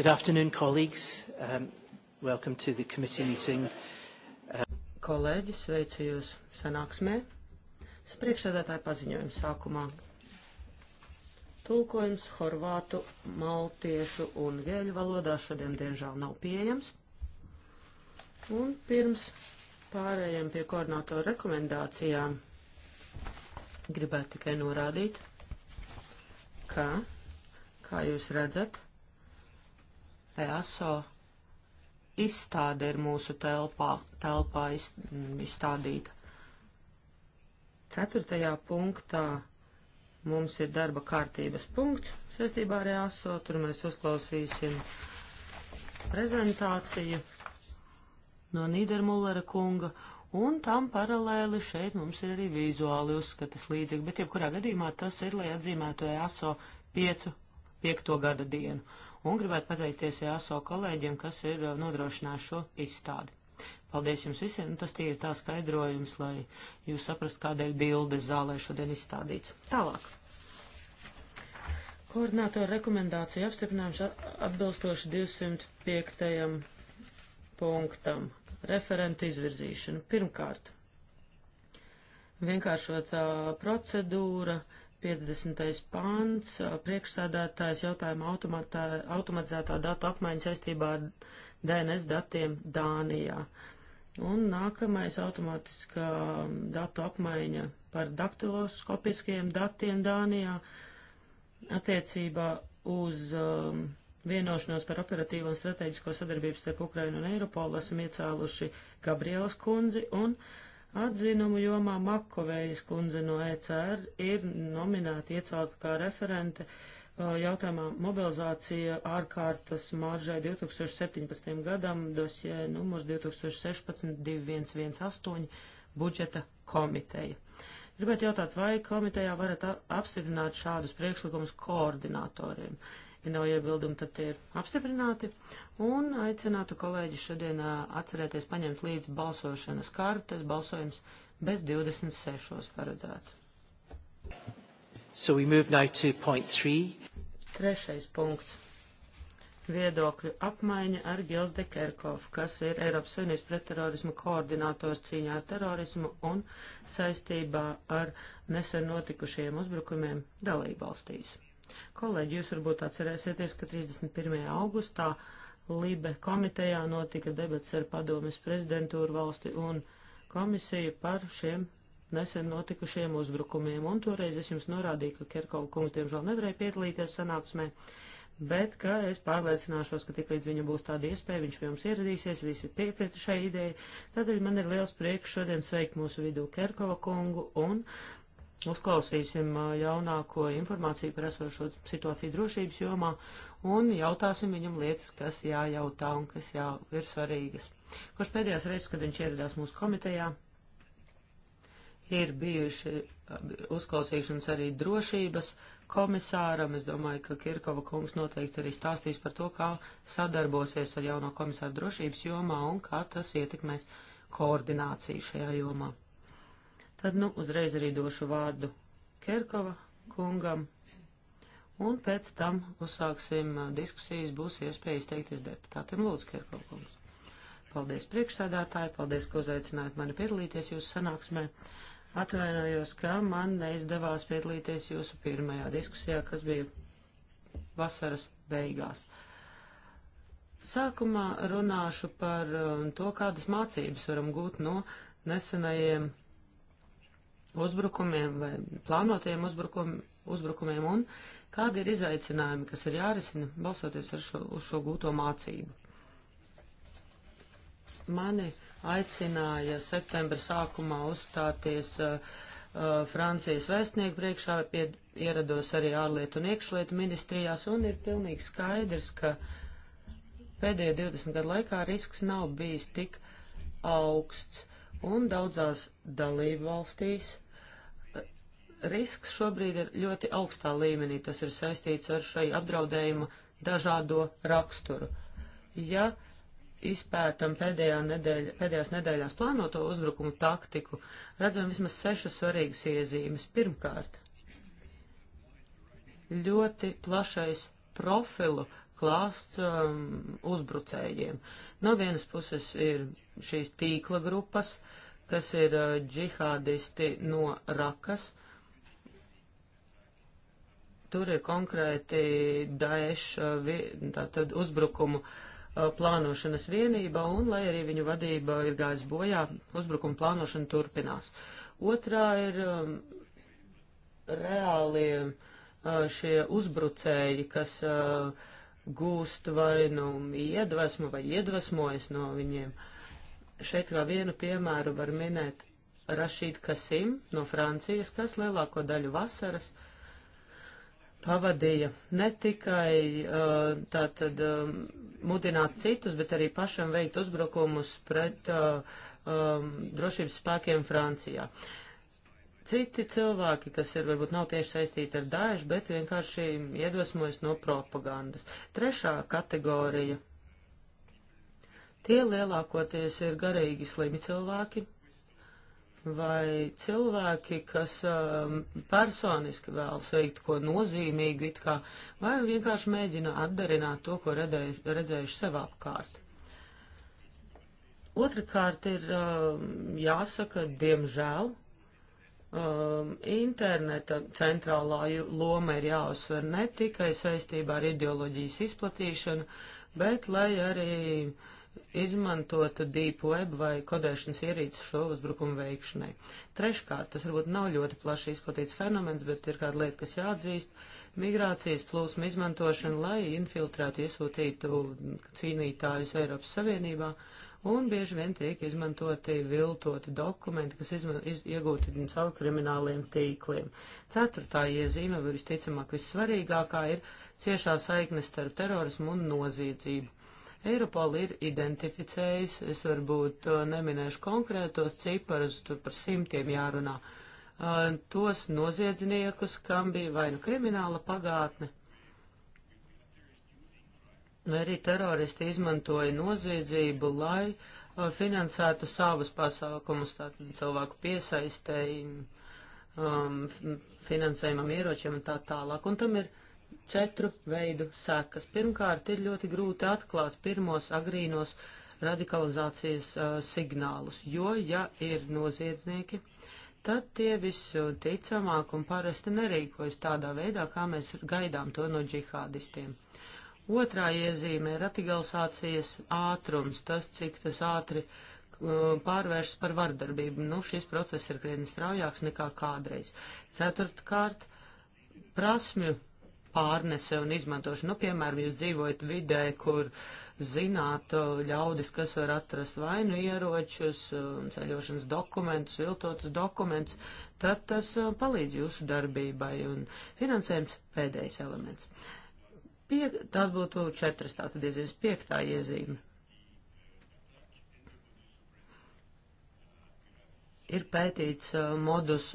Good afternoon, colleagues. Um, welcome to the committee meeting. Uh... Kolēģi, sveicu jūs sanāksmē. Priekšsēdētāja paziņojums sākumā. Tulkojums horvātu, maltiešu un gēļu valodā šodien diemžēl nav pieejams. Un pirms pārējiem pie koordinātoru rekomendācijām gribētu tikai norādīt, ka, kā jūs redzat, EASO izstāde ir mūsu telpā, telpā mm, izstādīta. Ceturtajā punktā mums ir darba kārtības punkts saistībā ar EASO, tur mēs uzklausīsim prezentāciju no Nīdermullera kunga, un tam paralēli šeit mums ir arī vizuāli uzskatas līdzīgi, bet jebkurā gadījumā tas ir, lai atzīmētu EASO 5, 5. gada dienu un gribētu pateikties ASO kolēģiem, kas ir uh, nodrošinājuši šo izstādi. Paldies jums visiem, nu, tas tie ir tā skaidrojums, lai jūs saprast, kādēļ bildes zālē šodien izstādīts. Tālāk. Koordinātoru rekomendāciju apstiprinājuši atbilstoši 205. punktam. Referentu izvirzīšanu. Pirmkārt, vienkāršotā procedūra. Uh, 50. pāns, priekšsādātājs jautājuma automatizētā datu apmaiņa saistībā ar DNS datiem Dānijā. Un nākamais automātiskā datu apmaiņa par daktiloskopiskiem datiem Dānijā attiecībā uz um, vienošanos par operatīvo un strateģisko sadarbību starp Ukrainu un Eiropolu esam iecēluši Gabrielas kundzi un uh, Atzinumu jomā Makovējas kundze no ECR ir nominēta iecelt kā referente jautājumā mobilizācija ārkārtas maržai 2017. gadam dosie numurs 2016-2118 budžeta komiteja. Gribētu jautāt, vai komitejā varat apstiprināt šādus priekšlikumus koordinatoriem? Uh, Ja nav iebildumi, tad tie ir apstiprināti. Un aicinātu kolēģi šodien atcerēties paņemt līdz balsošanas kartes. Balsojums bez 26. paredzēts. So we move now to point three. Trešais punkts. Viedokļu apmaiņa ar Gils de Kerkhoff, kas ir Eiropas Savienības pretterorismu koordinators cīņā ar terorismu un saistībā ar nesen notikušajiem uzbrukumiem dalībvalstīs. valstīs. Kolēģi, jūs varbūt atcerēsieties, ka 31. augustā Libe komitejā notika debats ar padomes prezidentūru valsti un komisiju par šiem nesen notikušiem uzbrukumiem, un toreiz es jums norādīju, ka Kerkova kungs diemžēl nevarēja piedalīties sanāksmē, bet ka es pārliecināšos, ka tiklīdz viņam būs tāda iespēja, viņš pie mums ieradīsies, visi piekrita šai idejai, tādēļ man ir liels prieks šodien sveikt mūsu vidū Kerkova kungu, un uzklausīsim jaunāko informāciju par esošo situāciju drošības jomā un jautāsim viņam lietas, kas jājautā un kas jā, ir svarīgas. Kurš pēdējās reizes, kad viņš ieradās mūsu komitejā, ir bijuši uzklausīšanas arī drošības komisāram. Es domāju, ka Kirkova kungs noteikti arī stāstīs par to, kā sadarbosies ar jauno komisāru drošības jomā un kā tas ietekmēs koordināciju šajā jomā. Tad, nu, uzreiz arī došu vārdu Kerkova kungam, un pēc tam uzsāksim diskusijas, būs iespēja izteikties deputātiem. Lūdzu, Kerkova kungs. Paldies priekšsēdētāji, paldies, ka uzaicinājāt mani piedalīties jūsu sanāksmē. Atvainojos, ka man neizdevās piedalīties jūsu pirmajā diskusijā, kas bija vasaras beigās. Sākumā runāšu par to, kādas mācības varam gūt no nesenajiem uzbrukumiem vai plānotajiem uzbrukum, uzbrukumiem un kādi ir izaicinājumi, kas ir jārisina, balsoties ar šo, uz šo gūto mācību. Mani aicināja septembra sākumā uzstāties uh, uh, Francijas vēstnieku priekšā, pie, ierados arī ārlietu un iekšlietu ministrijās, un ir pilnīgi skaidrs, ka pēdējo 20 gadu laikā risks nav bijis tik augsts, un daudzās dalību valstīs risks šobrīd ir ļoti augstā līmenī. Tas ir saistīts ar šai apdraudējuma dažādo raksturu. Ja izpētam pēdējā nedēļa, pēdējās nedēļās plānoto uzbrukumu taktiku, redzam vismaz sešas svarīgas iezīmes. Pirmkārt, ļoti plašais profilu klāsts um, uzbrucējiem. No vienas puses ir šīs tīkla grupas, kas ir uh, džihādisti no Rakas, Tur ir konkrēti Daeša uh, tātad uzbrukumu uh, plānošanas vienība, un lai arī viņu vadība ir gājis bojā, uzbrukuma plānošana turpinās. Otrā ir um, reāli uh, šie uzbrucēji, kas uh, gūst vai nu iedvesmu vai iedvesmojas no viņiem. Šeit kā vienu piemēru var minēt Rašīdu Kasim no Francijas, kas lielāko daļu vasaras uh, pavadīja ne tikai uh, tātad um, mudināt citus, bet arī pašam veikt uzbrukumus pret uh, um, drošības spēkiem Francijā. Citi cilvēki, kas ir varbūt nav tieši saistīti ar dāžu, bet vienkārši iedvesmojas no propagandas. Trešā kategorija. Tie lielākoties ir garīgi slimi cilvēki, vai cilvēki, kas um, personiski vēlas veikt ko nozīmīgu, it kā, vai vienkārši mēģina atdarināt to, ko redēju, redzējuši sev apkārt. Otrakārt ir um, jāsaka, diemžēl, um, interneta centrālā loma ir jāuzsver ne tikai saistībā ar ideoloģijas izplatīšanu, bet lai arī uh, izmantotu deep web vai kodēšanas ierīces šo uzbrukumu veikšanai. Treškārt, tas varbūt nav ļoti plaši izplatīts fenomens, bet ir kāda lieta, kas jāatzīst - migrācijas plūsma izmantošana, lai infiltrētu, iesūtītu cīnītājus Eiropas Savienībā, un bieži vien tiek izmantoti viltoti dokumenti, kas izman, iz, iegūti caur krimināliem tīkliem. Ceturtā iezīme, visticamāk, vissvarīgākā ir ciešā saikne starp terorismu un noziedzību Eiropola ir identificējusi, es varbūt uh, neminēšu konkrētos ciparus, tur par simtiem jārunā, uh, tos noziedzniekus, kam bija vai nu krimināla pagātne, vai arī teroristi izmantoja noziedzību, lai uh, finansētu savus pasākumus, tātad cilvēku piesaistēji, um, finansējumam ieročiem un tā tālāk. Un tam ir četru veidu sekas. Pirmkārt, ir ļoti grūti atklāt pirmos agrīnos radikalizācijas uh, signālus, jo, ja ir noziedznieki, tad tie visticamāk un parasti nerīkojas tādā veidā, kā mēs gaidām to no džihādistiem. Otrā iezīme ir radikalizācijas ātrums, tas, cik tas ātri uh, pārvēršas par vardarbību. Nu, šis process ir krietni straujāks nekā kādreiz. Ceturtkārt, prasmju pārnese un izmantošana. Nu, piemēram, jūs dzīvojat vidē, kur zināt ļaudis, kas var atrast vainu ieročus, ceļošanas dokumentus, viltotus dokumentus, tad tas palīdz jūsu darbībai un finansējums pēdējais elements. Pie, tās būtu četras, tātad iezīmes piektā iezīme. Ir pētīts modus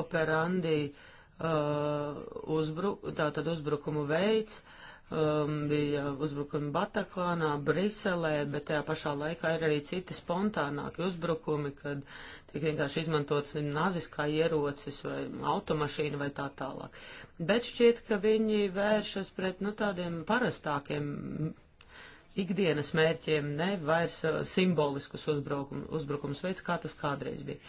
operandi uh, uh, uzbru, tātad uzbrukumu veids, um, bija uzbrukumi Bataklānā, Briselē, bet tajā pašā laikā ir arī citi spontānāki uzbrukumi, kad tiek vienkārši izmantots nazis kā ierocis vai automašīna vai tā tālāk. Bet šķiet, ka viņi vēršas pret, nu, tādiem parastākiem ikdienas mērķiem, ne vairs uh, simboliskus uzbrukums, uzbrukums veids, kā tas kādreiz bija.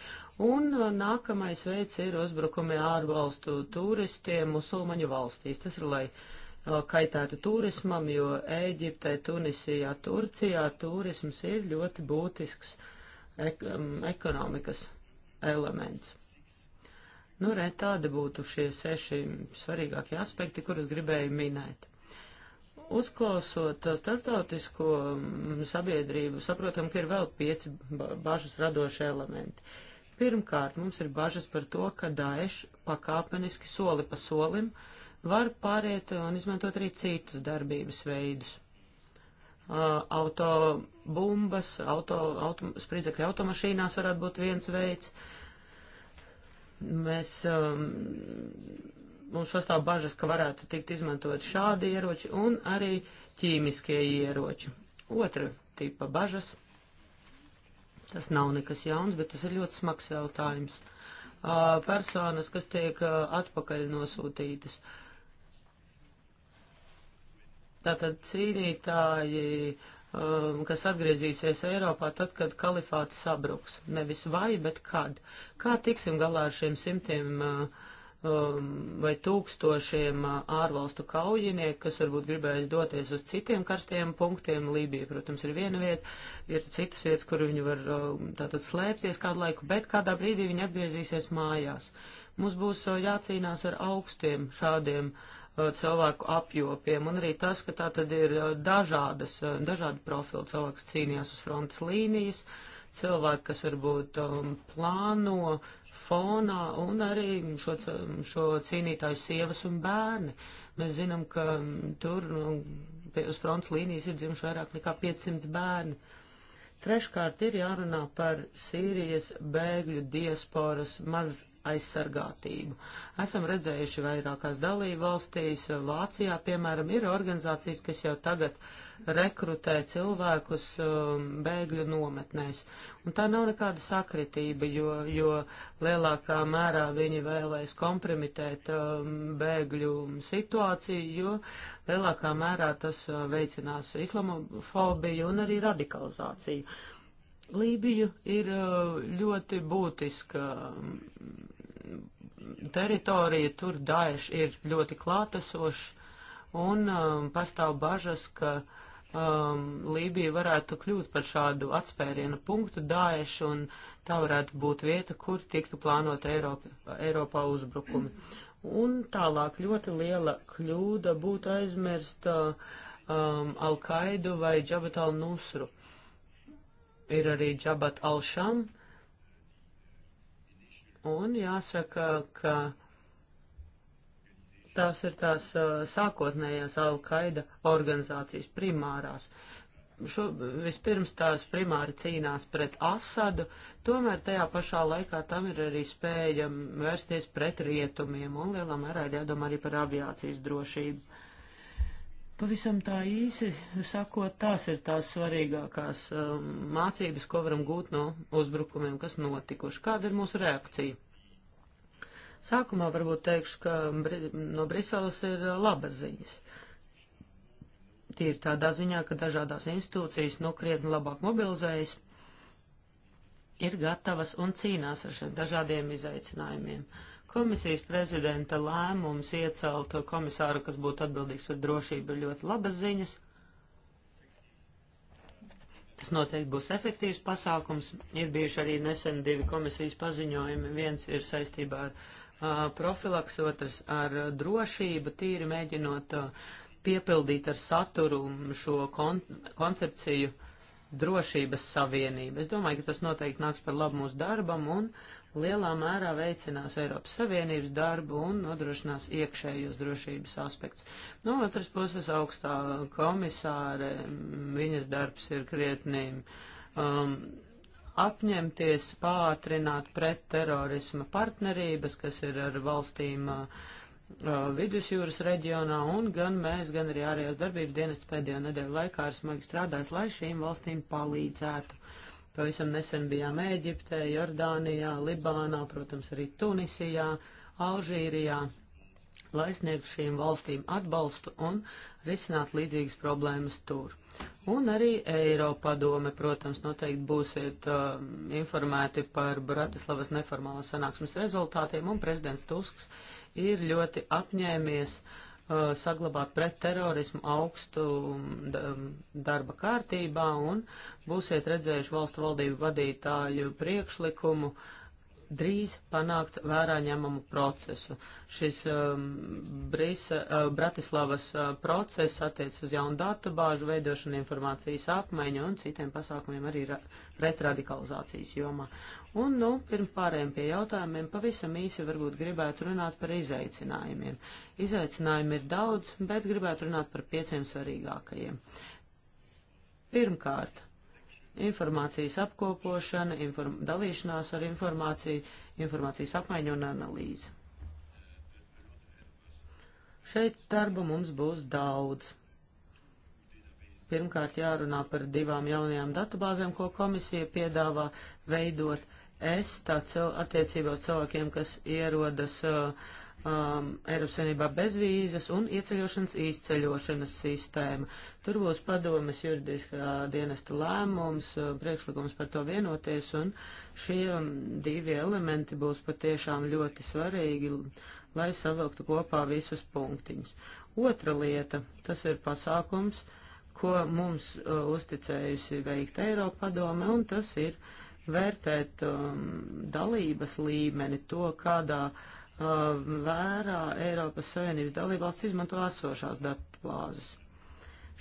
Un uh, nākamais veids ir uzbrukumi ārvalstu turistiem musulmaņu valstīs. Tas ir, lai uh, kaitētu turismam, jo Ēģiptē, Tunisijā, Turcijā turisms ir ļoti būtisks ek um, ekonomikas elements. Nu, re, tādi būtu šie seši svarīgākie aspekti, kurus gribēju minēt uzklausot uh, starptautisko mm, sabiedrību, saprotam, ka ir vēl pieci bažas radoši elementi. Pirmkārt, mums ir bažas par to, ka Daesh pakāpeniski soli pa solim var pāriet un izmantot arī citus darbības veidus. Uh, auto bumbas, auto, auto, spridzekļa automašīnās varētu būt viens veids. Mēs um, mums pastāv bažas, ka varētu tikt izmantot šādi ieroči un arī ķīmiskie ieroči. Otra tipa bažas. Tas nav nekas jauns, bet tas ir ļoti smags jautājums. Uh, personas, kas tiek uh, atpakaļ nosūtītas. Tātad cīnītāji, um, kas atgriezīsies Eiropā tad, kad kalifāts sabruks. Nevis vai, bet kad. Kā tiksim galā ar šiem simtiem uh, Um, vai tūkstošiem uh, ārvalstu kaujinieku, kas varbūt gribēs doties uz citiem karstiem punktiem. Lībija, protams, ir viena vieta, ir citas vietas, kur viņi var um, tātad slēpties kādu laiku, bet kādā brīdī viņi atgriezīsies mājās. Mums būs uh, jācīnās ar augstiem šādiem uh, cilvēku apjopiem, un arī tas, ka tā tad ir dažādas, dažādi profili. Cilvēks cīnījās uz frontes līnijas, cilvēki, kas varbūt um, plāno fonā un arī šo, šo cīnītāju sievas un bērni. Mēs zinām, ka tur nu, uz fronts līnijas ir dzimuši vairāk nekā 500 bērni. Treškārt ir jārunā par Sīrijas bēgļu diasporas maz aizsargātību. Esam redzējuši vairākās dalībvalstīs, Vācijā, piemēram, ir organizācijas, kas jau tagad rekrutē cilvēkus um, bēgļu nometnēs. Un tā nav nekāda sakritība, jo, jo lielākā mērā viņi vēlēs kompromitēt um, bēgļu situāciju, jo lielākā mērā tas uh, veicinās islamofobiju un arī radikalizāciju. Lībiju ir uh, ļoti būtiska um, teritorija, tur Daesh ir ļoti klātesošs, un um, pastāv bažas, ka um, Lībija varētu kļūt par šādu atspērienu punktu Daesh, un tā varētu būt vieta, kur tiktu plānot Eiropa, Eiropā uzbrukumi. Un tālāk ļoti liela kļūda būtu aizmirst um, Al-Qaidu vai Džabat al-Nusru. Ir arī Džabat al-Sham. Uh, Un jāsaka, ka tās ir tās uh, sākotnējās Al-Qaida organizācijas primārās. Šo, vispirms tās primāri cīnās pret Asadu, tomēr tajā pašā laikā tam ir arī spēja vērsties pret rietumiem un lielā mērā jādomā arī par aviācijas drošību. Pavisam tā īsi sakot, tās ir tās svarīgākās um, mācības, ko varam gūt no uzbrukumiem, kas notikuši. Kāda ir mūsu reakcija? Sākumā varbūt teikšu, ka Bri no Briseles ir uh, labas ziņas. Tie ir tādā ziņā, ka dažādās institūcijas nu krietni labāk mobilizējas, ir gatavas un cīnās ar šiem dažādiem izaicinājumiem. Uh, Komisijas prezidenta lēmums iecelt komisāru, kas būtu atbildīgs par drošību, ir ļoti labas ziņas. Tas noteikti būs efektīvs pasākums. Ir bijuši arī nesen divi komisijas paziņojumi. Viens ir saistībā ar uh, profilaks, otrs ar uh, drošību, tīri mēģinot uh, piepildīt ar saturu šo kon koncepciju drošības savienību. Es domāju, ka tas noteikti nāks par labu mūsu darbam un uh, lielā mērā veicinās Eiropas Savienības darbu un nodrošinās iekšējos drošības aspektus. No nu, otras puses, augstā komisāre, viņas darbs ir krietnī um, apņemties pātrināt pret terorisma partnerības, kas ir ar valstīm uh, uh, vidusjūras reģionā, un gan mēs, gan arī ārējās darbības dienas pēdējo nedēļu laikā ir smagi strādājis, lai šīm valstīm palīdzētu. Uh, Pavisam nesen bijām Ēģiptē, Jordānijā, Libānā, protams, arī Tunisijā, Alžīrijā, lai sniegtu šīm valstīm atbalstu un risinātu līdzīgas problēmas tur. Un arī Eiropadome, protams, noteikti būsiet uh, informēti par Bratislavas neformālas sanāksmes rezultātiem, un prezidents Tusks ir ļoti apņēmies uh, Uh, saglabāt pret terorismu augstu um, um, darba kārtībā un būsiet redzējuši valstu valdību vadītāju priekšlikumu uh, drīz panākt vērā ņemamu procesu. Šis um, Brise, uh, Bratislavas uh, process attiec uz jaunu datu bāžu veidošanu, informācijas apmaiņu un citiem pasākumiem arī ra pretradikalizācijas jomā. Un, nu, pirms pārējiem pie jautājumiem, pavisam īsi varbūt gribētu runāt par izaicinājumiem. Izaicinājumi ir daudz, bet gribētu runāt par pieciem svarīgākajiem. Pirmkārt, informācijas apkopošana, inform dalīšanās ar informāciju, informācijas apmaiņa un analīze. Šeit darba mums būs daudz. Pirmkārt jārunā par divām jaunajām datubāzēm, ko komisija piedāvā veidot. Es tā cil attiecībā uz cilvēkiem, kas ierodas uh, um, Eiropas Savienībā bezvīzas un ieceļošanas izceļošanas sistēma. Tur būs padomas juridiskā dienesta lēmums, uh, priekšlikums par to vienoties, un šie um, divi elementi būs patiešām ļoti svarīgi, lai savilktu kopā visus punktiņus. Otra lieta - tas ir pasākums, ko mums uh, uzticējusi veikt Eiropa padome, un tas ir vērtēt um, dalības līmeni, to, kādā uh, Uh, vērā Eiropas Savienības dalībvalsts izmanto esošās datu plāzes.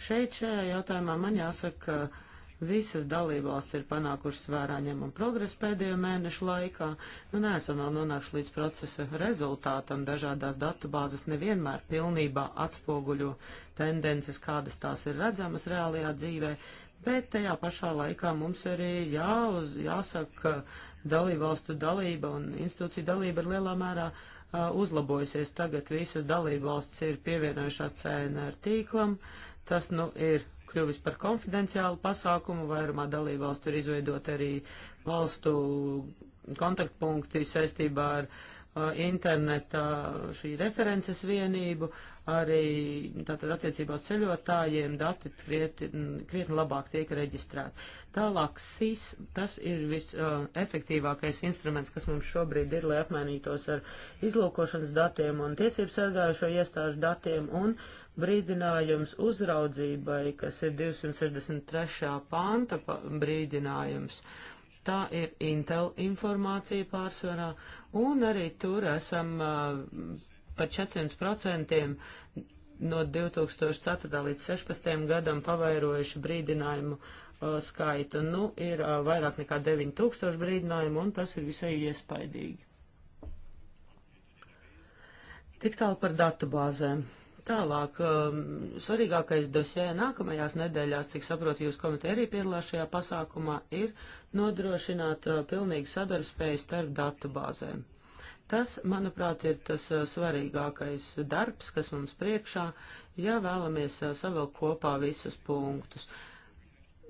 Šeit šajā jautājumā man jāsaka, ka visas dalībvalsts ir panākušas vērā ņemam progresu pēdējo mēnešu laikā. Nu, neesam vēl nonākuši līdz procesa rezultātam. Dažādās datubāzes nevienmēr pilnībā atspoguļo tendences, kādas tās ir redzamas reālajā dzīvē, bet tajā pašā laikā mums arī jāuz, jāsaka, ka dalībvalstu dalība un institūciju dalība ir lielā mērā uh, uzlabojusies. Tagad visas dalībvalstis ir pievienojušās CNR tīklam. Tas nu ir kļuvis par konfidenciālu pasākumu. Vairumā dalībvalstu ir izveidot arī valstu kontaktpunkti saistībā ar uh, Uh, interneta uh, šī references vienību, arī tātad attiecībā uz ceļotājiem dati krietni, krietni labāk tiek reģistrēti. Tālāk SIS, tas ir visefektīvākais uh, instruments, kas mums šobrīd ir, lai apmainītos ar izlūkošanas datiem un tiesību sargājušo iestāžu datiem un brīdinājums uzraudzībai, kas ir 263. panta brīdinājums. Uh, Tā ir Intel informācija pārsvarā, un arī tur esam uh, par 400% no 2004. līdz 16. gadam pavairojuši brīdinājumu uh, skaitu. Nu, ir uh, vairāk nekā 9000 brīdinājumu, un tas ir visai iespaidīgi. Tik tālu par datubāzēm. Tālāk, um, svarīgākais dosē nākamajās nedēļās, cik saprotu, jūs komiteja arī piedalās šajā pasākumā, ir nodrošināt uh, pilnīgu sadarbspēju starp datu bāzēm. Tas, manuprāt, ir tas uh, svarīgākais darbs, kas mums priekšā, ja vēlamies uh, savēl kopā visus punktus.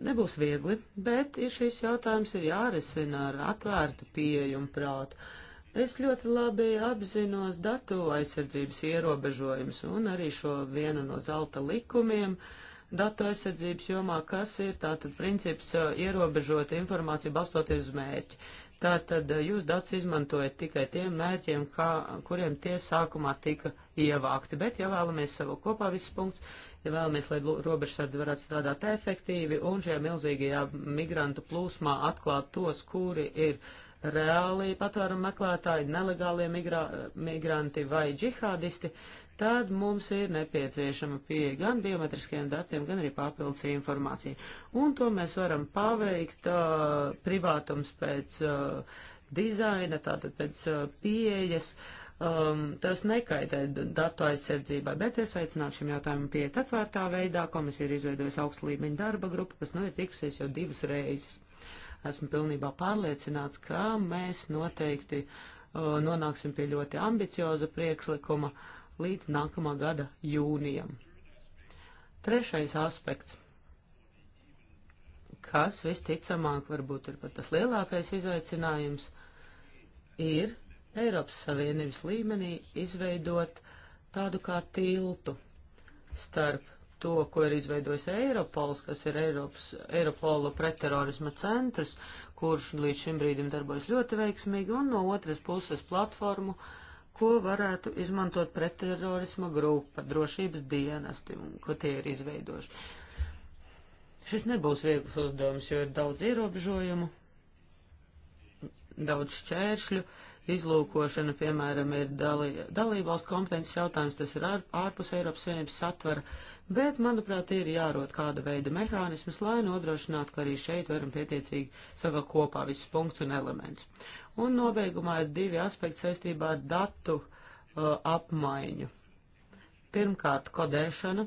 Nebūs viegli, bet šis jautājums ir jārisina ar atvērtu pieejumu prātu. Es ļoti labi apzinos datu aizsardzības ierobežojumus un arī šo vienu no zelta likumiem datu aizsardzības jomā, kas ir tātad princips ierobežot informāciju balstoties uz mērķi. Tātad jūs datus izmantojat tikai tiem mērķiem, kā, kuriem tie sākumā tika ievākti, bet ja vēlamies savu kopā visus punktus, ja vēlamies, lai robežsardze varētu strādāt efektīvi un šajā milzīgajā migrantu plūsmā atklāt tos, kuri ir uh, reāli patvērumu meklētāji, nelegālie migrā, migranti vai džihādisti, tad mums ir nepieciešama pieeja gan biometriskiem datiem, gan arī papildus informācija. Un to mēs varam paveikt uh, privātums pēc uh, dizaina, tātad pēc uh, pieejas. Um, tas nekaitē datu aizsardzībai, bet es aicinātu šim jautājumam pieiet atvērtā veidā. Komisija ir izveidojusi augstu līmeņu darba grupu, kas nu ir tikusies jau divas reizes. Esmu pilnībā pārliecināts, ka mēs noteikti uh, nonāksim pie ļoti ambicioza priekšlikuma līdz nākamā gada jūnijam. Trešais aspekts kas visticamāk varbūt ir pat tas lielākais izaicinājums, ir Eiropas Savienības līmenī izveidot tādu kā tiltu starp to, ko ir izveidojis Eiropols, kas ir Eiropas, Eiropola pretterorisma centrs, kurš līdz šim brīdim darbojas ļoti veiksmīgi, un no otras puses platformu, ko varētu izmantot pretterorisma grupa, drošības dienesti, un ko tie ir izveidojuši. Šis nebūs viegls uzdevums, jo ir daudz ierobežojumu, daudz šķēršļu. Uh, izlūkošana, piemēram, ir dalī, dalībvalstu kompetences jautājums, tas ir ārpus Eiropas Savienības satvara, bet, manuprāt, ir jārod kāda veida mehānismus, lai nodrošinātu, ka arī šeit varam pietiecīgi savēl kopā visus punktus un elementus. Un nobeigumā ir divi aspekti saistībā ar datu uh, apmaiņu. Pirmkārt, kodēšana.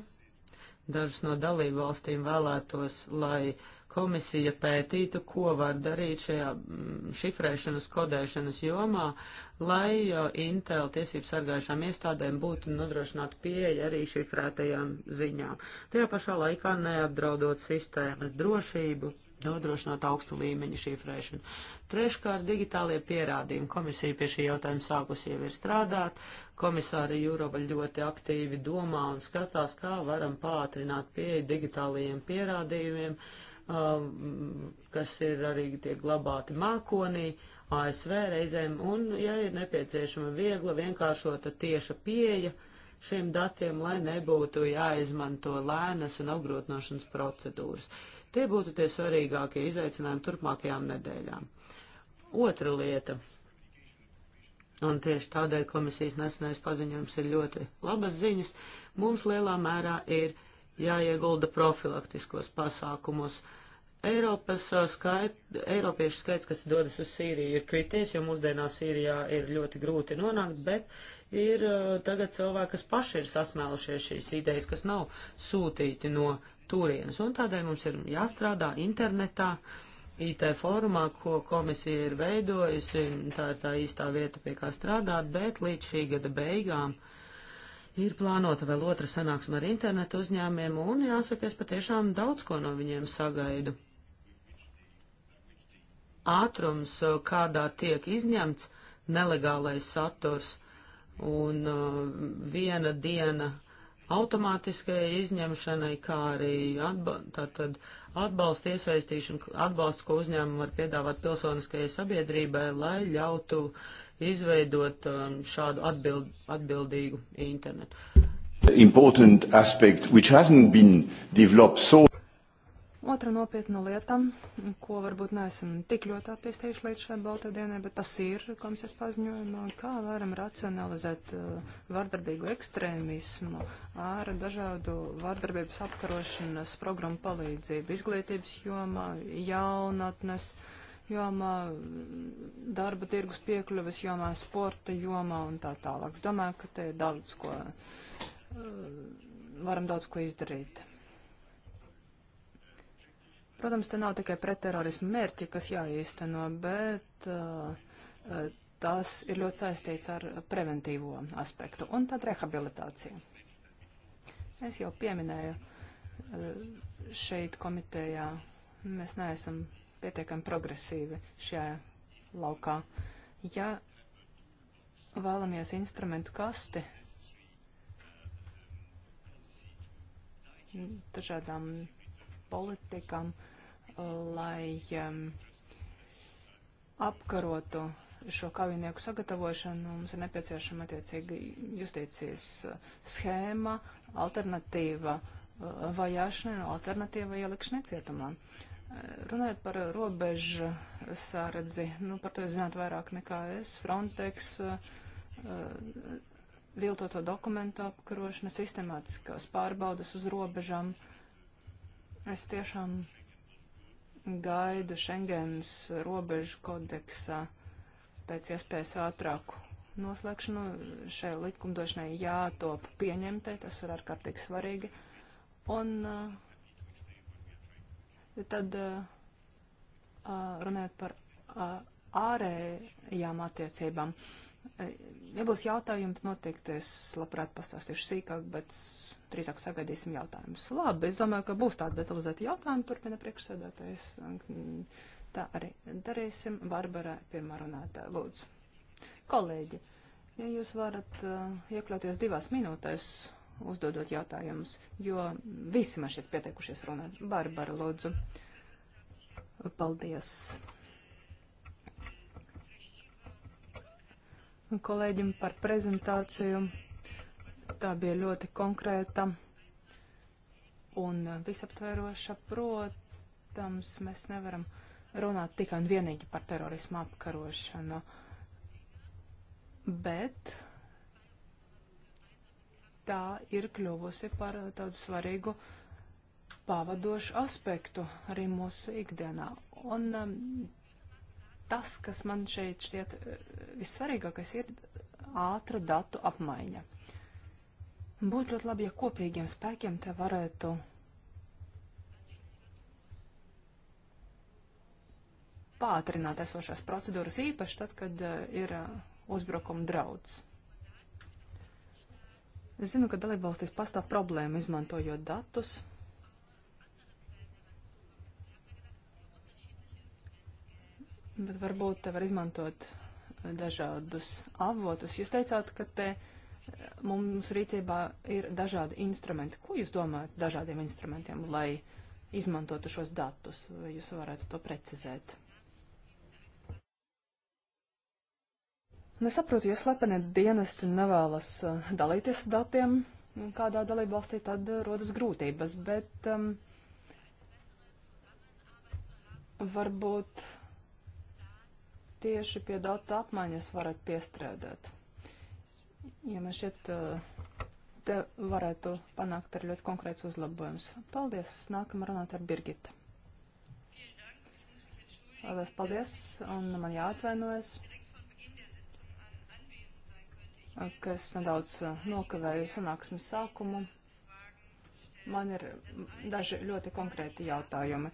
Dažas no dalībvalstīm vēlētos, lai uh, komisija pētītu, ko var darīt šajā mm, šifrēšanas, kodēšanas jomā, lai Intel tiesību sargājušām iestādēm būtu nodrošināta pieeja arī šifrētajām ziņām. Tajā pašā laikā neapdraudot sistēmas drošību nodrošināt augstu līmeņu šifrēšanu. Treškārt, digitālie pierādījumi. Komisija pie šī jautājuma sākusi jau ir strādāt. Komisāri Jūrova ļoti aktīvi domā un skatās, kā varam pātrināt pieeju digitālajiem pierādījumiem, uh, um, kas ir arī tiek glabāti mākonī, ASV reizēm, un, ja ir nepieciešama viegla, vienkāršota tieša pieeja šiem datiem, lai nebūtu jāizmanto lēnas un apgrūtināšanas procedūras. Tie būtu tie svarīgākie izaicinājumi turpmākajām nedēļām. Otra lieta. Un tieši tādēļ komisijas nesenais paziņojums ir ļoti labas ziņas. Mums lielā mērā ir jāiegulda profilaktiskos pasākumus. Uh, Eiropas skait, Eiropiešu skaits, kas dodas uz Sīriju, ir krities, jo mūsdienās Sīrijā ir ļoti grūti nonākt, bet ir tagad cilvēki, kas paši ir sasmēlušies šīs idejas, kas nav sūtīti no turienes. Un tādēļ mums ir jāstrādā internetā, IT fórumā, ko komisija ir veidojusi, tā ir tā īstā vieta, pie kā strādāt, bet līdz šī gada beigām. Ir plānota vēl otra sanāksme ar internetu uzņēmiem, un jāsaka, es patiešām daudz ko no viņiem sagaidu ātrums, eh, kādā tiek izņemts nelegālais saturs, un uh, viena diena automātiskajai izņemšanai, kā arī atba tātad atbalsta iesaistīšana, atbalsts, ko uzņēmumi var piedāvāt pilsoniskajai sabiedrībai, lai ļautu izveidot um, šādu atbild, atbildīgu internetu. Important aspect which hasn't been developed so Otra nopietna lieta, ko varbūt neesam tik ļoti attīstījuši līdz šai baltajai dienai, bet tas ir komisijas paziņojumā, kā varam racionalizēt uh, vardarbīgu ekstrēmismu ar dažādu vardarbības apkarošanas programmu palīdzību izglītības jomā, jaunatnes jomā, darba tirgus piekļuves jomā, sporta jomā un tā tālāk. Es domāju, ka te ir daudz ko, uh, varam daudz ko izdarīt. Protams, te nav tikai pretterorismu mērķi, kas jāīsteno, bet uh, uh tas ir ļoti saistīts ar preventīvo aspektu un tad rehabilitācija. Es jau pieminēju uh, šeit komitejā, mēs neesam pietiekami progresīvi šajā laukā. Ja vēlamies instrumentu kasti dažādām politikām, lai um, apkarotu šo kaujinieku sagatavošanu, mums ir nepieciešama attiecīga justīcijas uh, schēma, alternatīva uh, vajāšanai, alternatīva ielikšanai cietumā. Uh, runājot par robežu sāradzi, nu, par to es zinātu vairāk nekā es, Frontex, viltoto dokumentu apkarošana, sistemātiskās pārbaudas uz robežām. Es tiešām gaida Schengens robežu kodeksā pēc iespējas ātrāku noslēgšanu. Šai likumdošanai jātop pieņemtai, tas ir ārkārtīgi svarīgi. Un uh, tad uh, uh, runājot par ārējām attiecībām. Ja būs jautājumi, tad noteikti es labprāt pastāstīšu sīkāk, bet drīzāk sagaidīsim jautājumus. Labi, es domāju, ka būs tāda detalizēta jautājuma, turpina priekšsēdētājs. Tā arī darīsim. Barbara, pirmā runātā, lūdzu. Kolēģi, ja jūs varat uh, iekļauties divās minūtēs, uzdodot jautājumus, jo visi man šeit pieteikušies runāt. Barbara, lūdzu. Paldies. Kolēģim par prezentāciju. Tā bija ļoti konkrēta un visaptveroša. Protams, mēs nevaram runāt tikai un vienīgi par terorismu apkarošanu, bet tā ir kļuvusi par tādu svarīgu pavadošu aspektu arī mūsu ikdienā. Un um, tas, kas man šeit šķiet uh, vissvarīgākais, ir ātra datu apmaiņa. Būtu ļoti labi, ja kopīgiem spēkiem te varētu pātrināt esošās procedūras, īpaši tad, kad eh, ir eh, uzbrukuma draudz. Es zinu, ka dalībvalstīs pastāv problēma izmantojot datus. Bet varbūt te var izmantot eh, dažādus avotus. Jūs teicāt, ka te. Uh, Mums rīcībā ir dažādi instrumenti. Ko jūs domājat dažādiem instrumentiem, lai izmantotu šos datus? Vai jūs varētu to precizēt? Nesaprotu, ja slepeni dienesti nevēlas eh, dalīties datiem kādā dalībvalstī, tad rodas grūtības, bet um, varbūt tieši pie datu apmaiņas varat piestrādāt ja mēs šeit eh, te varētu panākt ar ļoti konkrēts uzlabojums. Paldies! Nākam runāt ar Birgita. Paldies, paldies, un man jāatvainojas, ka es nedaudz eh, nokavēju sanāksmes sākumu. Man ir daži ļoti konkrēti jautājumi.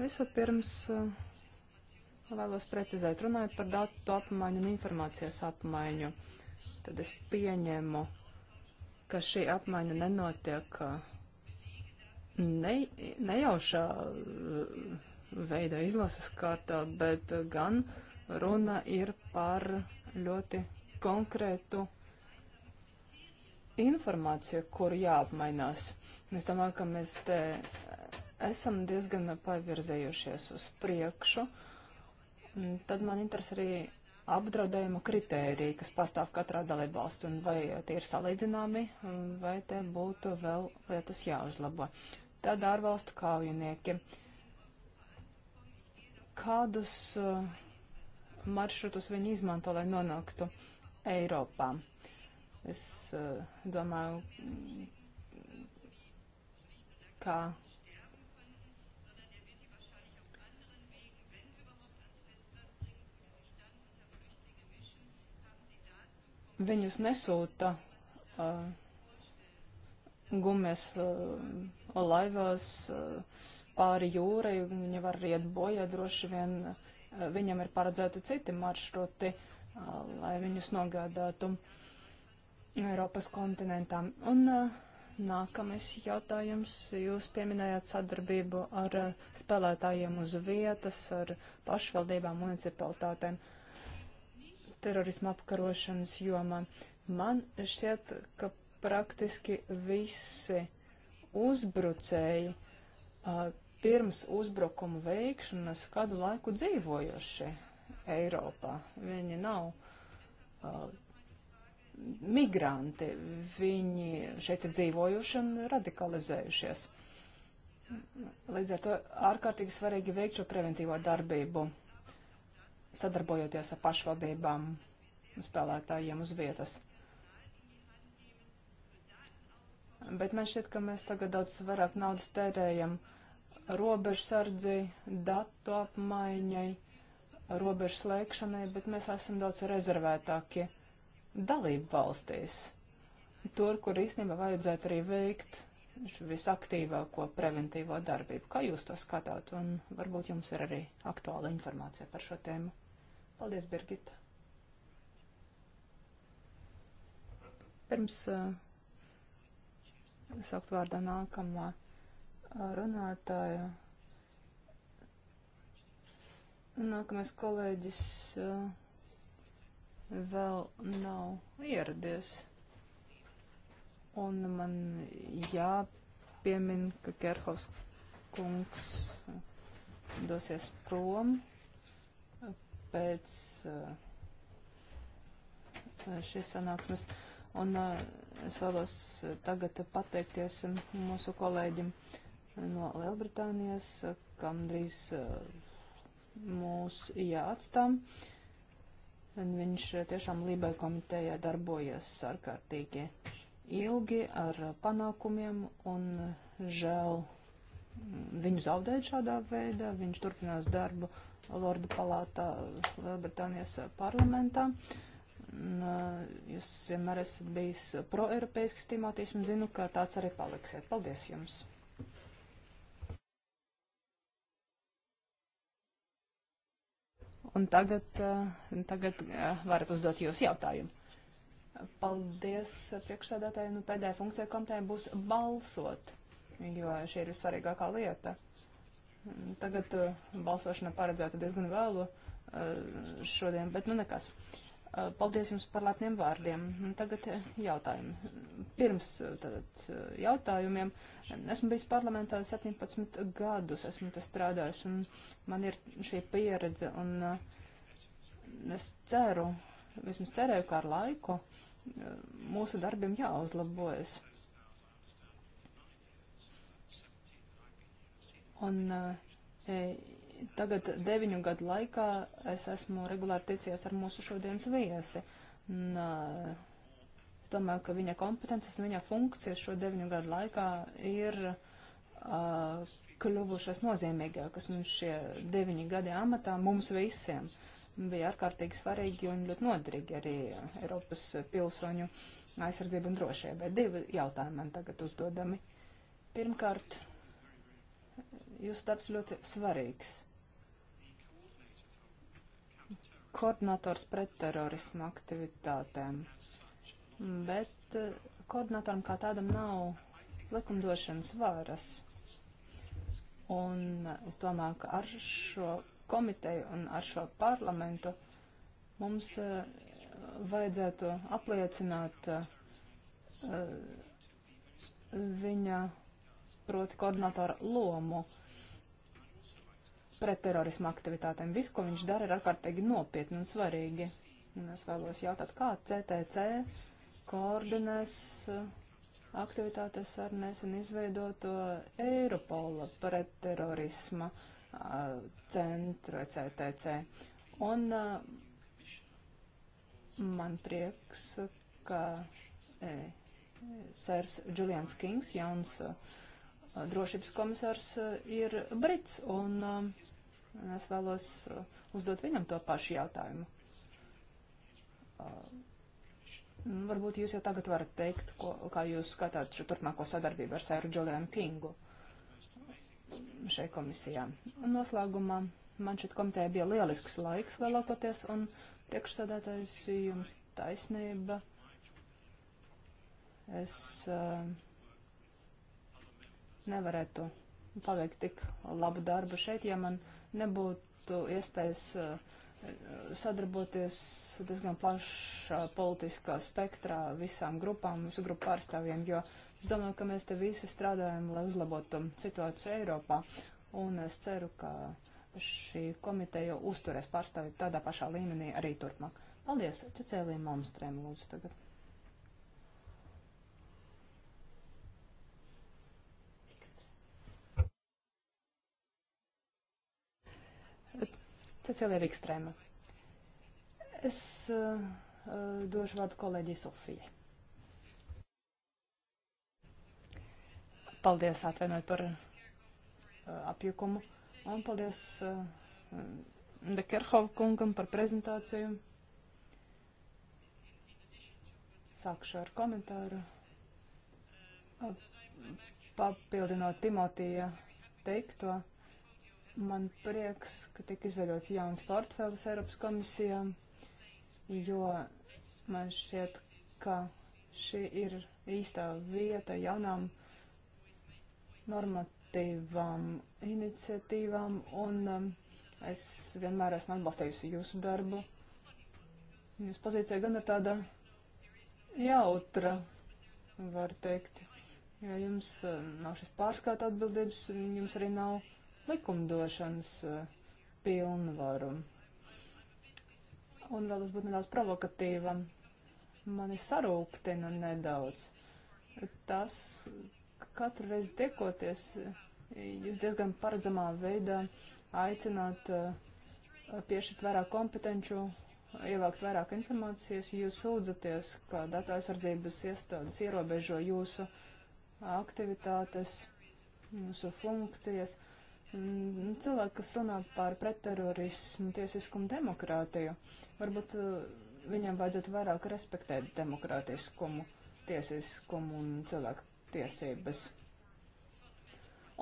Vispirms eh, vēlos precizēt, runājot par datu apmaiņu un informācijas apmaiņu. Uh, tad es pieņemu, ka šī apmaiņa nenotiek uh, ne, nejaušā uh, veidā izlases kārtā, bet gan runa ir par ļoti konkrētu informāciju, kur jāapmainās. Es domāju, ka mēs te esam diezgan pavirzējušies uz priekšu. Tad man interesē arī apdraudējuma kritēriji, kas pastāv katrā dalībvalstī, un vai tie ir salīdzināmi, vai te būtu vēl lietas jāuzlabo. Tad ārvalstu kaujinieki. Kādus uh, maršrutus viņi izmanto, lai nonāktu Eiropā? Es uh, domāju, kā viņus nesūta uh, gumijas uh, laivās uh, pāri jūrai, viņi var iet bojā droši vien, uh, viņam ir paredzēti citi maršruti, uh, lai viņus nogādātu Eiropas kontinentā. Un uh, nākamais jautājums, jūs pieminējāt sadarbību ar uh, spēlētājiem uz vietas, ar pašvaldībām, municipalitātēm. Uh, terorismu apkarošanas jomā. Man šķiet, ka praktiski visi uzbrucēji uh, pirms uzbrukuma veikšanas kādu laiku dzīvojoši Eiropā. Viņi nav uh, migranti, viņi šeit ir dzīvojuši un radikalizējušies. Līdz ar to ārkārtīgi svarīgi veikt šo preventīvo darbību sadarbojoties ar pašvaldībām spēlētājiem uz vietas. Bet man šķiet, ka mēs tagad daudz vairāk naudas tērējam robežsardzi, datu apmaiņai, robežu slēgšanai, bet mēs esam daudz rezervētāki dalību valstīs. Tur, kur īstenībā vajadzētu arī veikt visaktīvāko preventīvo darbību. Kā jūs to skatāt? Un varbūt jums ir arī aktuāla informācija par šo tēmu. Paldies, Birgita. Pirms uh, sakt vārdā nākamā uh, runātāja. Nākamais kolēģis uh, vēl nav ieradies. Un man jāpiemin, ka Kerhovs kungs uh, dosies prom pēc eh, šīs sanāksmes. Un eh, es vēlos eh, tagad pateikties mūsu kolēģim no Lielbritānijas, kam drīz mūs jāatstām. Un viņš tiešām Lībai komitejā darbojas ārkārtīgi ilgi ar panākumiem un žēl mm, viņu zaudēt šādā veidā. Viņš turpinās darbu Lordu palātā Lielbritānijas parlamentā. Un, eh, jūs vienmēr esat bijis pro-eiropeisks Timotīs un zinu, ka tāds arī paliksiet. Paldies jums! Un tagad, eh, tagad eh, varat uzdot jūsu jautājumu. Paldies priekšsēdētāji. Nu, pēdējā funkcija komitē būs balsot, jo šī ir svarīgākā lieta. Uh, Tagad uh, balsošana paredzēta diezgan vēlu uh, šodien, bet nu nekas. Uh, paldies jums par lepniem vārdiem. Tagad jautājumi. Pirms tātad, jautājumiem. Esmu bijis parlamentā 17 gadus, esmu te strādājis un man ir šī pieredze un es ceru, vismaz cerēju, ka ar laiku mūsu darbiem jāuzlabojas. Un e, tagad deviņu gadu laikā es esmu regulāri ticies ar mūsu šodienas viesi. Un, e, es domāju, ka viņa kompetences un viņa funkcijas šo deviņu gadu laikā ir e, kļuvušas nozīmīgākas. Un šie deviņi gadi amatā mums visiem bija ārkārtīgi svarīgi un ļoti noderīgi arī Eiropas pilsoņu aizsardzība un drošība. Divi jautājumi man tagad uzdodami. Pirmkārt, Jūsu darbs ļoti svarīgs. Koordinators pret terorismu aktivitātēm. Bet eh, koordinatoram kā tādam nav likumdošanas varas. Un es domāju, ka ar šo komiteju un ar šo parlamentu mums eh, vajadzētu apliecināt eh, viņa proti koordinatora lomu pret terorismu aktivitātēm. Viss, ko viņš dara, ir ārkārtīgi nopietni un svarīgi. Un es vēlos jautāt, kā CTC koordinēs uh, aktivitātes ar nesen izveidoto Eiropola pret terorisma uh, centru CTC. Un uh, man prieks, ka e, Sērs Julians Kings, jauns drošības komisārs, ir Brits. Un, uh, Un es vēlos uh, uzdot viņam to pašu jautājumu. Uh, varbūt jūs jau tagad varat teikt, ko, kā jūs skatāt šo turpmāko sadarbību ar Sēru Džulianu Kingu šai komisijā. Un noslēgumā man šeit komitē bija lielisks laiks lielākoties, un priekšsādātājs jums taisnība. Es uh, nevarētu paveikt tik labu darbu šeit, ja man uh, nebūtu iespējas eh, sadarboties diezgan plašā politiskā spektrā visām grupām, visu grupu pārstāvjiem, jo es domāju, ka mēs te visi strādājam, lai uzlabotu situāciju Eiropā, un es ceru, ka šī komiteja uzturēs pārstāvību tādā pašā līmenī arī turpmāk. Paldies, Cecēlija Malmstrēm, lūdzu tagad. Cecilija Vikstrēma. Es uh, došu vārdu kolēģi Sofijai. Paldies, atvainojiet par uh, apjukumu. Un paldies uh, Dekerhova kungam par prezentāciju. Sākšu ar komentāru. Papildinot Timotija teikto. Uh, Man prieks, ka tika izveidots jauns portfēlis Eiropas komisijā, jo man šķiet, ka šī ir īstā vieta jaunām normatīvām iniciatīvām, un um, es vienmēr esmu atbalstījusi jūsu darbu. Jūsu pozīcija gan ir tāda jautra, var teikt, jo jums uh, nav šis pārskata atbildības, jums arī nav likumdošanas eh, pilnvaru. Un vēl es būtu nedaudz provokatīva. Mani sarūktina nedaudz. Tas katru reizi tiekoties, eh, jūs diezgan paredzamā veidā aicināt eh, piešķirt vairāk kompetenču, ievākt vairāk informācijas, jūs sūdzaties, ka datu aizsardzības iestādes ierobežo jūsu aktivitātes, jūsu funkcijas. Uh, Mm, cilvēki, kas runā par pretterorismu, tiesiskumu, demokrātiju, varbūt eh, viņiem vajadzētu vairāk respektēt demokrātiskumu, tiesiskumu un cilvēku tiesības.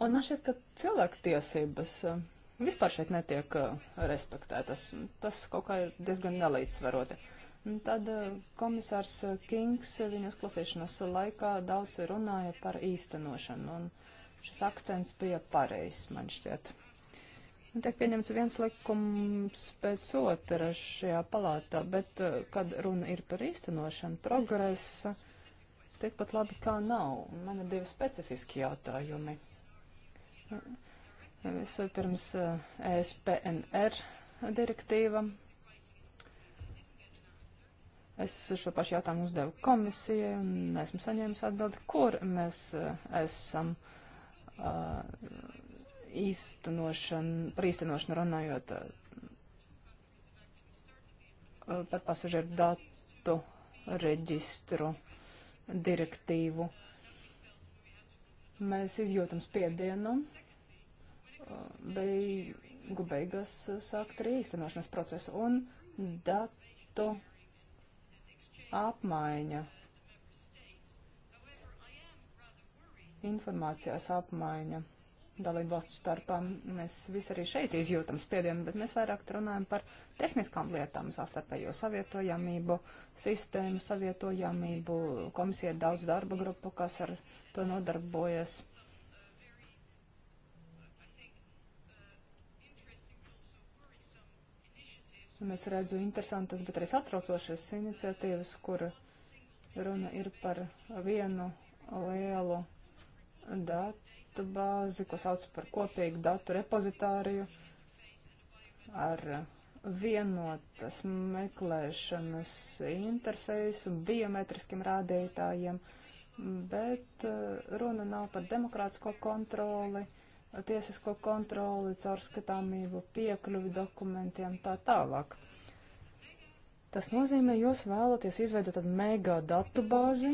Un man šķiet, ka cilvēku tiesības eh, vispār šeit netiek eh, respektētas. Tas kaut kā ir diezgan nelīdzsvaroti. Un tad komisārs Kings viņa uzklausīšanas laikā daudz runāja par īstenošanu. Un, Šis akcents bija pareizs, man šķiet. Un tiek pieņemts viens likums pēc otra šajā palātā, bet eh, kad runa ir par īstenošanu, progresa, tikpat labi kā nav. Man ir divi specifiski jautājumi. Vispirms ESPNR eh, e direktīva. Es šo pašu jautājumu uzdevu komisijai un esmu saņēmis atbildi, kur mēs eh, esam. Uh, Uh, īstenošanu, par īstenošanu runājot uh, uh, par pasažieru datu reģistru direktīvu. Mēs izjūtam spiedienu, beigu beigas sākt arī īstenošanas procesu un datu apmaiņa informācijas apmaiņa dalību valstu starpā. Mēs visi arī šeit izjūtam spiedienu, bet mēs vairāk runājam par tehniskām lietām, sastarpējo savietojamību, sistēmu savietojamību. Komisija ir daudz darba grupu, kas ar to nodarbojas. Mēs redzu interesantas, bet arī satraucošas iniciatīvas, kur runa ir par vienu lielu datu bāzi, ko sauc par kopīgu datu repozitāriju ar vienotas meklēšanas interfeisu, biometriskiem rādītājiem, bet eh, runa nav par demokrātisko kontroli, tiesisko kontroli, caurskatāmību, piekļuvi dokumentiem, tā tālāk. Tas nozīmē, jūs vēlaties izveidot tādu mega datubāzi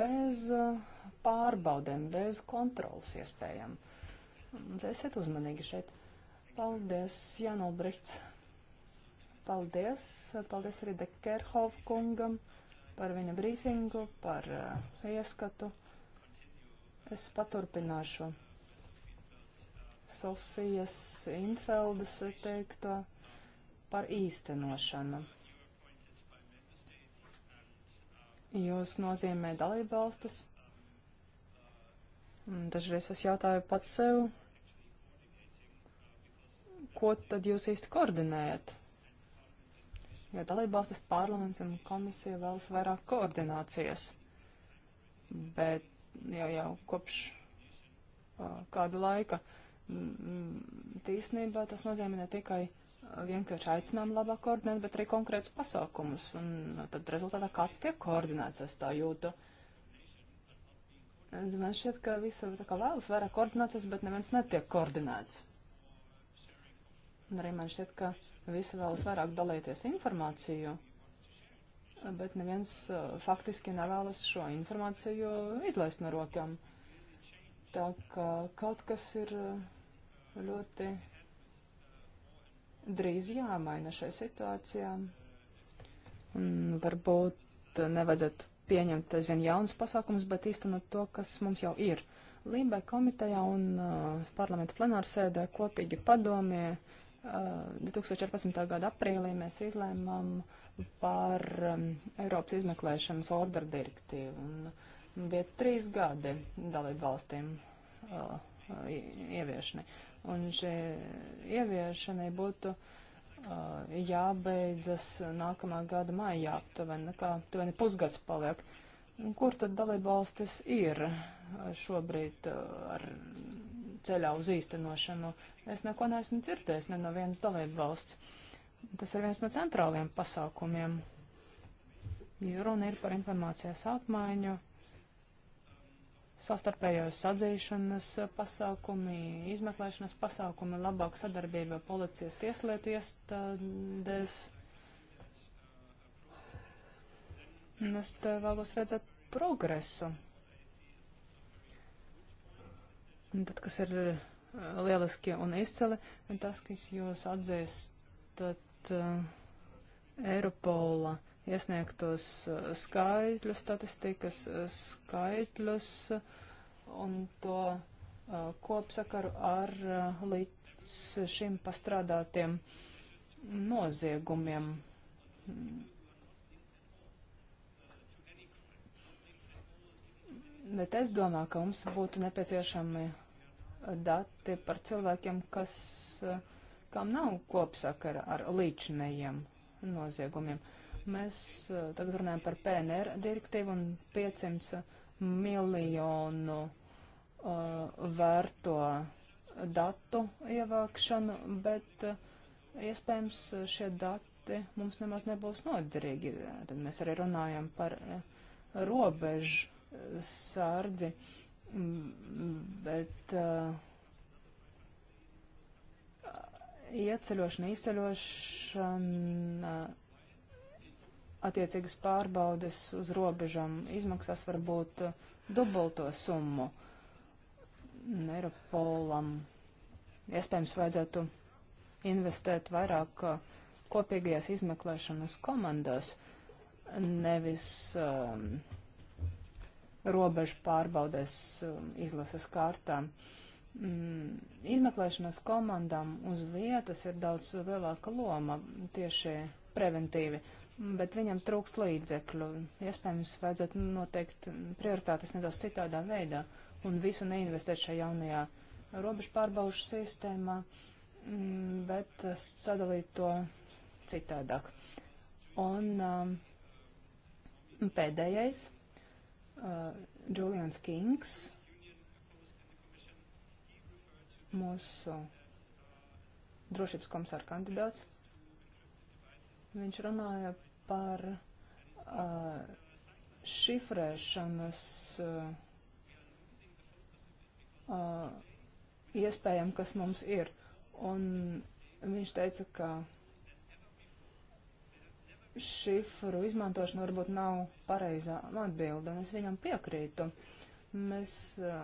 bez uh, pārbaudēm, bez kontrolas iespējām. Esiet uzmanīgi šeit. Paldies, Jan Albrechts. Paldies. Paldies arī Dekerhov kungam par viņa brīfingu, par uh, ieskatu. Es paturpināšu Sofijas Infeldes teikto par īstenošanu. Jūs nozīmē dalībvalstis Dažreiz es jautāju pats sev, ko tad jūs īsti koordinējat? Jo dalībvalstis parlaments un komisija vēlas vairāk koordinācijas. Bet jau, jau kopš uh, kādu laika tīsnībā tas nozīmē ne tikai vienkārši aicinām labāk koordinēt, bet arī konkrētus pasākumus. Un nu, tad rezultātā kāds tiek koordinēts, es tā jūtu. Uh, Man šķiet, ka visi tā kā vēlas vairāk koordinācijas, bet neviens netiek koordinēts. Un arī man šķiet, ka visi vēlas vairāk dalīties informāciju, bet neviens uh, faktiski nevēlas šo informāciju izlaist no rokām. Tā kā kaut kas ir uh, ļoti drīz jāmaina šai situācijā. Un varbūt nevajadzētu pieņemt aizvien jaunus pasākumus, bet īstenot to, kas mums jau ir. Lībē komitejā un uh, parlamenta plenārsēdē kopīgi padomie uh, 2014. gada aprīlī mēs izlēmām par um, Eiropas izmeklēšanas ordera direktīvu. Un bija trīs gadi dalību valstīm uh, ieviešanai. Un šī ieviešanai būtu uh, jābeidzas nākamā gada maijā, aptuveni, kā aptuveni pusgads paliek. Kur tad dalībvalstis ir šobrīd ar ceļā uz īstenošanu? Es neko neesmu dzirdējis ne no vienas dalībvalsts. Tas ir viens no centrāliem pasākumiem. Runa ir par informācijas apmaiņu savstarpējos atzīšanas pasākumi, izmeklēšanas pasākumi, labāka sadarbība policijas tieslietu iestādēs. Un es te vēlos redzēt progresu. Un tad, kas ir eh, lieliski un izcili, ir tas, kas jūs atzīstat uh, Eiropola iesniegtos eh, skaitļus, statistikas eh, skaitļus un to eh, kopsakaru ar līdz šim pastrādātiem noziegumiem. Bet es domāju, ka mums būtu nepieciešami dati par cilvēkiem, kas, kam nav kopsakara ar līdzinējiem noziegumiem. Uh, Mēs uh, tagad runājam par PNR direktīvu un 500 miljonu uh, vērto datu ievākšanu, bet uh, iespējams šie dati mums nemaz nebūs noderīgi. Tad mēs arī runājam par robežu sārdi, mm, bet ieceļošana, izceļošana attiecīgas pārbaudes uz robežām. Izmaksās var būt uh, dubulto summu Eiropolam. Iespējams, vajadzētu investēt vairāk uh, kopīgajās izmeklēšanas komandās, nevis um, robežu pārbaudēs um, izlases kārtām. Mm, izmeklēšanas komandām uz vietas ir daudz lielāka loma tieši preventīvi. Uh, bet viņam trūks līdzekļu. Iespējams, vajadzētu noteikt prioritātes nedaudz citādā veidā un visu neinvestēt šajā jaunajā robežu pārbaušu sistēmā, mm, bet eh, sadalīt to citādāk. Un um, pēdējais, uh, Julians Kings, mūsu drošības komisāra kandidāts, viņš runāja par uh, šifrēšanas uh, uh, iespējām, kas mums ir. Un viņš teica, ka šifru izmantošana varbūt nav pareizā atbilde, un es viņam piekrītu. Mēs uh,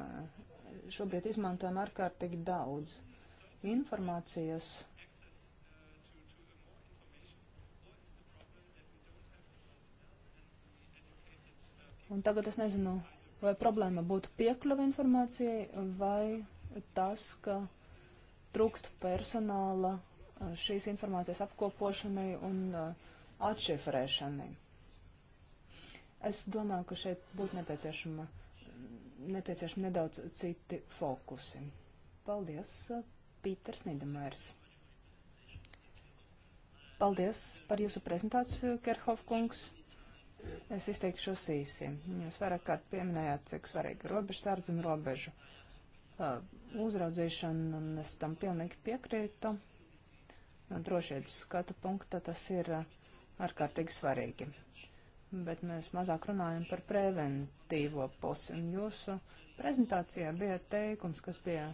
šobrīd izmantojam ārkārtīgi daudz informācijas. Uh, Un tagad es nezinu, vai problēma būtu piekļuva informācijai vai tas, ka trūkst personāla eh, šīs informācijas apkopošanai un eh, atšifrēšanai. Es domāju, ka šeit būtu nepieciešama, nepieciešama nedaudz citi fokusi. Paldies, eh, Pīters Nīdemērs. Paldies par jūsu prezentāciju, Kerhov kungs. Es izteikšos īsi. Jūs vairāk kārt pieminējāt, cik svarīga ir robežsardze un robežu uh, uzraudzīšana, un es tam pilnīgi piekrītu. No drošības skatu punkta tas ir uh, ārkārtīgi svarīgi. Bet mēs mazāk runājam par preventīvo pusi, un jūsu prezentācijā bija teikums, kas bija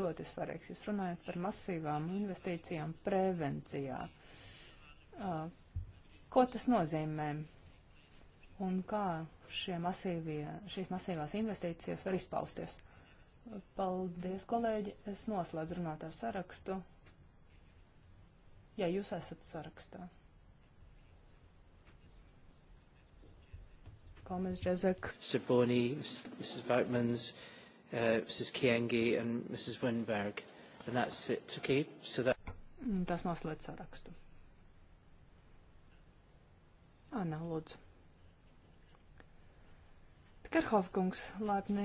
ļoti svarīgs. Jūs runājat par masīvām investīcijām prevencijā. Uh, ko tas nozīmē? un kā masīvie, šīs masīvās investīcijas var izpausties. Paldies, kolēģi. Es noslēdzu runātāju sarakstu. Jā, jūs esat sarakstā. Komis Džezek. Mr. Boney, Mrs. Voutmans, uh, Mrs. Kiengi and Mrs. Winberg. And that's it, okay? So that... Mm, tas noslēdz sarakstu. Anna, lūdzu. Kerhoff kungs, laipni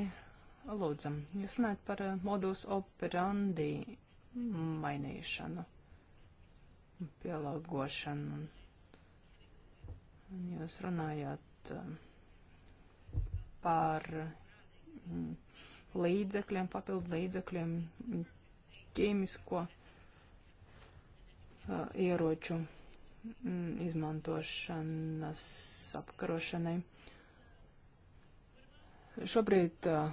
lūdzam, jūs runājat par eh, modus operandi mainīšanu, pielāgošanu. Jūs runājāt eh, par mm, līdzekļiem, papildu līdzekļiem, ķīmisko eh, ieroču mm, izmantošanas apkarošanai. Šobrīd eh,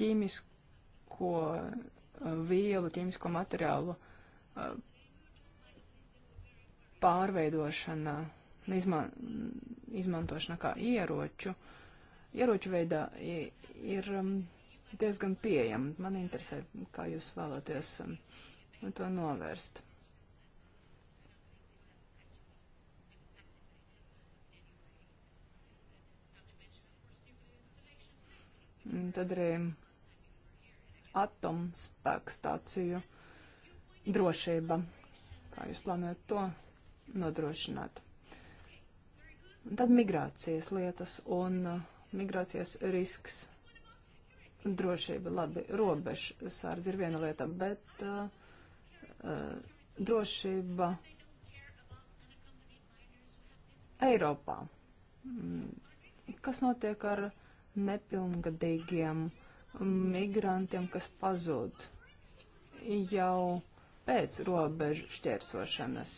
ķīmisko eh, vielu, ķīmisko materiālu eh, pārveidošana, izman, izmantošana kā ieroču, ieroču veidā ir mm, diezgan pieejama. Man interesē, kā jūs vēlaties mm, to novērst. tad arī atomspēku stāciju drošība. Kā jūs plānojat to nodrošināt? Un tad migrācijas lietas un uh, migrācijas risks. Drošība, labi, robežsārdzi ir viena lieta, bet uh, uh drošība Eiropā. Mm, kas notiek ar uh, nepilngadīgiem migrantiem, kas pazūd jau pēc robežu šķērsošanas.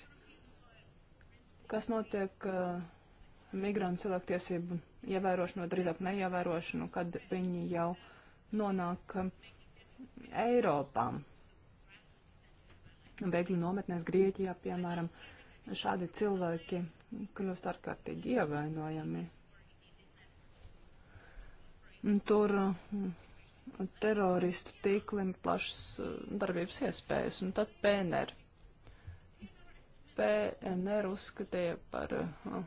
Kas notiek uh, migrantu cilvēktiesību ievērošanu, drīzāk neievērošanu, kad viņi jau nonāk um, Eiropā? Bēgļu nometnēs Grieķijā, piemēram, šādi cilvēki kļūst ārkārtīgi ievainojami Tur mm, teroristu tīklim plašas mm, darbības iespējas, un tad PNR. PNR uzskatīja par mm,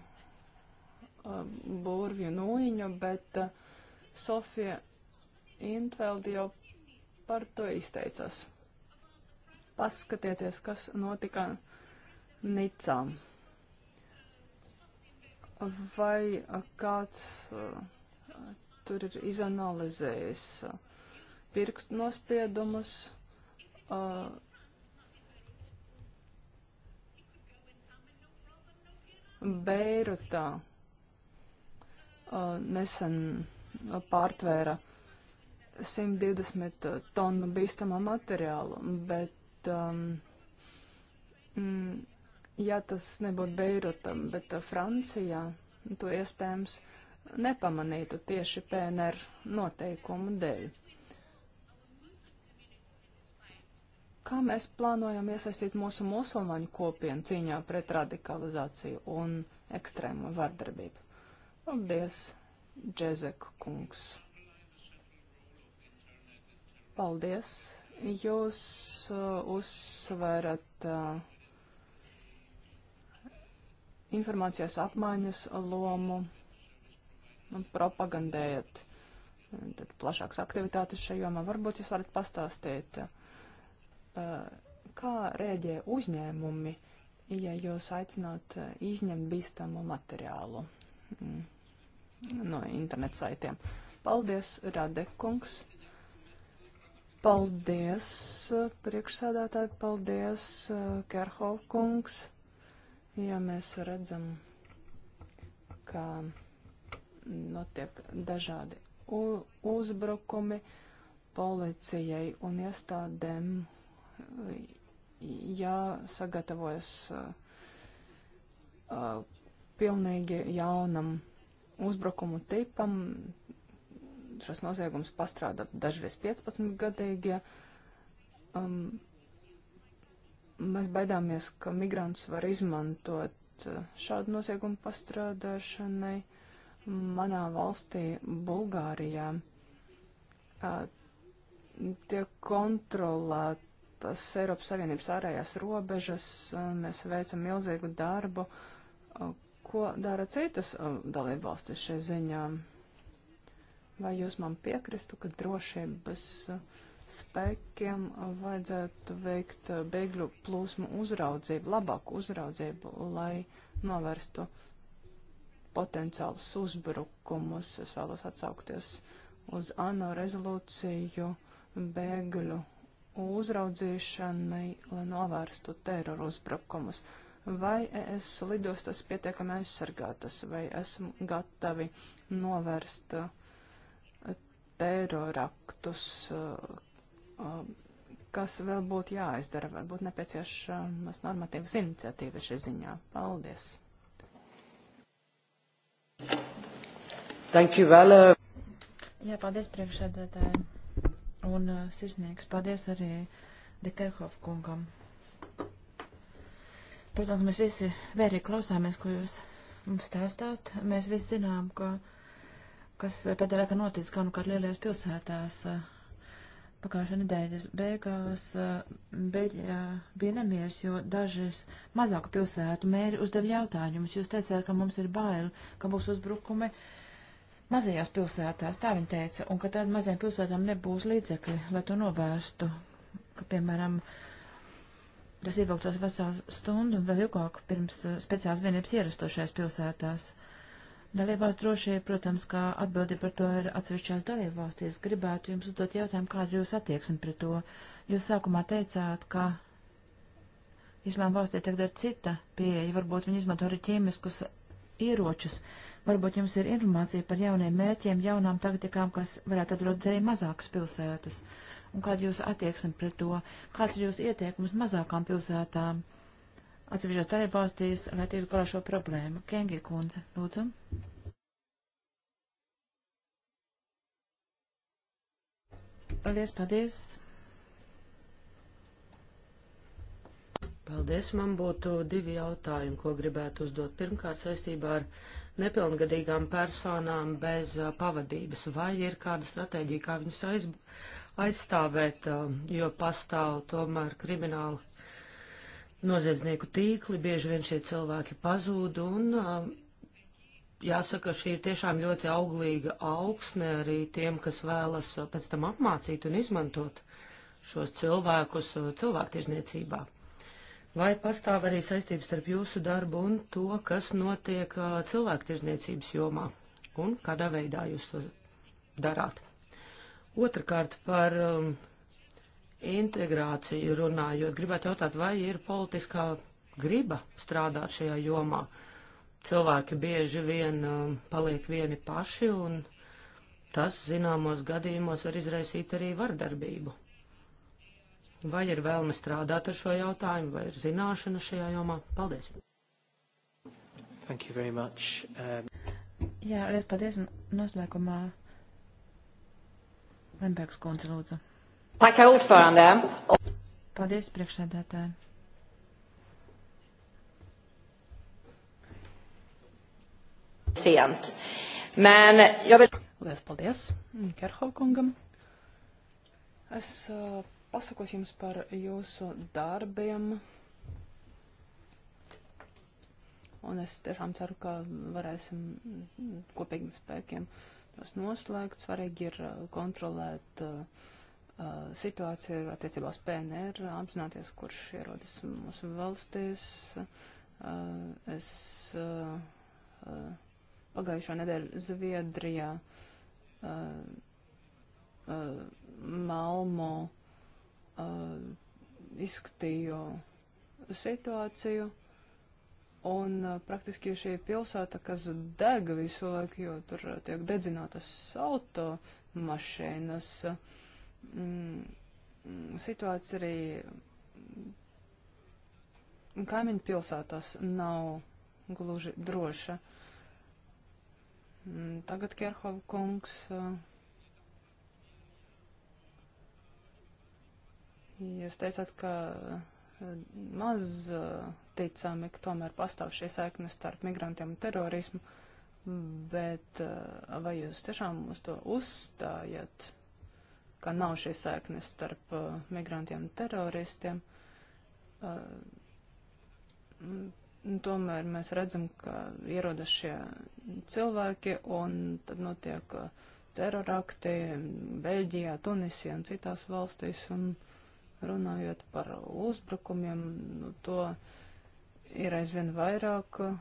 burvju nūjiņu, bet Sofija Intveld jau par to izteicās. Paskatieties, kas notika Nicām. Vai kāds uh, tur ir izanalizējis uh, pirkstu nospiedumus. Uh, Beirutā uh, nesen uh, pārtvēra 120 tonu bīstamā materiālu, bet um, mm, ja tas nebūtu Beirutam, bet uh, Francijā, to iespējams uh, nepamanītu tieši PNR noteikumu dēļ. Kā mēs plānojam iesaistīt mūsu musulmaņu kopienu cīņā pret radikalizāciju un ekstrēmu vardarbību? Paldies, Džezek kungs. Paldies. Jūs uh, uzsverat uh, informācijas apmaiņas lomu propagandējat tad plašākas aktivitātes šajā jomā. Varbūt jūs varat pastāstīt, uh, kā rēģē uzņēmumi, ja jūs aicināt uh, izņemt bīstamu materiālu mm, no interneta saitiem. Paldies, Radekungs! Paldies, uh, priekšsēdētāji, paldies, Kerhovkungs! Ja mēs redzam, ka. Kā notiek dažādi uzbrukumi policijai un iestādēm jāsagatavojas uh, uh, pilnīgi jaunam uzbrukumu tipam. Šis noziegums pastrādā dažreiz 15-gadīgie. Um, mēs baidāmies, ka migrants var izmantot uh, šādu noziegumu pastrādāšanai. Uh, Manā valstī, Bulgārijā, tiek kontrolētas Eiropas Savienības ārējās robežas, mēs veicam milzīgu darbu. Ko dara citas dalībvalstis šai ziņā? Vai jūs man piekristu, ka drošības spēkiem vajadzētu veikt bēgļu plūsmu uzraudzību, labāku uzraudzību, lai novērstu uh, potenciālus uzbrukumus. Es vēlos atsaukties uz ANO rezolūciju bēgļu uzraudzīšanai, lai novērstu teroru uzbrukumus. Vai es lidostas pietiekami aizsargātas, vai esmu gatavi novērst uh, teroraktus, uh, uh, kas vēl būtu jāizdara, varbūt nepieciešamas normatīvas iniciatīvas šī ziņā. Paldies! Thank you, Vala. Jā, paldies priekšsēdētājiem. Un uh, sirsnīgs paldies arī Dekerhof kungam. Protams, mēs visi vērīgi klausāmies, ko jūs mums stāstāt. Mēs visi zinām, ka, kas pēdējā laikā noticis kaut nu kādā lielajās pilsētās. Uh, pagājušā nedēļas beigās eh, Beļģijā bija nemies, jo dažas mazāku pilsētu mēri uzdeva jautājumus. Jūs teicāt, ka mums ir bail, ka būs uzbrukumi mazajās pilsētās, tā viņa teica, un ka tad mazajām pilsētām nebūs līdzekļi, lai to novērstu. Ka, piemēram, tas ievilktos veselu stundu un vēl ilgāk pirms eh, speciālas vienības ierastošajās pilsētās. Uh, Dalībvalsts drošība, protams, kā atbildi par to ir atsevišķās dalībvalstīs. Gribētu jums uzdot jautājumu, kāda ir jūsu attieksme pret to. Jūs sākumā teicāt, ka Islāma valstī tagad ir cita pieeja, varbūt viņi izmanto arī ķīmiskus ieročus. Varbūt jums ir informācija par jauniem mērķiem, jaunām taktikām, kas varētu atrodot arī mazākas pilsētas. Un kāda jūsu attieksme pret to? Kāds ir jūsu ieteikums mazākām pilsētām? atsevišķos dalībvalstīs, lai tiktu galā šo problēmu. Kengi kundze, lūdzu. Paldies, paldies. Paldies, man būtu divi jautājumi, ko gribētu uzdot. Pirmkārt, saistībā ar nepilngadīgām personām bez uh, pavadības, vai ir kāda stratēģija, kā viņus aiz, aizstāvēt, uh, jo pastāv tomēr krimināla noziedznieku tīkli, bieži vien šie cilvēki pazūd un um, jāsaka, šī ir tiešām ļoti auglīga augsne arī tiem, kas vēlas uh, pēc tam apmācīt un izmantot šos cilvēkus uh, cilvēktiesniecībā. Vai pastāv arī saistības starp jūsu darbu un to, kas notiek uh, cilvēktiesniecības jomā un kādā veidā jūs to darāt? Otrakārt par um, integrāciju runājot, gribētu jautāt, vai ir politiskā griba strādāt šajā jomā. Cilvēki bieži vien um, paliek vieni paši, un tas zināmos gadījumos var izraisīt arī vardarbību. Vai ir vēlme strādāt ar šo jautājumu, vai ir zināšana šajā jomā? Paldies! Thank you very much. Um... Jā, liels paldies. Noslēgumā Lembergs kundze lūdzu. Tack, herr ordförande. Paldies, priekšsēdētāji. Sent. Men jag vill... Lielas paldies Kerhovkungam. Es uh, pasakos jums par jūsu darbiem. Un es tiešām ceru, ka varēsim kopīgiem spēkiem tos noslēgt. Svarīgi ir kontrolēt uh, Eh, situāciju attiecībā uz PNR, apzināties, kurš ierodas mūsu valstīs. Eh, es eh, pagājušā nedēļa Zviedrijā Malmo izskatīju situāciju. Un praktiski šī pilsēta, kas dega visu laiku, jo tur tiek dedzinātas automašīnas, uh, Mm, mm, situācija arī kaimiņu pilsētās nav gluži droša. Mm, tagad Kerhova kungs Jūs teicāt, ka maz ticami, ka tomēr pastāv šie saiknes starp migrantiem un terorismu, bet vai jūs tiešām uz to uzstājat? ka nav šī saikne starp uh, migrantiem un teroristiem. Uh, tomēr mēs redzam, ka ierodas šie cilvēki un tad notiek uh, terorakti Beļģijā, Tunisijā un citās valstīs. Un runājot par uzbrukumiem, nu, to ir aizvien vairāk uh,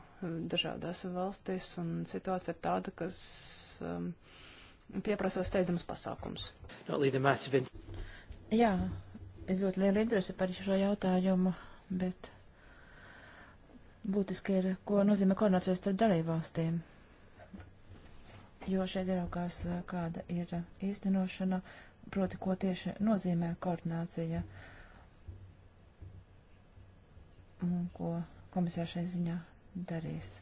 dažādās valstīs un situācija ir tāda, kas. Um, pieprasa steidzams pasākums. Jā, ir ļoti liela interese par šo jautājumu, bet būtiski ir, ko nozīmē koordinācijas starp dalībvalstīm. Jo šeit ir augās, kāda ir īstenošana, proti, ko tieši nozīmē koordinācija un ko komisija šai ziņā darīs.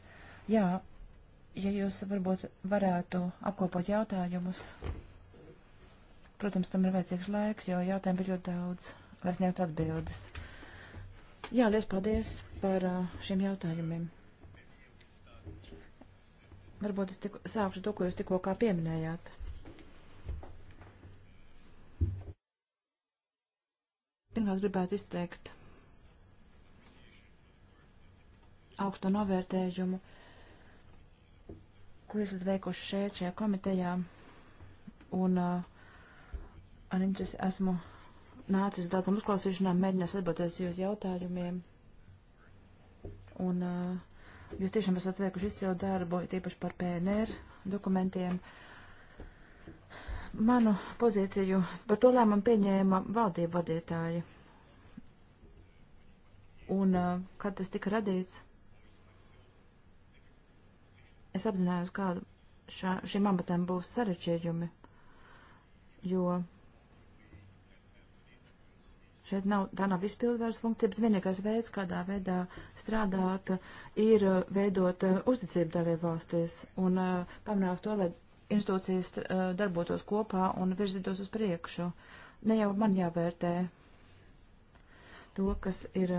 Jā, ja jūs varbūt varētu apkopot jautājumus. Protams, tam ir vajadzīgs laiks, jo jautājumu ir ļoti daudz, lai sniegtu atbildes. Jā, liels paldies par šiem jautājumiem. Varbūt es tik, sākšu to, ko jūs tikko kā pieminējāt. Pirmkārt, gribētu izteikt augstu novērtējumu ko esat veikuši šeit, šajā komitejā. Un uh, ar interesi esmu nācis daudzam uzklausīšanām, mēģinās atbildēt jūs jautājumiem. Un uh, jūs tiešām esat veikuši izcilu darbu, tīpaši par PNR dokumentiem. Manu pozīciju par to lēmumu pieņēma valdību vadītāji. Un uh, kad tas tika radīts, Es apzinājos, kādu šā, šim amatam būs sarežģījumi, jo šeit nav, tā nav izpildvaras funkcija, bet vienīgais veids, kādā veidā strādāt, ir veidot eh, uzticību dalību valstīs un eh, pamanāt to, lai institūcijas eh, darbotos kopā un virzītos uz priekšu. Ne jau man jāvērtē to, kas ir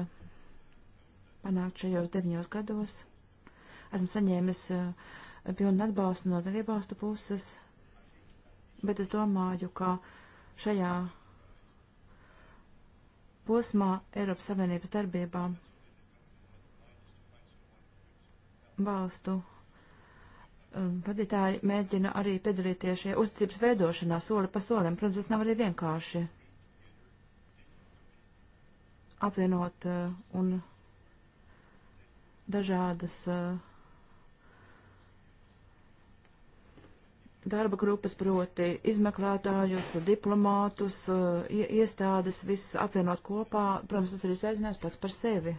panākt šajos deviņos gados. Esmu saņēmis eh, pilnu atbalstu no dalībvalstu puses, bet es domāju, ka šajā posmā Eiropas Savienības darbībā valstu eh, vadītāji mēģina arī piedalīties šajā uzticības veidošanā soli pa solim. Protams, tas nav arī vienkārši apvienot eh, un dažādas uh, darba grupas, proti izmeklētājus, diplomātus, eh, iestādes, visus apvienot kopā. Protams, tas arī saizinās pats par sevi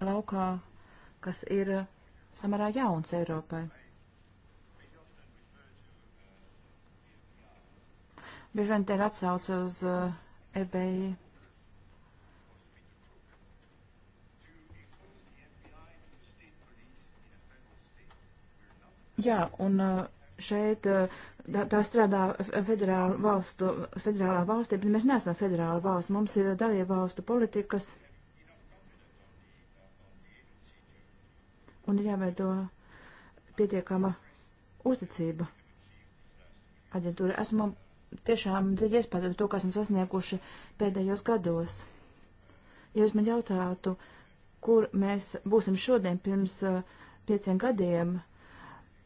laukā, kas ir samērā jauns Eiropai. Bieži vien te ir atsauce uz FBI. Eh, e Jā, un uh, šeit eh, tā, tā strādā federāla valstu, federālā valstī, bet mēs neesam federāla valsts. Mums ir dalība valstu politikas. Un ir jāveido pietiekama uzticība aģentūra. Esmu tiešām dziļi iespēja par to, kas esam sasnieguši pēdējos gados. Ja jūs man jautātu, kur mēs būsim šodien pirms uh, pieciem gadiem, uh,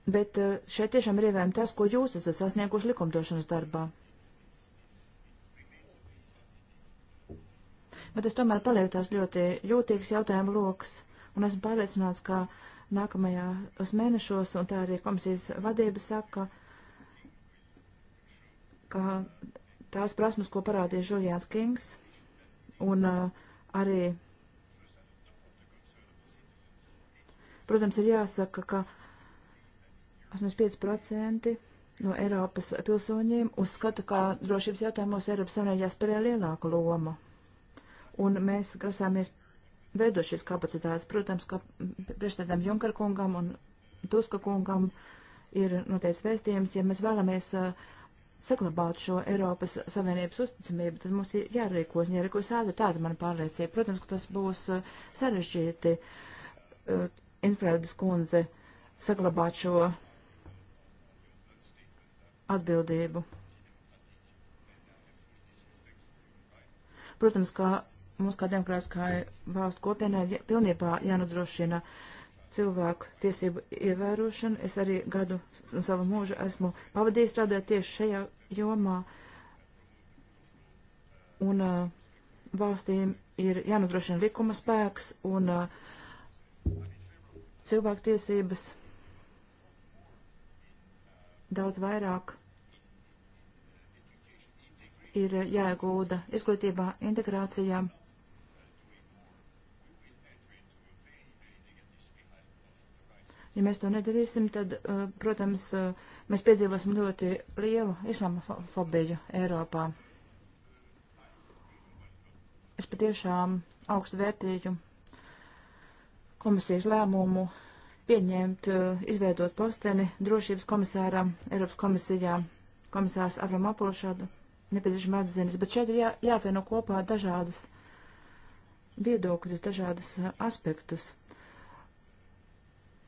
Bet eh, šeit tiešām ir ievērojami tas, ko jūs esat sasnieguši likumdošanas darbā. Bet es tomēr palieku tās ļoti jūtīgs jautājumu lokus, un esmu pārliecināts, ka nākamajās mēnešos, un tā arī komisijas vadība saka, ka tās prasmes, ko parādīja Žuljāns Kings, un uh, arī, protams, ir jāsaka, ka 85% no Eiropas pilsoņiem uzskata, ka drošības jautājumos Eiropas Savienībā spēlē lielāku lomu. Un mēs grasāmies veidot šīs kapacitātes. Protams, ka priekšstādām Junkar kungam un Tuska kungam ir noteikts vēstījums, ja mēs vēlamies uh, saglabāt šo Eiropas Savienības uzticamību, tad mums ir jārīkos, jārīkos ātri, tāda man pārliecība. Protams, ka tas būs uh, sarežģīti. Uh, Infrēdas kundze saglabāt šo atbildību. Protams, kā mums kā demokrātiskai valstu kopienai pilnībā jānodrošina cilvēku tiesību ievērošana. Es arī gadu savu mūžu esmu pavadījis strādājot tieši šajā jomā. Un uh, valstīm ir jānodrošina likuma spēks un uh, cilvēku tiesības daudz vairāk ir jāiegūda izglītībā, integrācijā. Ja mēs to nedarīsim, tad, eh, protams, eh, mēs piedzīvosim ļoti lielu islamofobiju Eiropā. Es patiešām augstu vērtīju komisijas lēmumu pieņemt, eh, izveidot posteni drošības komisāram Eiropas komisijā, komisārs Avram Apolšādu nepieciešama atziņas, bet šeit ir jā, jāpieno kopā dažādas viedokļus, dažādus aspektus.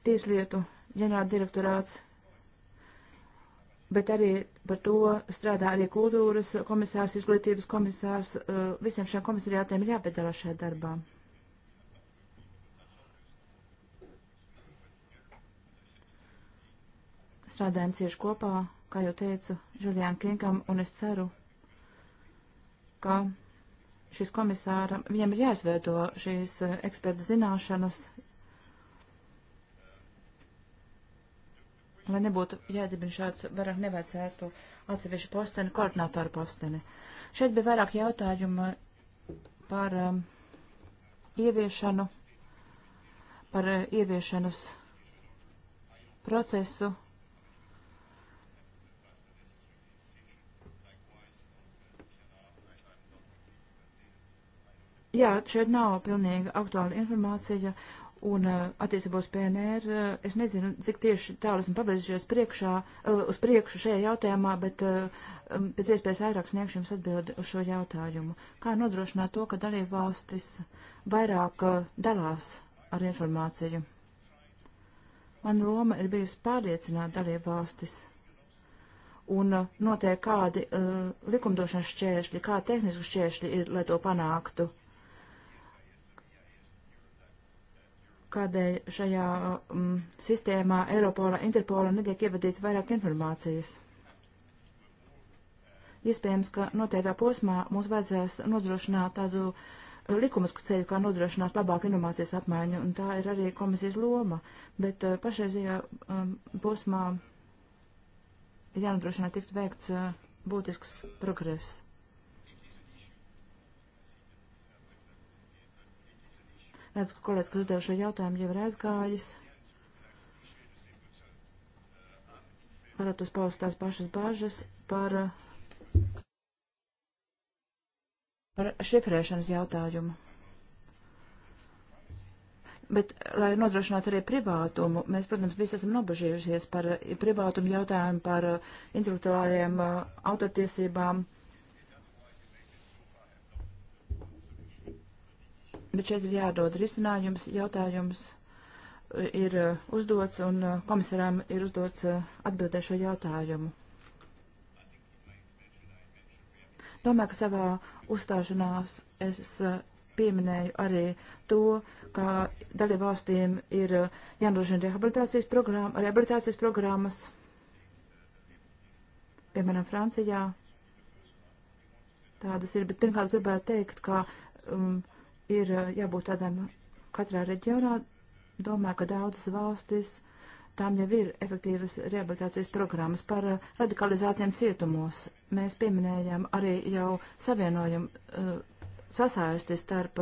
Tieslietu ģenerāla direktorāts, bet arī par to strādā arī kultūras komisārs, izglītības komisārs, visiem šiem komisariātiem ir jāpiedalās šajā darbā. Strādājam cieši kopā, kā jau teicu, Žuljāna Kingam, un es ceru, ka šis komisāram, viņam ir jāizveido šīs eh, eksperta zināšanas, lai nebūtu jādibina šāds vairāk nevajadzētu atsevišķu posteni, koordinātoru posteni. Šeit bija vairāk jautājumu par um, ieviešanu, par uh, ieviešanas procesu Jā, šeit nav pilnīgi aktuāla informācija. Un uh, eh, attiecībos PNR, uh, eh, es nezinu, cik tieši tālu esmu pavirzījušies priekšā, uh, uz priekšu šajā jautājumā, bet pēc iespējas vairāk sniegšu jums atbildi uz šo jautājumu. Kā nodrošināt to, ka dalībvalstis vairāk dalās ar informāciju? Man Roma ir bijusi pārliecināt dalībvalstis un notiek kādi likumdošanas šķēršļi, kā tehniski šķēršļi ir, lai to panāktu kādēļ šajā um, sistēmā Eiropola, Interpola netiek ievadīt vairāk informācijas. Iespējams, ka noteiktā posmā mums vajadzēs nodrošināt tādu likumisku ceļu, kā nodrošināt labāku informācijas apmaiņu, un tā ir arī komisijas loma, bet uh, pašreizajā um, posmā ir jānodrošināt tikt veikts uh, būtisks progress. Redz, ka kolēģis, kas uzdev šo jautājumu, jau ir aizgājis. Varat uzpaust tās pašas bāžas par, par šifrēšanas jautājumu. Bet, lai nodrošinātu arī privātumu, mēs, protams, visi esam nobežījušies par privātumu jautājumu, par uh, intelektuālajiem uh, autortiesībām. Uh, Bet šeit ir jādod risinājums, jautājums e, e, e, ir uzdots un komisarām ir uzdots atbildēt šo jautājumu. Domāju, ka savā uzstāšanās es pieminēju arī to, ka daļa valstīm ir jānodrošina rehabilitācijas, programma, rehabilitācijas programmas, piemēram, Francijā. Tādas ir, bet pirmkārt gribētu teikt, ka um, ir jābūt tādam katrā reģionā. Domāju, ka daudzas valstis tām jau ir efektīvas rehabilitācijas programmas par radikalizācijām cietumos. Mēs pieminējām arī jau savienojumu sasaisti starp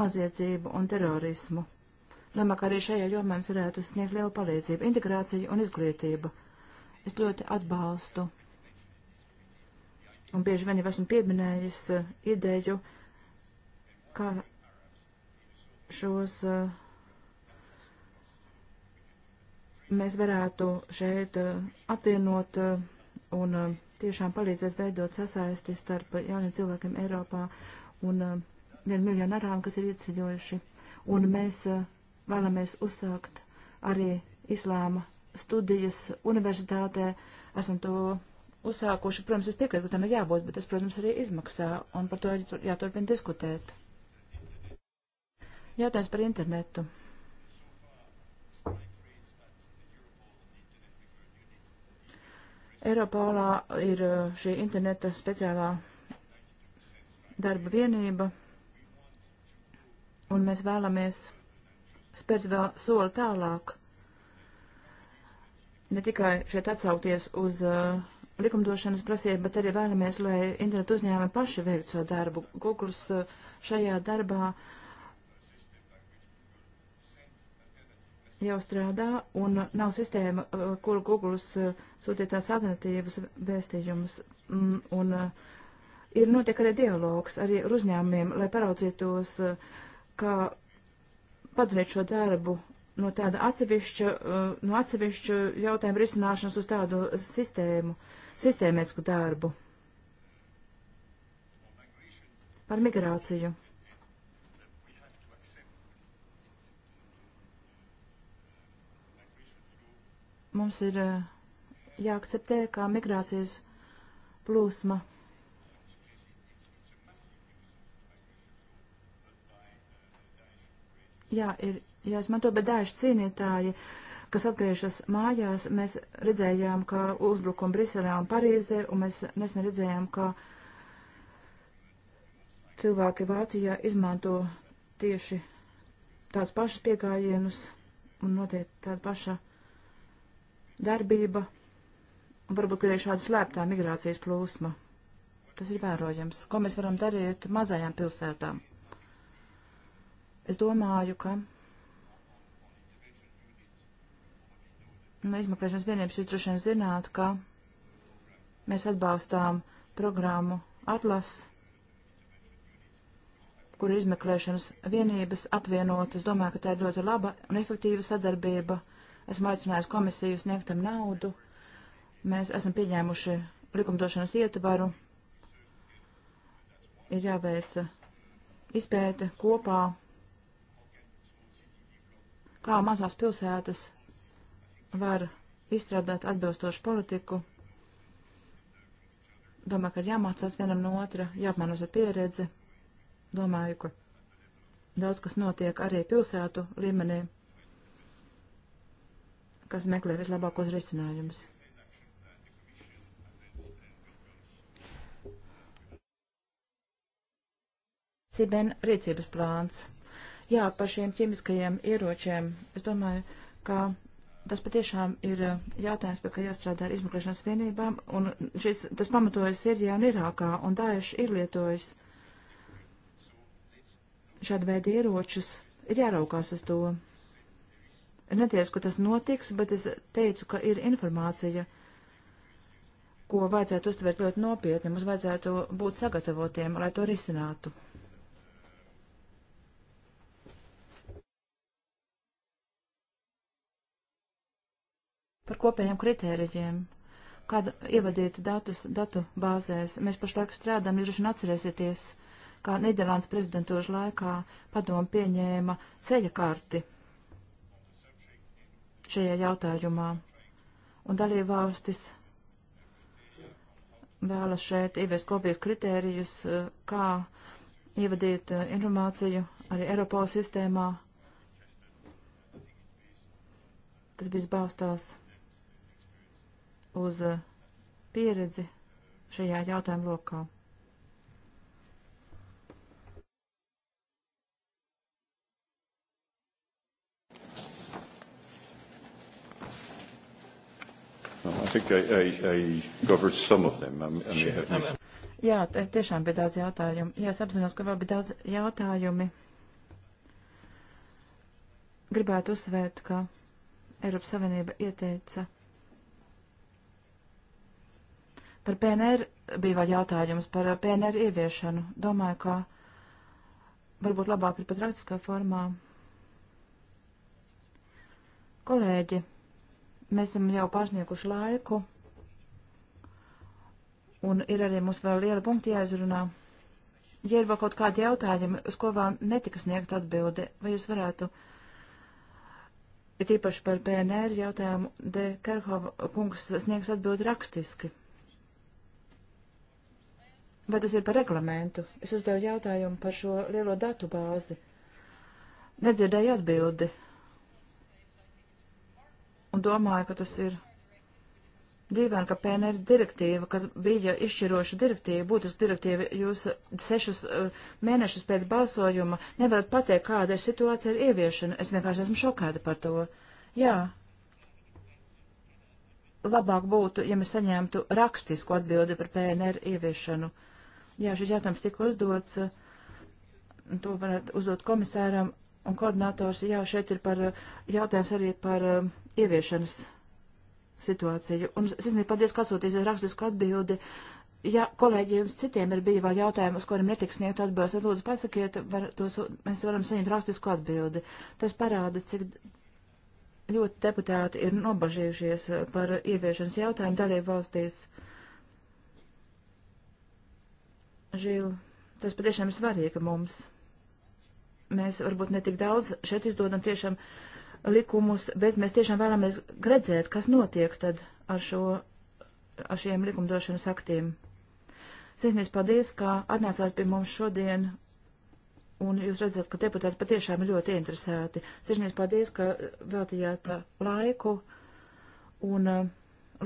noziedzību un terorismu. Domāju, ka arī šajā jomā mums varētu sniegt lielu palīdzību - integrācija un izglītība. Es ļoti atbalstu un bieži vien jau esmu pieminējis ideju, kā šos mēs varētu šeit apvienot un tiešām palīdzēt veidot sasaisti starp jauniem cilvēkiem Eiropā un vienu miljonu arām, kas ir ieceļojuši. Un mēs vēlamies uzsākt arī islāma studijas universitātē. Esam to uzsākuši. Protams, es piekrītu, ka tam ir jābūt, bet tas, protams, arī izmaksā un par to jāturpina diskutēt. Jautājums par internetu. Eiropolā ir uh, šī interneta speciālā darba vienība, un mēs vēlamies spērt vēl soli tālāk. Ne tikai šeit atsaukties uz uh, likumdošanas prasību, bet arī vēlamies, lai internetu uzņēmumi paši veiktu savu darbu. Googles uh, šajā darbā uh, jau strādā un nav sistēma, eh, kur Googles eh, sūtītās alternatīvas vēstījumus. Mm, un eh, ir notiek arī dialogs arī ar uzņēmumiem, lai paraudzītos, kā padarīt šo darbu no tāda atsevišķa, no atsevišķa jautājuma risināšanas uz tādu sistēmu, sistēmētisku darbu. Par migrāciju. mums ir eh, jāakceptē, kā migrācijas plūsma. Jā, ir jāizmanto, bet daži cīnītāji, kas atgriežas mājās, mēs redzējām, ka uzbrukumi Briselē un Parīzē, un mēs nesen redzējām, ka cilvēki Vācijā izmanto tieši tās pašas piekājienus un notiek tāda paša darbība un varbūt arī šāda slēptā migrācijas plūsma. Tas ir vērojams. Ko mēs varam darīt mazajām pilsētām? Es domāju, ka izmeklēšanas vienības jūs droši vien zināt, ka mēs atbalstām programmu atlas, kur izmeklēšanas vienības apvienot. Es domāju, ka tā ir ļoti laba un efektīva sadarbība. Uh, esmu aicinājusi komisiju sniegtam naudu. Mēs esam pieņēmuši likumdošanas ietvaru. Ir jāveic izpēte kopā, kā mazās pilsētas var izstrādāt atbilstošu politiku. Domāju, ka ir jāmācās vienam no otra, jāapmanas ar pieredzi. Domāju, ka daudz kas notiek arī pilsētu līmenī kas meklē vislabākos risinājumus. Siben rīcības plāns. Jā, par šiem ķemiskajiem ieročiem. Es domāju, ka tas patiešām ir uh, jautājums, pie kā jāstrādā ar izmeklēšanas vienībām, un šis, tas pamatojas Sīrijā un Irākā, un Daesh ir lietojis šādu veidu ieročus. Ir jāraukās uz to netiesu, ka tas notiks, bet es teicu, ka ir informācija, ko vajadzētu uztvert ļoti nopietni. Mums vajadzētu būt sagatavotiem, lai to risinātu. Par kopējiem kritērijiem, kāda ievadīta datus, datu bāzēs, mēs pašlaik strādājam, ir šodien atcerēsieties, kā Nīderlandes prezidentūras laikā padomu pieņēma ceļa karti šajā jautājumā. Un dalībvalstis vēlas šeit ievies kopīgi kritērijus, eh, kā ievadīt eh, informāciju arī Eiropas sistēmā. Tas viss balstās uz eh, pieredzi šajā jautājuma lokā. Well, I think I, I, I covered some of them. I, I may have missed. Jā, tiešām bija daudz jautājumu. Jā, es apzinos, ka vēl bija daudz jautājumi. Gribētu uzsvērt, ka Eiropas Savienība ieteica. Par PNR bija vēl jautājums par uh, PNR ieviešanu. Domāju, ka varbūt labāk ir pat rakstiskā formā. Kolēģi, Mēs esam jau pārsnieguši laiku, un ir arī mums vēl liela punkta jāizrunā. Ja ir vēl kaut kādi jautājumi, uz ko vēl netika sniegt atbildi, vai jūs varētu, ir tīpaši par PNR jautājumu, de Kerhova kungs sniegs atbildi rakstiski. Vai tas ir par reglamentu? Es uzdevu jautājumu par šo lielo datu bāzi. Nedzirdēju atbildi un domāju, ka tas ir dīvaini, ka PNR direktīva, kas bija izšķiroša direktīva, būtiska direktīva, jūs sešus uh, mēnešus pēc balsojuma nevarat pateikt, kāda ir situācija ar ieviešanu. Es vienkārši esmu šokēta par to. Jā. Labāk būtu, ja mēs saņemtu rakstisku atbildi par PNR ieviešanu. Jā, šis jautājums tika uzdots. Uh, to varat uzdot komisāram, un koordinators, jā, šeit ir par eh, jautājums arī par eh, ieviešanas situāciju. Un, zināt, paldies, ka atsūtīsiet rakstisku atbildi. Ja kolēģiem citiem ir bijis vēl jautājumi, uz kuriem netiks sniegt atbildes, tad lūdzu pasakiet, var, tos, mēs varam saņemt rakstisku atbildi. Tas parāda, cik ļoti deputāti ir nobažījušies eh, par ieviešanas jautājumu dalību valstīs. Žīl, tas patiešām ir svarīgi mums mēs varbūt netik daudz šeit izdodam tiešām likumus, bet mēs tiešām vēlamies redzēt, kas notiek tad ar, šo, ar šiem likumdošanas aktiem. Sirsnīgs paldies, ka atnācāt pie mums šodien, un jūs redzat, ka deputāti patiešām ir ļoti interesēti. Sirsnīgs paldies, ka veltījāt uh, laiku, un uh,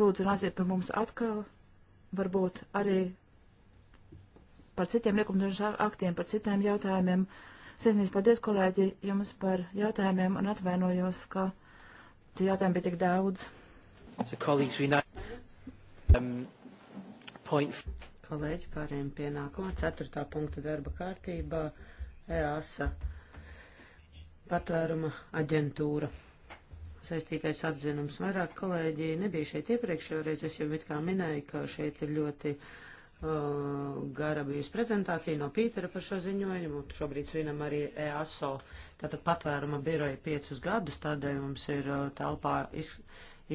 lūdzu nāciet pie mums atkal, varbūt arī par citiem likumdošanas aktiem, par citiem jautājumiem. Sirsnīgs paldies, kolēģi, jums par jautājumiem un atvainojos, ka tie jautājumi bija tik daudz. So, colleagues, we now, um, point... Kolēģi, pārējiem pie nākamā ceturtā punkta darba kārtībā EASA patvēruma aģentūra. Saistītais atzinums vairāk kolēģi nebija šeit iepriekšējā reizē, es jau it kā minēju, ka šeit ir ļoti uh, Uh, gara bijusi prezentācija no Pītera par šo ziņojumu. Šobrīd svinam arī EASO, tātad patvēruma biroja piecus gadus, tādēļ mums ir uh, telpā iz,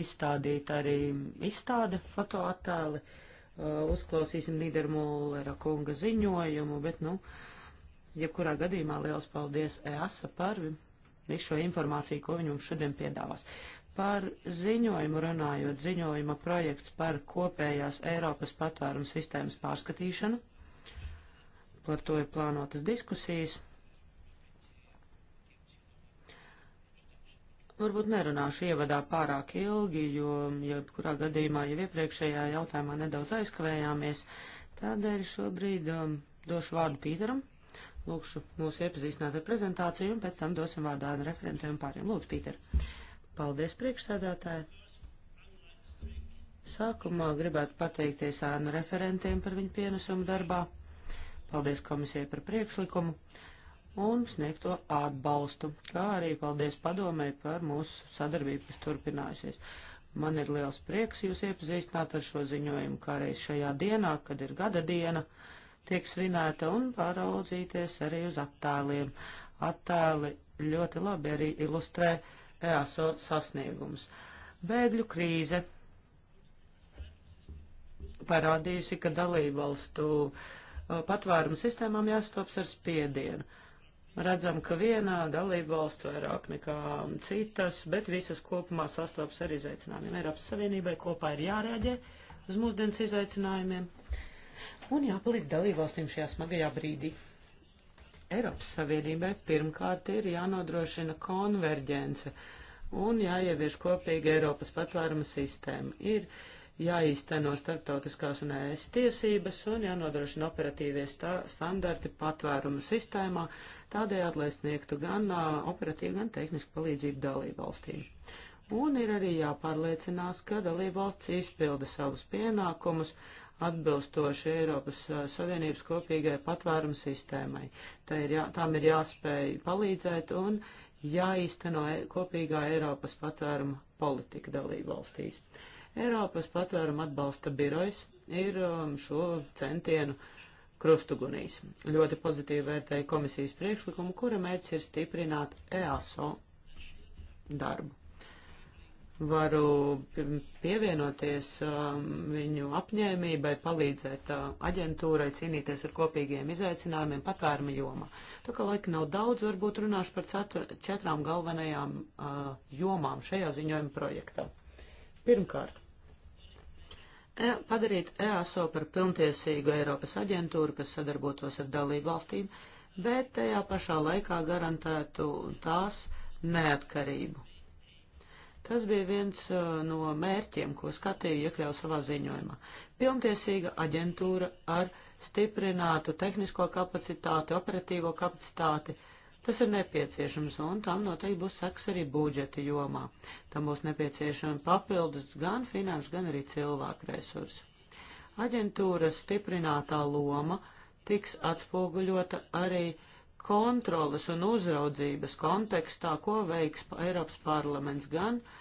izstādīta arī izstāde fotoattēli. Uh, uzklausīsim Nīdermūlera kunga ziņojumu, bet, nu, jebkurā gadījumā liels paldies EASA par visu šo informāciju, ko viņi mums šodien piedāvās. Par ziņojumu runājot, ziņojuma projekts par kopējās Eiropas patvērums sistēmas pārskatīšanu. Par to ir plānotas diskusijas. varbūt nerunāšu ievadā pārāk ilgi, jo, ja kurā gadījumā jau iepriekšējā jautājumā nedaudz aizkavējāmies, tādēļ šobrīd um, došu vārdu Pīteram, lūkšu mūs iepazīstināt ar prezentāciju un pēc tam dosim vārdu ānu referentiem pāriem. Lūdzu, Pīter. Paldies, priekšsēdētāji! Sākumā gribētu pateikties ēnu referentiem par viņu pienesumu darbā. Paldies komisijai par priekšlikumu un sniegto atbalstu, kā arī paldies padomēji par mūsu sadarbību, kas turpinājusies. Man ir liels prieks jūs iepazīstināt ar šo ziņojumu, kā reiz šajā dienā, kad ir gada diena, tiek svinēta un pāraudzīties arī uz attēliem. Attēli ļoti labi arī ilustrē uh, EASO sasniegumus. Bēgļu krīze parādījusi, ka dalībvalstu uh, patvērumu sistēmām jāstops ar spiedienu. Redzam, ka vienā dalībvalsts vairāk nekā citas, bet visas kopumā sastops ar izaicinājumiem. Eiropas Savienībai kopā ir jārēģē uz mūsdienas izaicinājumiem un jāpalīdz dalībvalstīm šajā smagajā brīdī. Eiropas Savienībai pirmkārt ir jānodrošina konverģence un jāievieš kopīga Eiropas patvēruma sistēma. Ir jāīsteno starptautiskās un ES tiesības un jānodrošina operatīvie standarti patvēruma sistēmā, tādējādi, lai sniegtu gan uh, operatīvu, gan tehnisku palīdzību dalībvalstīm. Un ir arī jāpārliecinās, ka dalībvalsts izpilda savus pienākumus atbilstoši Eiropas Savienības kopīgai patvērumu sistēmai. Tā ir jā, tām ir jāspēj palīdzēt un jāīsteno e, kopīgā Eiropas patvēruma politika dalību valstīs. Eiropas patvēruma atbalsta birojs ir um, šo centienu krustugunīs. Ļoti pozitīvi vērtēja komisijas priekšlikumu, kura mērķis ir stiprināt EASO darbu varu pievienoties um, viņu apņēmībai, palīdzēt uh, aģentūrai cīnīties ar kopīgiem izaicinājumiem patvērma jomā. Tā kā laika nav daudz, varbūt runāšu par cetra, četrām galvenajām uh, jomām šajā ziņojuma projektā. Pirmkārt, e padarīt EASO par pilntiesīgu Eiropas aģentūru, kas sadarbotos ar dalību valstīm, bet tajā pašā laikā garantētu tās neatkarību Tas bija viens uh, no mērķiem, ko skatīju iekļau savā ziņojumā. Pilntiesīga aģentūra ar stiprinātu tehnisko kapacitāti, operatīvo kapacitāti. Tas ir nepieciešams, un tam noteikti būs seks arī budžeta jomā. Tam būs nepieciešama papildus gan finanšu, gan arī cilvēku resursi. Aģentūras stiprinātā loma tiks atspoguļota arī kontrolas un uzraudzības kontekstā, ko veiks Eiropas parlaments gan uh,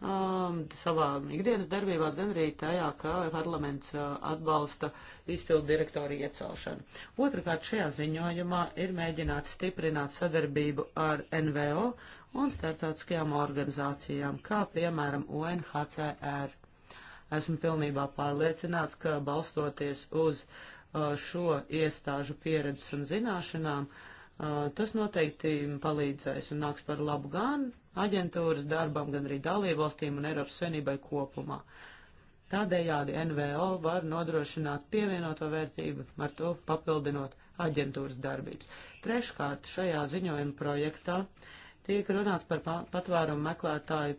um, savā ikdienas darbībās, gan arī tajā, ka parlaments uh, atbalsta izpildu direktoru iecelšanu. Otrakārt, šajā ziņojumā ir mēģināts stiprināt sadarbību ar NVO un starptautiskajām organizācijām, kā piemēram UNHCR. Esmu pilnībā pārliecināts, ka balstoties uz uh, šo iestāžu pieredzes un zināšanām, uh, tas noteikti palīdzēs un nāks par labu gan aģentūras darbam, gan arī dalībvalstīm un Eiropas Savienībai kopumā. Tādējādi NVO var nodrošināt pievienoto vērtību, ar to papildinot aģentūras darbības. Treškārt, šajā ziņojuma projektā tiek runāts par patvērumu meklētāju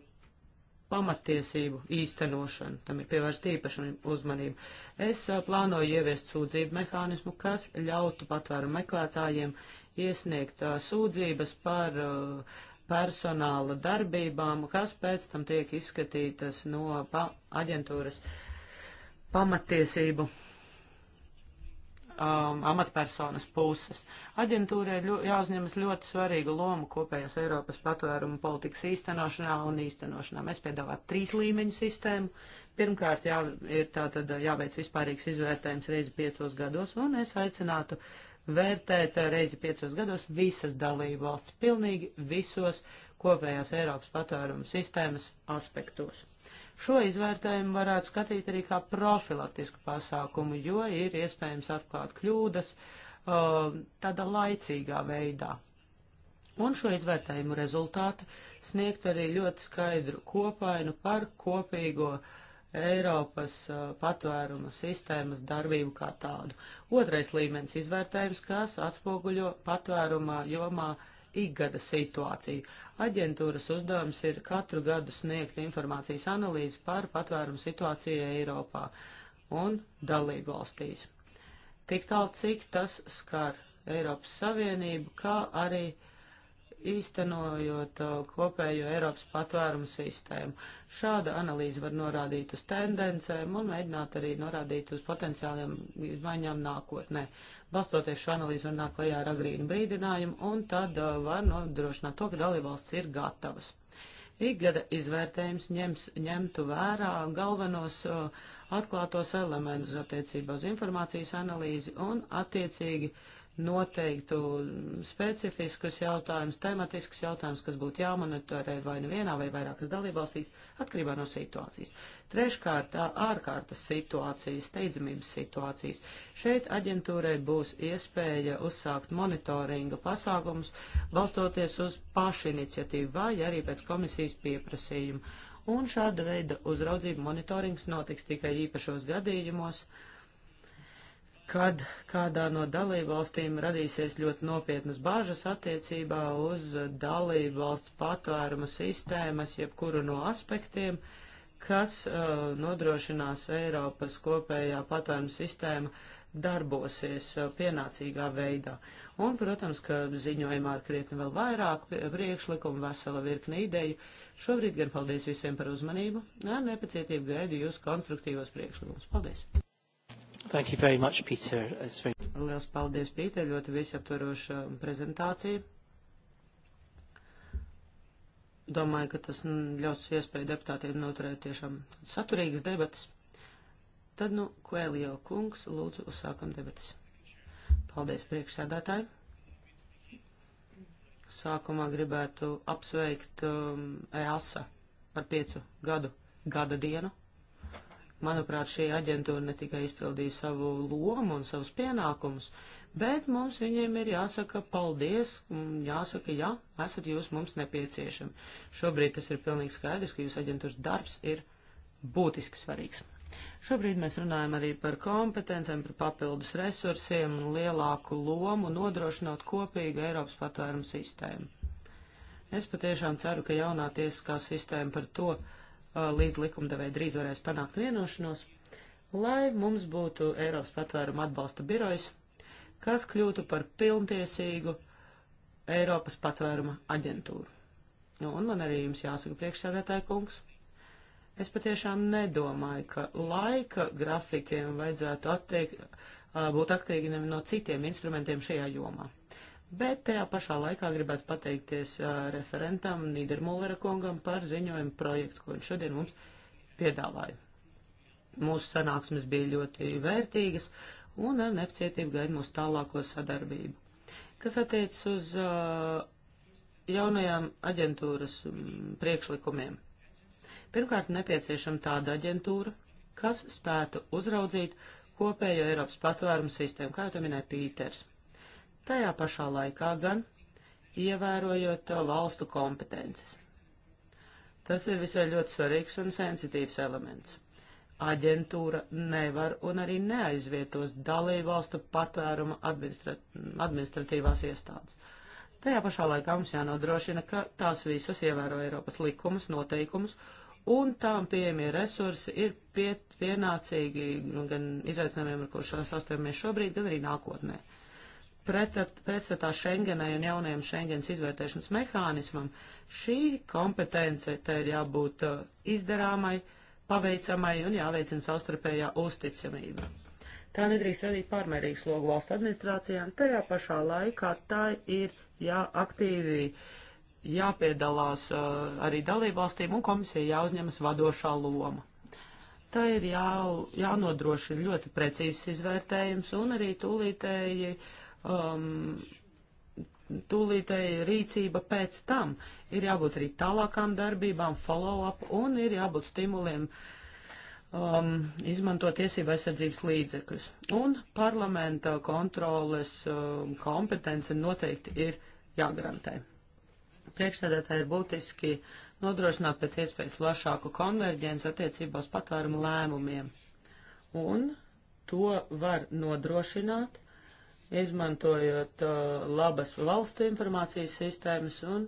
pamatiesību īstenošanu. Tam ir pievērsta īpaša uzmanība. Es a, plānoju ieviest sūdzību mehānismu, kas ļautu patvēru meklētājiem iesniegt a, sūdzības par uh, personāla darbībām, kas pēc tam tiek izskatītas no pa aģentūras pamatiesību um, amatpersonas puses. Aģentūrai ļo, jāuzņemas ļoti svarīga loma kopējās Eiropas patvērumu politikas īstenošanā un īstenošanā. Mēs piedāvājam trīs līmeņu sistēmu. Pirmkārt, jā, ir tātad jāveic vispārīgs izvērtējums reizi piecos gados, un es aicinātu uh, vērtēt eh, reizi piecos gados visas dalību valsts, pilnīgi visos kopējās Eiropas patvērumu sistēmas aspektos. Šo izvērtējumu varētu skatīt arī kā profilaktisku pasākumu, jo ir iespējams atklāt kļūdas uh, tādā laicīgā veidā. Un šo izvērtējumu rezultātu sniegt arī ļoti skaidru kopainu par kopīgo uh, Eiropas uh, patvēruma sistēmas darbību kā tādu. Otrais līmenis izvērtējums, kas atspoguļo patvērumā jomā ikgada situāciju. Aģentūras uzdevums ir katru gadu sniegt informācijas analīzi par patvērumu situāciju Eiropā un dalību valstīs. Tik tālu, cik tas skar Eiropas Savienību, kā arī uh, īstenojot uh, kopējo Eiropas patvērumu sistēmu. Šāda analīze var norādīt uz tendencēm un mēģināt arī norādīt uz potenciāliem izmaiņām nākotnē. Balstoties šo analīzi var nākt klajā ar agrīnu brīdinājumu un tad uh, var nodrošināt to, ka dalībvalsts ir gatavas. Ikgada izvērtējums ņems, ņemtu vērā galvenos uh, atklātos elementus attiecībā uz informācijas analīzi un attiecīgi uh, noteiktu specifiskus jautājumus, tematiskus jautājumus, kas būtu jāmonitorē vai nu vienā vai vairākas dalībvalstīs, atkarībā no situācijas. Treškārt, ārkārtas situācijas, steidzamības situācijas. Šeit aģentūrai būs iespēja uzsākt monitoringa pasākumus, balstoties uz pašiniciatīvu vai arī pēc komisijas pieprasījuma. Un šāda veida uzraudzība monitorings notiks tikai īpašos gadījumos. Uh, kad kādā no dalībvalstīm radīsies ļoti nopietnas bāžas attiecībā uz dalībvalsts patvēruma sistēmas, jebkuru no aspektiem, kas uh, nodrošinās Eiropas kopējā patvēruma sistēma darbosies uh, pienācīgā veidā. Un, protams, ka ziņojumā ir krietni vēl vairāk priekšlikumu, vesela virkni ideju. Šobrīd gan paldies visiem par uzmanību. Nē, nepacietību gaidu jūs konstruktīvos priekšlikumus. Paldies! Thank you very much, Peter. It's very... Liels paldies, Pīter, ļoti visaptvaroša prezentācija. Domāju, ka tas ļaus iespēju deputātiem noturēt tiešām saturīgas debatas. Tad, nu, Kvēlijo kungs, lūdzu, uzsākam debatas. Paldies, priekšsēdētāji. Sākumā gribētu apsveikt um, EASA par piecu gadu gada dienu. Manuprāt, šī aģentūra ne tikai izpildīja savu lomu un savus pienākumus, bet mums viņiem ir jāsaka paldies, jāsaka, jā, esat jūs mums nepieciešami. Šobrīd tas ir pilnīgi skaidrs, ka jūsu aģentūras darbs ir būtiski svarīgs. Šobrīd mēs runājam arī par kompetencēm, par papildus resursiem un lielāku lomu nodrošinot kopīgu Eiropas patvērumu sistēmu. Es patiešām ceru, ka jaunā tiesiskā sistēma par to, uh, Uh, līdz likumdevēja drīz varēs panākt vienošanos, lai mums būtu Eiropas patvēruma atbalsta birojs, kas kļūtu par pilntiesīgu Eiropas patvēruma aģentūru. Nu, un man arī jums jāsaka priekšsēdētāja kungs. Es patiešām nedomāju, ka laika grafikiem vajadzētu attiek, uh, būt atkarīgiem no citiem instrumentiem šajā jomā. Uh, Bet tajā pašā laikā gribētu pateikties referentam Nīdermullera kungam par ziņojumu projektu, ko viņš šodien mums piedāvāja. Mūsu sanāksmes bija ļoti vērtīgas un ar nepacietību gaida mūsu tālāko sadarbību. Kas attiecas uz jaunajām aģentūras priekšlikumiem? Pirmkārt, nepieciešama tāda aģentūra, kas spētu uzraudzīt kopējo Eiropas patvērumu sistēmu, kā jau to minēja Pīters tajā pašā laikā gan ievērojot valstu kompetences. Tas ir visai ļoti svarīgs un sensitīvs elements. Aģentūra nevar un arī neaizvietos dalību valstu patvēruma administrat administratīvās iestādes. Tajā pašā laikā mums jānodrošina, ka tās visas ievēro Eiropas likumus, noteikumus, un tām pieejamie resursi ir piet, pienācīgi nu, gan izaicinājumiem, ar ko sastopamies šobrīd, gan arī nākotnē. Uh, pretstatā Schengenai un jaunajam Schengens izvērtēšanas mehānismam, šī kompetence te ir jābūt uh, izdarāmai, paveicamai un jāveicina savstarpējā uzticamība. Tā nedrīkst radīt pārmērīgu slogu valstu administrācijām, tajā pašā laikā tā ir jāaktīvi jāpiedalās uh, arī dalībvalstīm un komisija jāuzņemas vadošā loma. Tā ir jā, jānodrošina ļoti precīzs izvērtējums un arī tūlītēji uh, um, tūlītēji rīcība pēc tam. Ir jābūt arī tālākām darbībām, follow-up un ir jābūt stimuliem um, izmantot tiesību aizsardzības līdzekļus. Un parlamenta kontroles um, kompetence noteikti ir jāgarantē. Priekšsēdētāji ir būtiski nodrošināt pēc iespējas plašāku konverģenci attiecībā uz patvērumu lēmumiem. Un to var nodrošināt izmantojot uh, labas valstu informācijas sistēmas un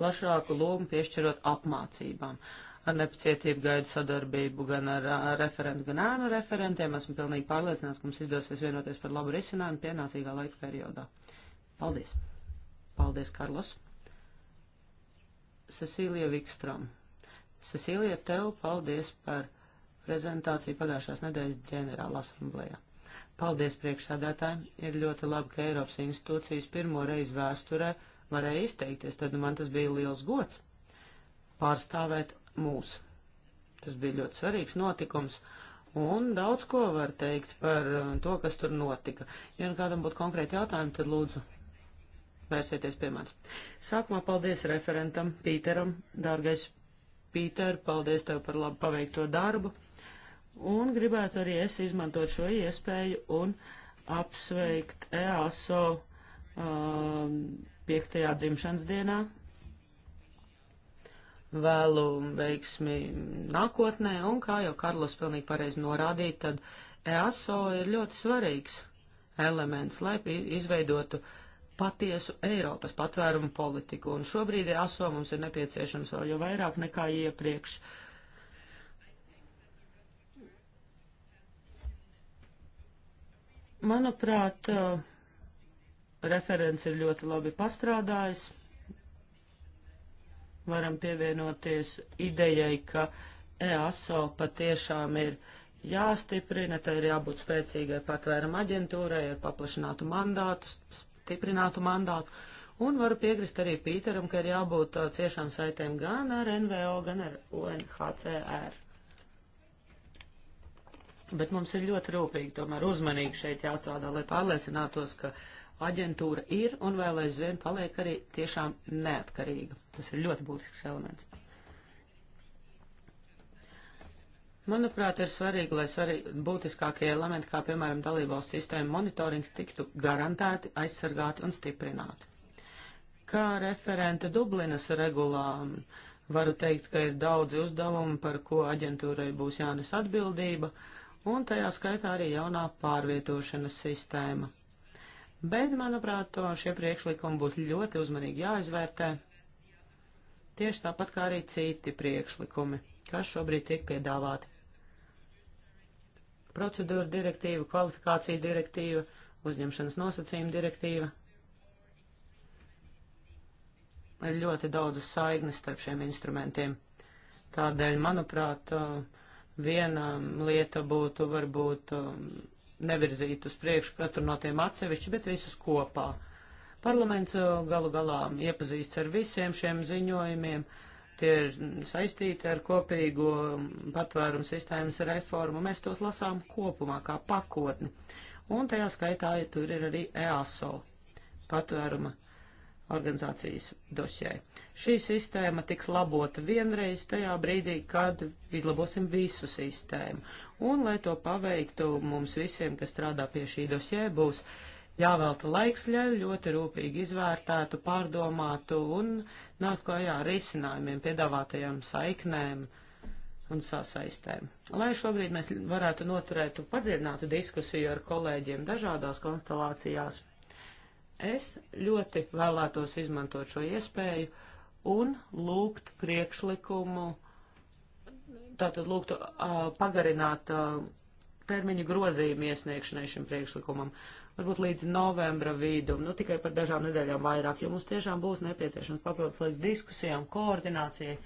plašāku lomu piešķirot apmācībām. Ar nepacietību gaidu sadarbību gan ar, ar referentu, gan ēnu referentiem. Esmu pilnīgi pārliecināts, ka mums izdosies vienoties par labu risinājumu pienācīgā laika periodā. Paldies! Paldies, Karlos! Cecīlija Vikstrom. Cecīlija, tev paldies par prezentāciju pagājušās nedēļas ģenerāla asamblējā. Paldies priekšsādātājiem. Ir ļoti labi, ka Eiropas institūcijas pirmo reizi vēsturē varēja izteikties. Tad man tas bija liels gods pārstāvēt mūs. Tas bija ļoti svarīgs notikums. Un daudz ko var teikt par uh, to, kas tur notika. Ja nu kādam būtu konkrēti jautājumi, tad lūdzu vērsieties pie manis. Sākumā paldies referentam Pīteram. Dārgais Pīter, paldies tev par labu paveikto darbu. Un gribētu arī es izmantot šo iespēju un apsveikt EASO um, piektajā dzimšanas dienā. Vēlu veiksmi nākotnē, un kā jau Karlos pilnīgi pareizi norādīja, tad EASO ir ļoti svarīgs elements, lai izveidotu patiesu Eiropas patvērumu politiku. Un šobrīd EASO mums ir nepieciešams vēl jau vairāk nekā iepriekš. Uh, Manuprāt, uh, referents ir ļoti labi pastrādājis. Varam pievienoties idejai, ka EASO patiešām ir jāstiprina, tai ir jābūt spēcīgai patvērama aģentūrai ar paplašinātu mandātu, stiprinātu mandātu. Un varu piekrist arī Pīteram, ka ir jābūt uh, ciešām saitēm gan ar NVO, gan ar UNHCR bet mums ir ļoti rūpīgi, tomēr uzmanīgi šeit jāstrādā, lai pārliecinātos, ka aģentūra ir un vēl aizvien paliek arī tiešām neatkarīga. Tas ir ļoti būtisks elements. Manuprāt, ir svarīgi, lai svarīgi būtiskākie elementi, kā piemēram dalībvalsts sistēma monitorings, tiktu garantēti, aizsargāti un stiprināti. Kā referente Dublinas regulā varu teikt, ka ir daudzi uzdevumi, par ko aģentūrai būs jānes atbildība. Uh, un tajā skaitā arī jaunā pārvietošanas sistēma. Bet, manuprāt, to šie priekšlikumi būs ļoti uzmanīgi jāizvērtē, tieši tāpat kā arī citi priekšlikumi, kas šobrīd tiek piedāvāti. Procedūra direktīva, kvalifikācija direktīva, uzņemšanas nosacījuma direktīva. Ir ļoti daudzas saignes starp šiem instrumentiem. Tādēļ, manuprāt, uh, viena lieta būtu varbūt um, nevirzīt uz priekšu katru no tiem atsevišķi, bet visus kopā. Parlaments uh, galu galā iepazīsts ar visiem šiem ziņojumiem, tie ir saistīti ar kopīgo um, patvērumu sistēmas reformu, mēs tos lasām kopumā kā pakotni. Un tajā skaitā ja tur ir arī EASO patvēruma organizācijas dosjē. Šī sistēma tiks labota vienreiz tajā brīdī, kad izlabosim visu sistēmu. Un, lai to paveiktu, mums visiem, kas strādā pie šī dosjē, būs jāvelta laiks, lai ļoti rūpīgi izvērtētu, pārdomātu un nākt klajā ar risinājumiem, piedāvātajām saiknēm un sasaistēm. Lai šobrīd mēs varētu noturēt padziļinātu diskusiju ar kolēģiem dažādās konstelācijās Es ļoti vēlētos izmantot šo iespēju un lūgt priekšlikumu, tātad lūgt uh, pagarināt uh, termiņu grozījumu iesniegšanai šim priekšlikumam, varbūt līdz novembra vidum, nu tikai par dažām nedēļām vairāk, jo mums tiešām būs nepieciešams papildus līdz diskusijām, koordinācijai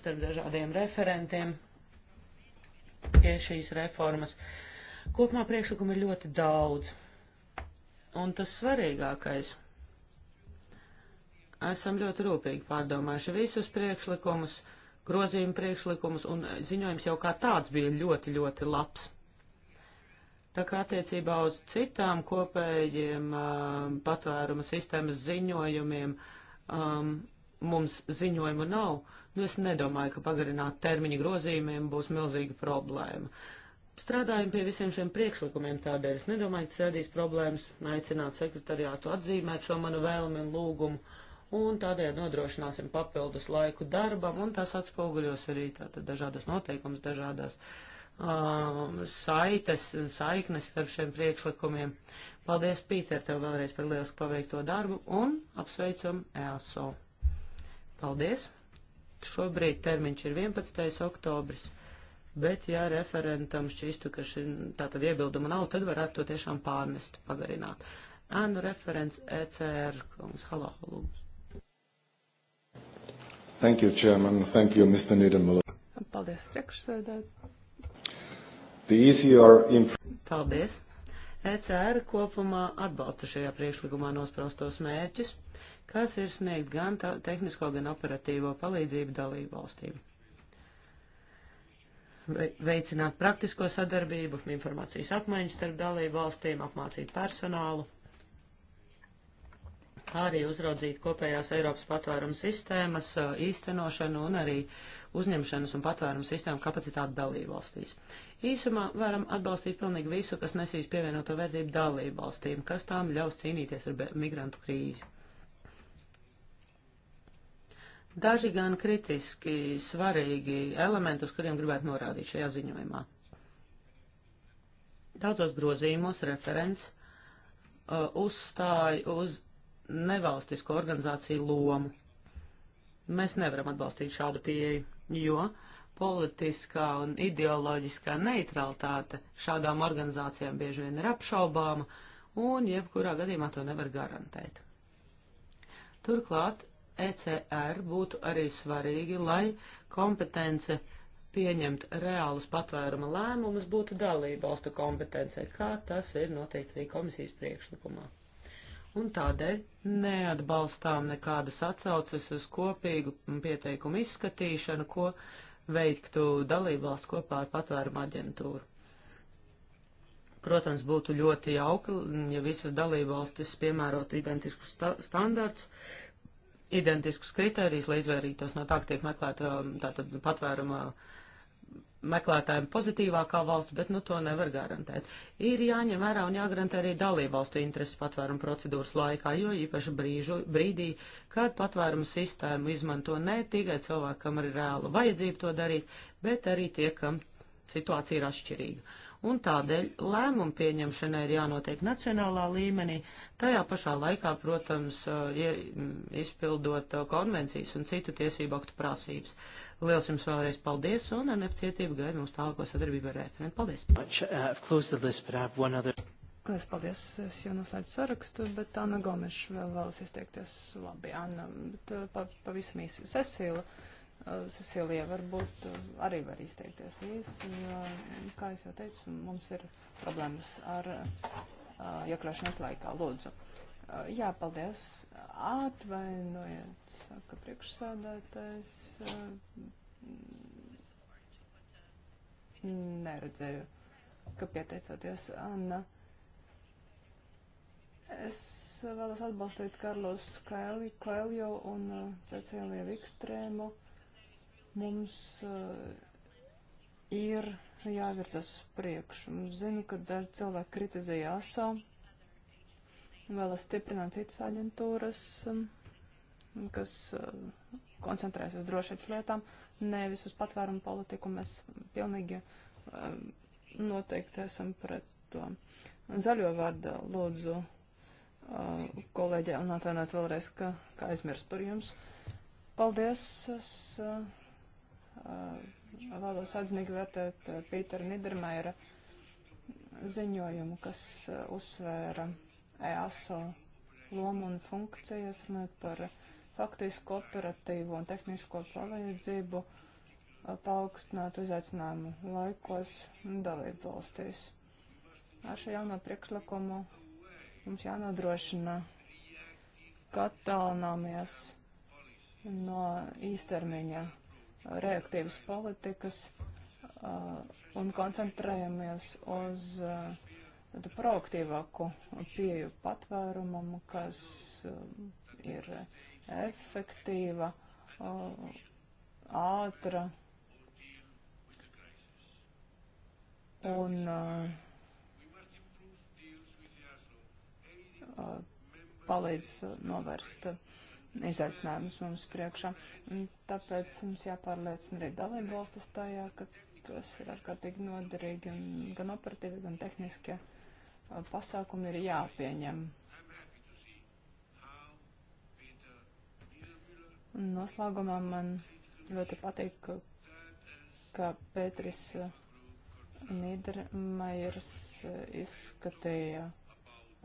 starp dažādiem referentiem pie šīs reformas. Kopumā priekšlikumu ir ļoti daudz Un tas svarīgākais. Esam ļoti rūpīgi pārdomājuši visus priekšlikumus, grozījumu priekšlikumus, un ziņojums jau kā tāds bija ļoti, ļoti labs. Tā kā attiecībā uz citām kopējiem um, patvēruma sistēmas ziņojumiem um, mums ziņojumu nav, nu es nedomāju, ka pagarināt termiņu grozījumiem būs milzīga problēma. Uh, strādājam pie visiem šiem priekšlikumiem, tādēļ es nedomāju, ka sēdīs problēmas aicināt sekretariātu atzīmēt šo manu vēlmi un lūgumu, un tādēļ nodrošināsim papildus laiku darbam, un tas atspoguļos arī tātad dažādas noteikums, dažādas uh, um, saites un saiknes starp šiem priekšlikumiem. Paldies, Pīter, tev vēlreiz par lielisku paveikto darbu, un apsveicam EASO. Paldies! Šobrīd termiņš ir 11. oktobris bet ja referentam šķistu, ka šī tātad iebilduma nav, tad varētu to tiešām pārnest, pagarināt. Ēnu referents ECR, kungs, halo, lūdzu. Thank you, Chairman. Thank you, Mr. Niedermüller. Paldies, priekšsēdētāji. The ECR Paldies. ECR kopumā atbalsta šajā priekšlikumā nospraustos mērķus, kas ir sniegt gan tehnisko, gan operatīvo palīdzību dalību valstīm veicināt praktisko sadarbību, informācijas apmaiņu starp dalību valstīm, apmācīt personālu, kā arī uzraudzīt kopējās Eiropas patvērums sistēmas īstenošanu un arī uzņemšanas un patvērums sistēmu kapacitāti dalību valstīs. Īsumā varam atbalstīt pilnīgi visu, kas nesīs pievienoto vērtību dalību valstīm, kas tām ļaus cīnīties ar migrantu krīzi daži gan kritiski svarīgi elementi, uz kuriem gribētu norādīt šajā ziņojumā. Daudzos grozījumos referents uh, uzstāja uz nevalstisko organizāciju lomu. Mēs nevaram atbalstīt šādu pieeju, jo politiskā un ideoloģiskā neutralitāte šādām organizācijām bieži vien ir apšaubāma, un jebkurā gadījumā to nevar garantēt. Turklāt ECR būtu arī svarīgi, lai kompetence pieņemt reālus patvēruma lēmumus būtu dalība valstu kompetencē, kā tas ir noteikts arī komisijas priekšlikumā. Un tādēļ neatbalstām nekādas atsauces uz kopīgu pieteikumu izskatīšanu, ko veiktu dalībvalsts kopā ar patvērumu aģentūru. Protams, būtu ļoti jauki, ja visas dalībvalstis piemērotu identiskus sta standarts, identiskus kriterijus, lai izvairītos no tā, ka tiek meklēta um, tātad patvēruma meklētājiem pozitīvākā valsts, bet nu to nevar garantēt. Ir jāņem vērā un jāgarantē arī dalībvalstu intereses patvērumu procedūras laikā, jo īpaši brīžu, brīdī, kad patvērumu sistēmu izmanto ne tikai cilvēkam ir reāla vajadzība to darīt, bet arī tie, kam situācija ir atšķirīga un tādēļ lēmumu pieņemšanai ir jānotiek nacionālā līmenī, tajā pašā laikā, protams, uh, izpildot uh, konvencijas un citu tiesību aktu prasības. Liels jums vēlreiz paldies un ar nepacietību gaidu mums tālāko sadarbību ar referentu. Paldies! Uh, Liels paldies, es jau noslēdzu sarakstu, bet Anna Gomeša vēl vēlas izteikties labi, Anna, bet pavisam īsi Cecila. Uh, Eh, Cecilija varbūt eh, arī var izteikties īsi, jo, eh, kā es jau teicu, mums ir problēmas ar iekļaušanos laikā. Lūdzu. Jā, paldies. Atvainojiet, saka priekšsādātais. Neredzēju, ka pieteicāties Anna. Es vēlos atbalstīt Karlos Kaili, Kailjo un Ceciliju Vikstrēmu. Uh, Mums eh, ir jāvirzās uz priekšu. Zinu, ka daži cilvēki kritizēja ASO, vēlas stiprināt citas aģentūras, eh, kas eh, koncentrējas uz drošības lietām, nevis uz patvērumu politiku. Mēs pilnīgi noteikti esam pret to. Zaļo vārdā lūdzu kolēģiem un atvainot vēlreiz, ka, ka aizmirst par jums. Paldies, es Uh, vēlos atzinīgi vērtēt uh, Pītera Nidermaira ziņojumu, kas uh, uzsvēra EASO lomu un funkcijas, runājot par faktisku operatīvo un tehnisko palīdzību paaugstinātu izaicinājumu laikos dalību valstīs. Ar šo jauno priekšlikumu mums jānodrošina, ka attālināmies no īstermiņa reaktīvas politikas un koncentrējamies uz proaktīvāku pieju patvērumam, kas ir efektīva, ātra un palīdz novērst izaicinājums mums priekšā. Tāpēc mums jāpārliecina arī dalību valstis tajā, ka tos ir ārkārtīgi noderīgi un gan operatīvi, gan tehniskie uh, pasākumi ir jāpieņem. Un noslēgumā man ļoti patīk, ka Pēteris uh, Nīdermajers uh, izskatīja uh,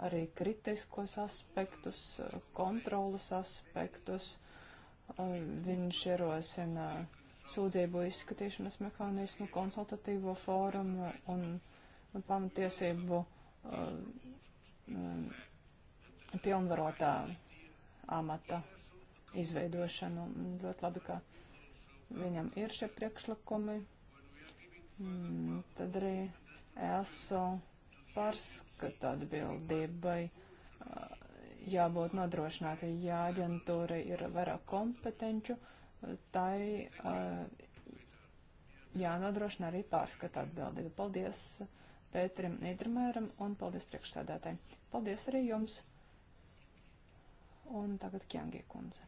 arī kritiskos aspektus, kontrolas aspektus. Um, viņš ierosina sūdzību izskatīšanas mehānismu, konsultatīvo fórumu un pamatiesību um, um, pilnvarotā amata izveidošanu. Ļoti labi, ka viņam ir šie priekšlikumi. Mm, tad arī ESO pārskata atbildībai jābūt nodrošināta, ja aģentūra ir vairāk kompetenču, tai jānodrošina arī pārskata atbildība. Paldies Pēterim Nīdermēram un paldies priekšsēdētāji. Paldies arī jums. Un tagad Kjangie kundze.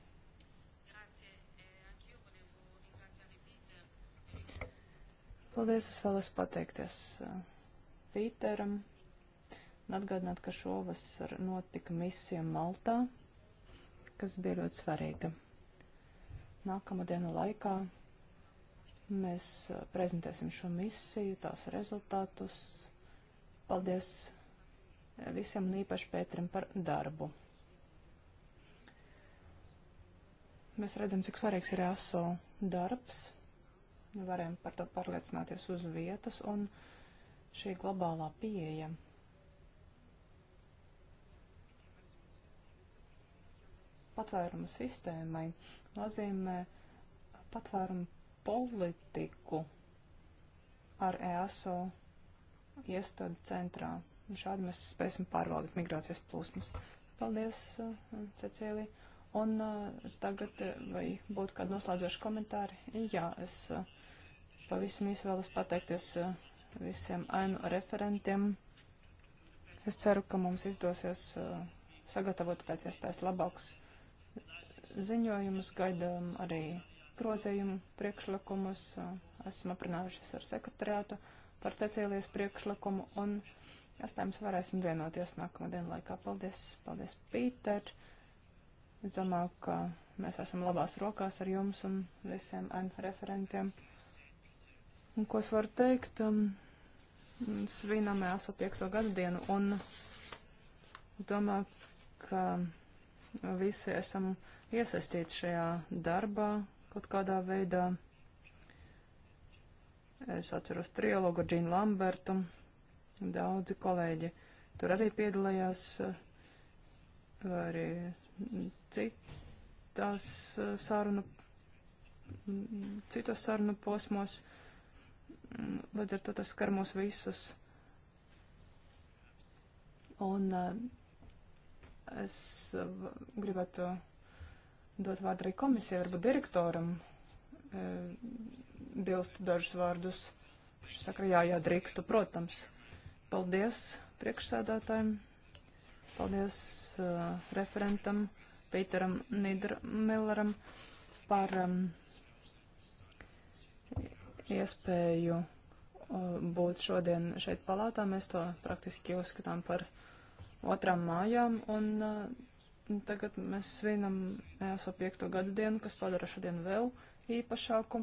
Paldies, es vēlos pateikties Pīteram. Uh, atgādināt, ka šovasar notika misija Maltā, kas bija ļoti svarīga. Nākamā diena laikā mēs uh, prezentēsim šo misiju, tās rezultātus. Paldies uh, visiem un īpaši Pēterim par darbu. Mēs redzam, cik svarīgs ir ASO darbs. Varējām par to pārliecināties uz vietas un šī globālā pieeja patvēruma sistēmai nozīmē patvērumu politiku ar EASO iestādi centrā. Un šādi mēs spēsim pārvaldīt migrācijas plūsmas. Paldies, uh, Cecīlija. Un uh, tagad eh, vai būtu kādi noslēdzoši komentāri? Jā, es uh, pavisam īsi vēlos pateikties visiem ainu referentiem. Es ceru, ka mums izdosies sagatavot pēc iespējas labākus ziņojumus, gaidām arī grozējumu priekšlikumus. Esmu aprunājušies ar sekretariātu par Cecīlijas priekšlikumu un, iespējams, varēsim vienoties nākamdien laikā. Paldies, paldies, Pīter! Es domāju, ka mēs esam labās rokās ar jums un visiem referentiem. Un, ko es varu teikt? Um, svinam ESO 5. gadu dienu un domāju, ka visi esam iesaistīti šajā darbā kaut kādā veidā. Es atceros trilogu ar Džīnu Lambertu. Daudzi kolēģi tur arī piedalījās, vai arī citās sarunu, citos sarunu posmos. Līdz ar to tas skar mūs visus. Un Es uh, gribētu dot vārdu arī komisijai, varbūt direktoram uh, bilst dažus vārdus. Viņš saka, jā, jā, drīkstu, protams. Paldies priekšsēdātājiem, paldies uh, referentam Pīteram Nīdermilleram par um, iespēju uh, būt šodien šeit palātā. Mēs to praktiski uzskatām par uh, otrām mājām, un uh, tagad mēs svinam ESO piekto gadu dienu, kas padara šo dienu vēl īpašāku.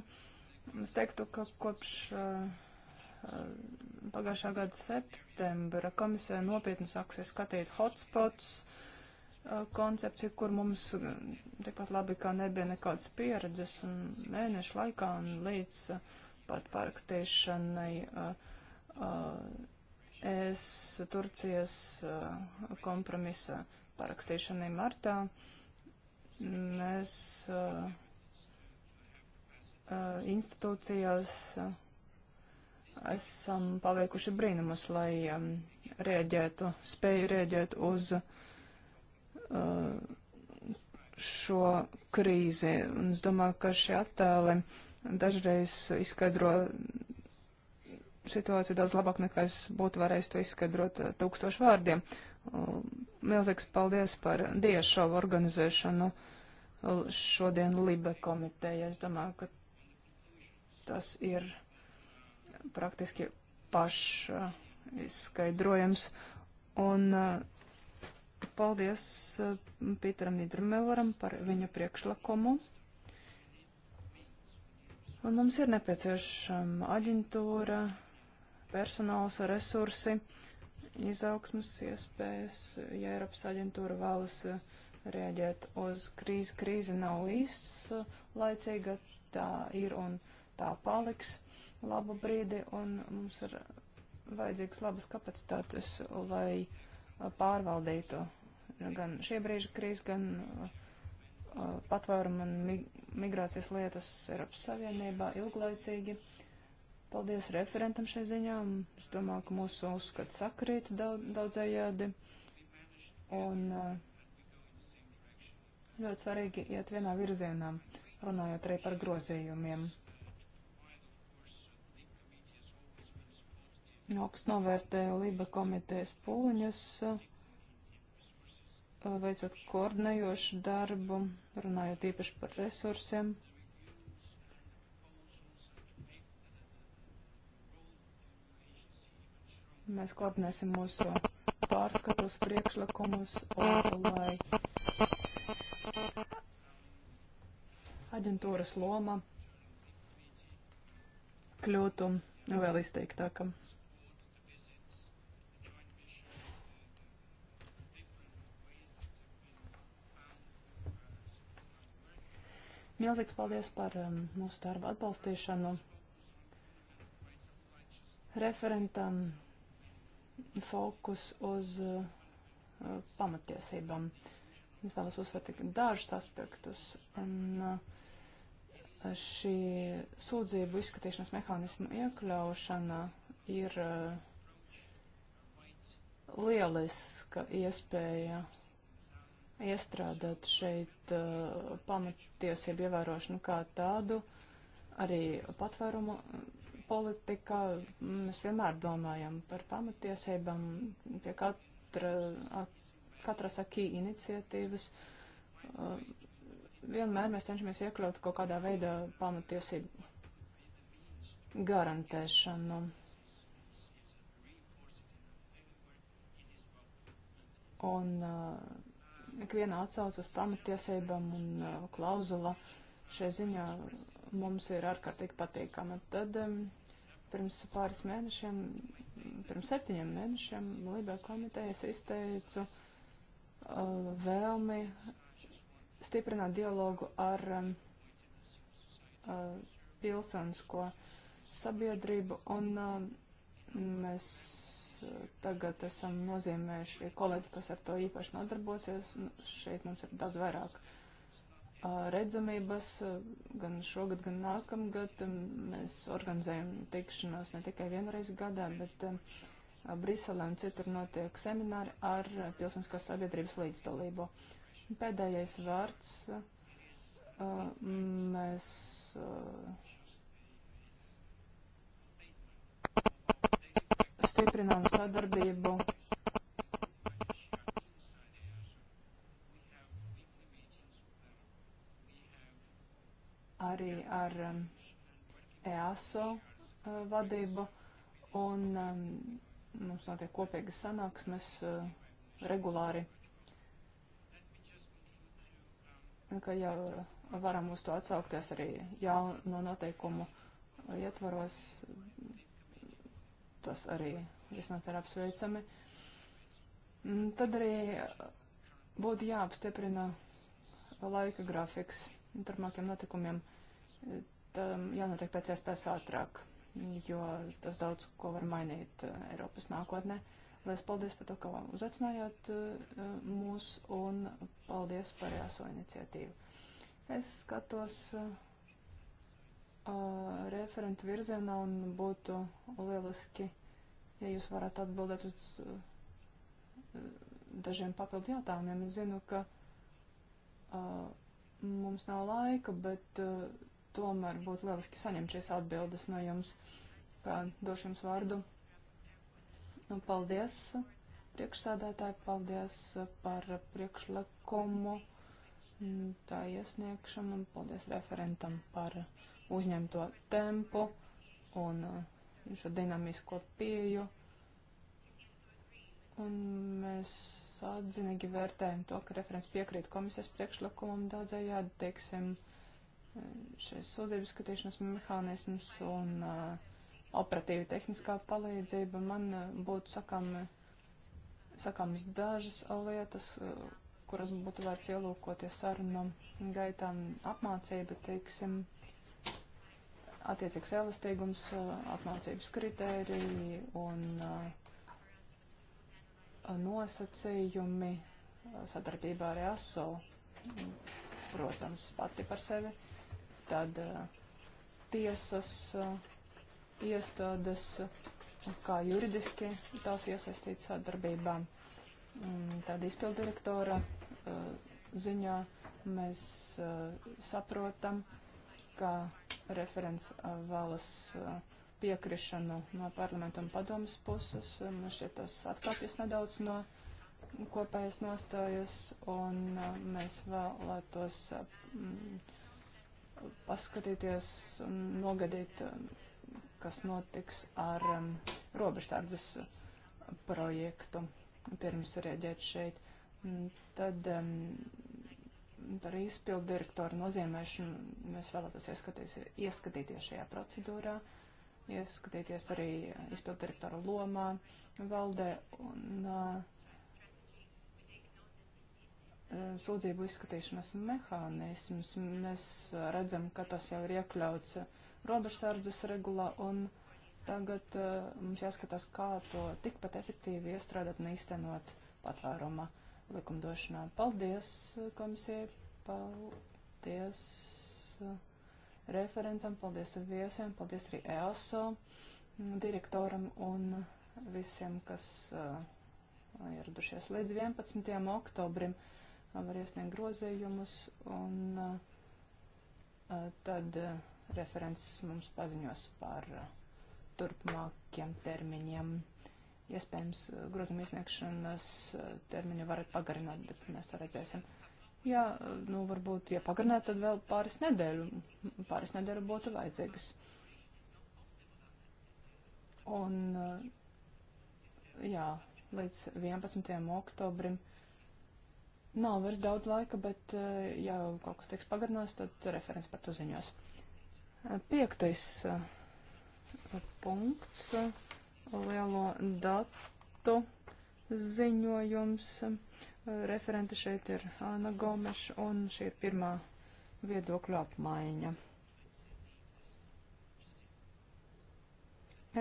Es teiktu, ka kopš uh, uh, pagājušā gada septembra komisija nopietni sākusies skatīt hotspots uh, koncepciju, kur mums uh, tikpat labi kā nebija nekādas pieredzes, un mēnešu laikā un līdz uh, pat pārakstīšanai uh, uh, es Turcijas uh, kompromisa parakstīšanai martā. Mēs uh, uh, institūcijās esam paveikuši brīnumus, lai um, rēģētu, spēju rēģēt uz šo krīzi. Un es domāju, ka šie attēli dažreiz izskaidro situācija daudz labāk nekā es būtu varējis to izskaidrot eh, tūkstošu vārdiem. Um, milzīgs paldies par diešovu organizēšanu uh, šodien Libe komiteja. Es domāju, ka tas ir praktiski pašs izskaidrojums. Un uh, paldies uh, Pīteram Nidrmelaram par viņa priekšlikumu. Un mums ir nepieciešama aģentūra personāls resursi, izaugsmas iespējas, ja Eiropas aģentūra vēlas eh, rēģēt uz krīzi. Krīze nav īslaicīga, tā ir un tā paliks labu brīdi, un mums ir vajadzīgs labas kapacitātes, lai eh, pārvaldītu gan šī brīža krīzi, gan uh, eh, patvēruma un migrācijas lietas Eiropas Savienībā ilglaicīgi. Uh, Paldies referentam šai ziņā. Es domāju, ka mūsu uzskats sakrīt daudz, daudzējādi. Un eh, ļoti svarīgi iet vienā virzienā, runājot arī par grozījumiem. Augst novērtēju Liba komitejas pūliņas, eh, veicot koordinējošu darbu, runājot īpaši par resursiem. Mēs koordinēsim mūsu pārskatus, priekšlikumus, lai aģentūras loma kļūtu vēl izteiktākam. Milzīgs paldies par um, mūsu darbu atbalstīšanu referentam. Um, fokus uz uh, pamatiesībām. Es vēlos uzsvērt dažus aspektus. Un, uh, šī sūdzību izskatīšanas mehānismu iekļaušana ir uh, lieliska iespēja iestrādāt šeit uh, pamatiesību ievērošanu kā tādu, arī patvērumu politikā mm, mēs vienmēr domājam par pamatiesībām, pie katra, katras akī iniciatīvas. Vienmēr mēs cenšamies iekļaut kaut kādā veidā pamatiesību garantēšanu. Un ikviena atsauc uz pamatiesībām un klauzula šajā ziņā mums ir ārkārtīgi patīkama. Tad um, Pirms pāris mēnešiem, pirms septiņiem mēnešiem Libē komitejas izteicu uh, vēlmi stiprināt dialogu ar um, uh, pilsonisko sabiedrību, un uh, mēs tagad esam nozīmējuši kolēģi, kas ar to īpaši nodarbosies. Šeit mums ir daudz vairāk redzamības. Gan šogad, gan nākamgad mēs organizējam tikšanos ne tikai vienreiz gadā, bet Briselē un citur notiek semināri ar pilsoniskās sabiedrības līdzdalību. Pēdējais vārds. Mēs stiprinām sadarbību arī ar um, EASO uh, vadību, un um, mums notiek kopīgas sanāksmes uh, regulāri. Ka jau uh, varam uz to atsaukties arī jauno noteikumu ietvaros, tas arī visnotaļ apsveicami. Mm, tad arī būtu jāapstiprina laika grafiks turpmākiem notikumiem tam jānotiek pēc iespējas ātrāk, jo tas daudz ko var mainīt eh, Eiropas nākotnē. Lies paldies par to, ka uzaicinājāt eh, mūs un paldies par jāso iniciatīvu. Es skatos eh, referentu virzienā un būtu lieliski, ja jūs varētu atbildēt uz dažiem papildu jautājumiem. Es zinu, ka uh, mums nav laika, bet uh, tomēr būtu lieliski saņemt šīs atbildes no jums. Kā došu jums vārdu. Nu, paldies, priekšsādātāji, paldies par priekšlikumu, mm, tā iesniegšanu un paldies referentam par uzņemto tempu un uh, šo dinamisko pieju. Un mēs atzinīgi vērtējam to, ka referents piekrīt komisijas priekšlikumam daudzējādi, teiksim, uh, šis sūdzību skatīšanas mehānisms un uh, operatīva tehniskā palīdzība. Man uh, būtu sakami, sakams dažas lietas, uh, kuras būtu vērts ielūkoties sarunu gaitā. Apmācība, teiksim, attiecīgs elastīgums, uh, apmācības kritēriji un uh, nosacījumi uh, sadarbībā ar ASO, e protams, pati par sevi. Uh, tad eh, tiesas eh, iestādes, kā juridiski tās iesaistīt sadarbībā. Tad izpildirektora eh, ziņā mēs saprotam, ka referents vēlas piekrišanu no parlamentu un padomas puses. Man šķiet, tas atkāpjas nedaudz no kopējas nostājas, un mēs vēlētos paskatīties un nogadīt, kas notiks ar um, robežsardzes projektu pirms rēģēt šeit. Tad um, par izpildu direktoru nozīmēšanu mēs vēlētos ieskatīties šajā procedūrā, ieskatīties arī izpildu direktoru lomā, valdē un uh, sūdzību izskatīšanas mehānisms. Mēs redzam, ka tas jau ir iekļauts robežsardzes regulā, un tagad eh, mums jāskatās, kā to tikpat efektīvi iestrādāt un īstenot patvērumā likumdošanā. Paldies eh, komisijai, paldies eh, referentam, paldies viesiem, paldies arī EASO mm, direktoram un visiem, kas uh, ieradušies līdz 11. oktobrim var iesniegt grozējumus, un uh, uh, tad uh, referents mums paziņos par turpmākiem termiņiem. Iespējams, grozījuma iesniegšanas termiņu varat pagarināt, bet mēs to redzēsim. Jā, nu varbūt, ja pagarināt, tad vēl pāris nedēļu, pāris nedēļu būtu vajadzīgas. Un, jā, līdz 11. oktobrim Nav vairs daudz laika, bet eh, ja kaut kas tiks pagarināts, tad referents par to ziņos. Eh, piektais eh, punkts - lielo datu ziņojums. Referente šeit ir Āna Gomeša un šī ir pirmā viedokļa apmaiņa.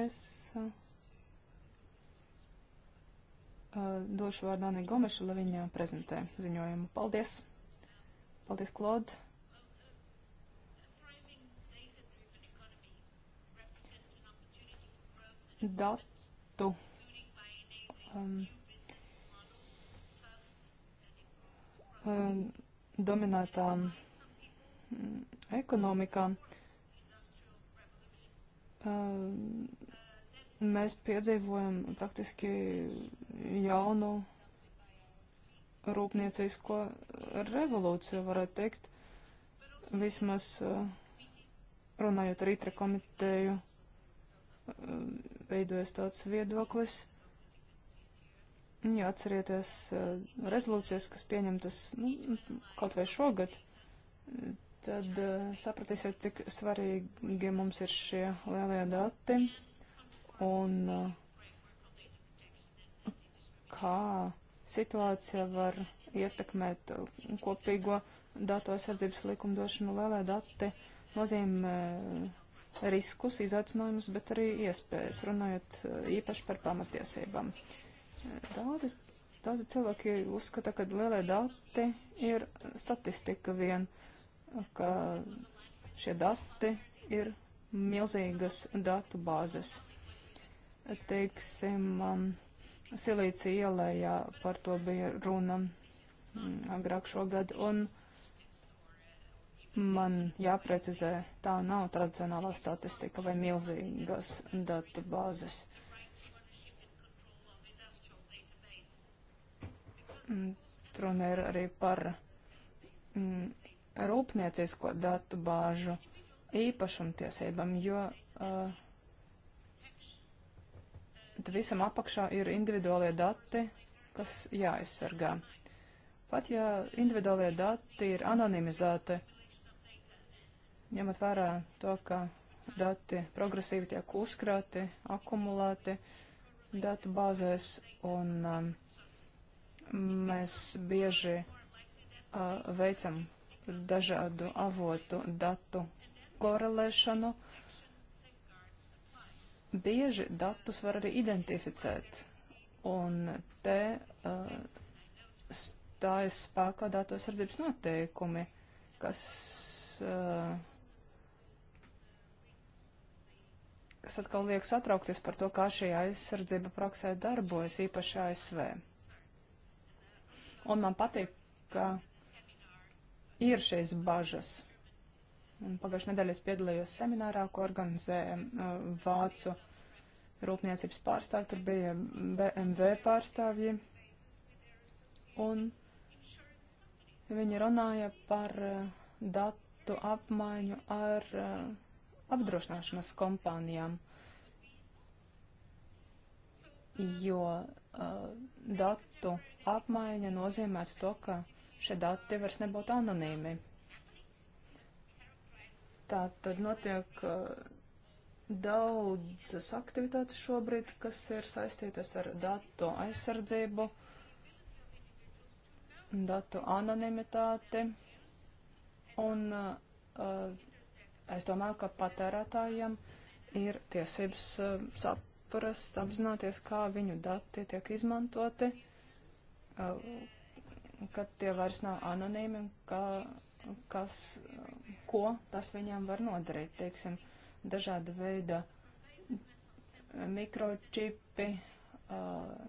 Es uh, došu vārdu Anai Gomešu, lai viņa prezentē ziņojumu. Paldies! Paldies, Klod! Datu. Um, um, dominētām mm, ekonomikām um, mēs piedzīvojam praktiski jaunu rūpniecisko revolūciju, varētu teikt, vismaz eh, runājot ar ITRE komiteju, eh, veidojas tāds viedoklis. Ja atcerieties eh, rezolūcijas, kas pieņemtas nu, kaut vai šogad, tad sapratīsiet, cik svarīgi mums ir šie lielie dati, un uh, kā situācija var ietekmēt uh, kopīgo datu aizsardzības likumdošanu, lai, lai dati nozīmē uh, riskus, izaicinājumus, bet arī iespējas, runājot īpaši par pamatiesībām. Daudzi, daudzi cilvēki uzskata, ka lielie dati ir statistika vien, ka šie dati ir milzīgas datu bāzes teiksim, um, Silīcija ielējā par to bija runa mm, agrāk šogad, un man jāprecizē, tā nav tradicionālā statistika vai milzīgas datu bāzes. Mm, runa ir arī par mm, rūpniecisko datu bāžu īpašumtiesībām, jo uh, Tad visam apakšā ir individuālie dati, kas jāaizsargā. Pat ja individuālie dati ir anonimizēti, ņemot vērā to, ka dati progresīvi tiek uzkrāti, akumulēti datu bāzēs, un um, mēs bieži uh, veicam dažādu avotu datu korelēšanu. Uh, bieži datus var arī identificēt. Un te uh, stājas spēkā datu aizsardzības noteikumi, kas, uh, kas atkal liek satraukties par to, kā šī aizsardzība praksē darbojas, īpaši ASV. Un man patīk, ka ir šīs bažas Pagājušajā nedēļā es piedalījos seminārā, ko organizēja Vācu rūpniecības pārstāvji, tur bija BMW pārstāvji, un viņi runāja par datu apmaiņu ar apdrošināšanas kompānijām, jo datu apmaiņa nozīmētu to, ka šie dati vairs nebūtu anonīmi. Tā tad notiek uh, daudzas aktivitātes šobrīd, kas ir saistītas ar datu aizsardzību, datu anonimitāti. Un uh, uh, es domāju, ka patērētājiem ir tiesības uh, saprast, apzināties, kā viņu dati tiek izmantoti, uh, kad tie vairs nav anonīmi un kā kas, ko tas viņiem var nodarīt. Teiksim, dažāda veida mikročipi,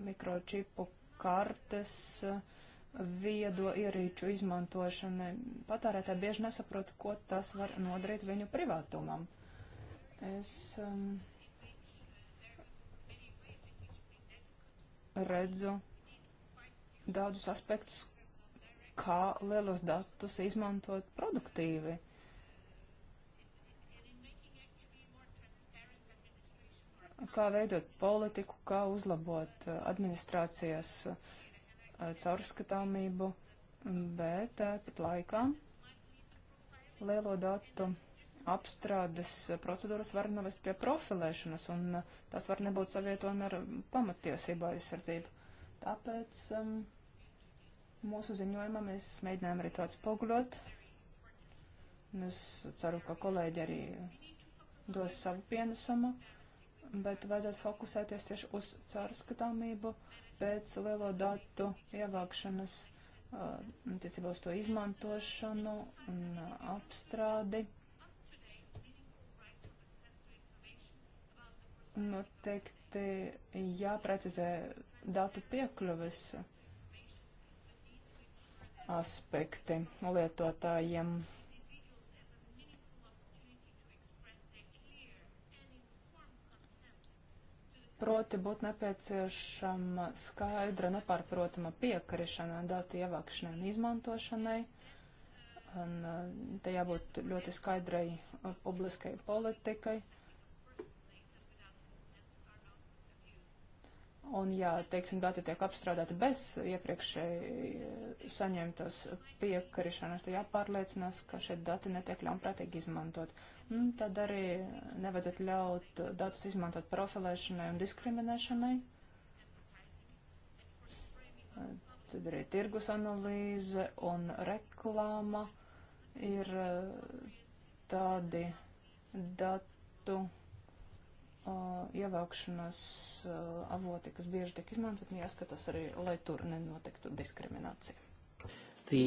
mikročipu kartes, viedo ierīču izmantošana. Patērētāji bieži nesaprot, ko tas var nodarīt viņu privātumam. Es um, redzu daudzus aspektus, kā lielos datus izmantot produktīvi. Kā veidot politiku, kā uzlabot eh, administrācijas eh, caurskatāmību, bet tāpat eh, laikā lielo datu apstrādes procedūras var novest pie profilēšanas, un tas var nebūt savietojami ar pamatiesību aizsardzību. Tāpēc um, Mūsu ziņojumā mēs mēģinājām arī tāds poguļot. Un es ceru, ka kolēģi arī dos savu pienesumu, bet vajadzētu fokusēties tieši uz caurskatāmību pēc lielo datu ievākšanas, uh, attiecībā uz to izmantošanu un uh, apstrādi. Noteikti jāprecizē datu piekļuves. Uh, aspekti lietotājiem. Proti būtu nepieciešama skaidra, nepārprotama piekrišana datu ievākšanai un izmantošanai. Un, uh, te jābūt ļoti skaidrai uh, publiskai politikai. Uh, Un, ja, teiksim, dati tiek apstrādāti bez iepriekšēji saņemtas piekrišanas, tad jāpārliecinās, ka šie dati netiek ļaunprātīgi izmantot. Un tad arī nevajadzētu ļaut datus izmantot profilēšanai un diskriminēšanai. Tad arī tirgus analīze un reklāma ir eh, tādi datu uh, ievākšanas uh, avoti, kas bieži tiek izmantot, un jāskatās arī, lai tur nenotiktu diskriminācija. The...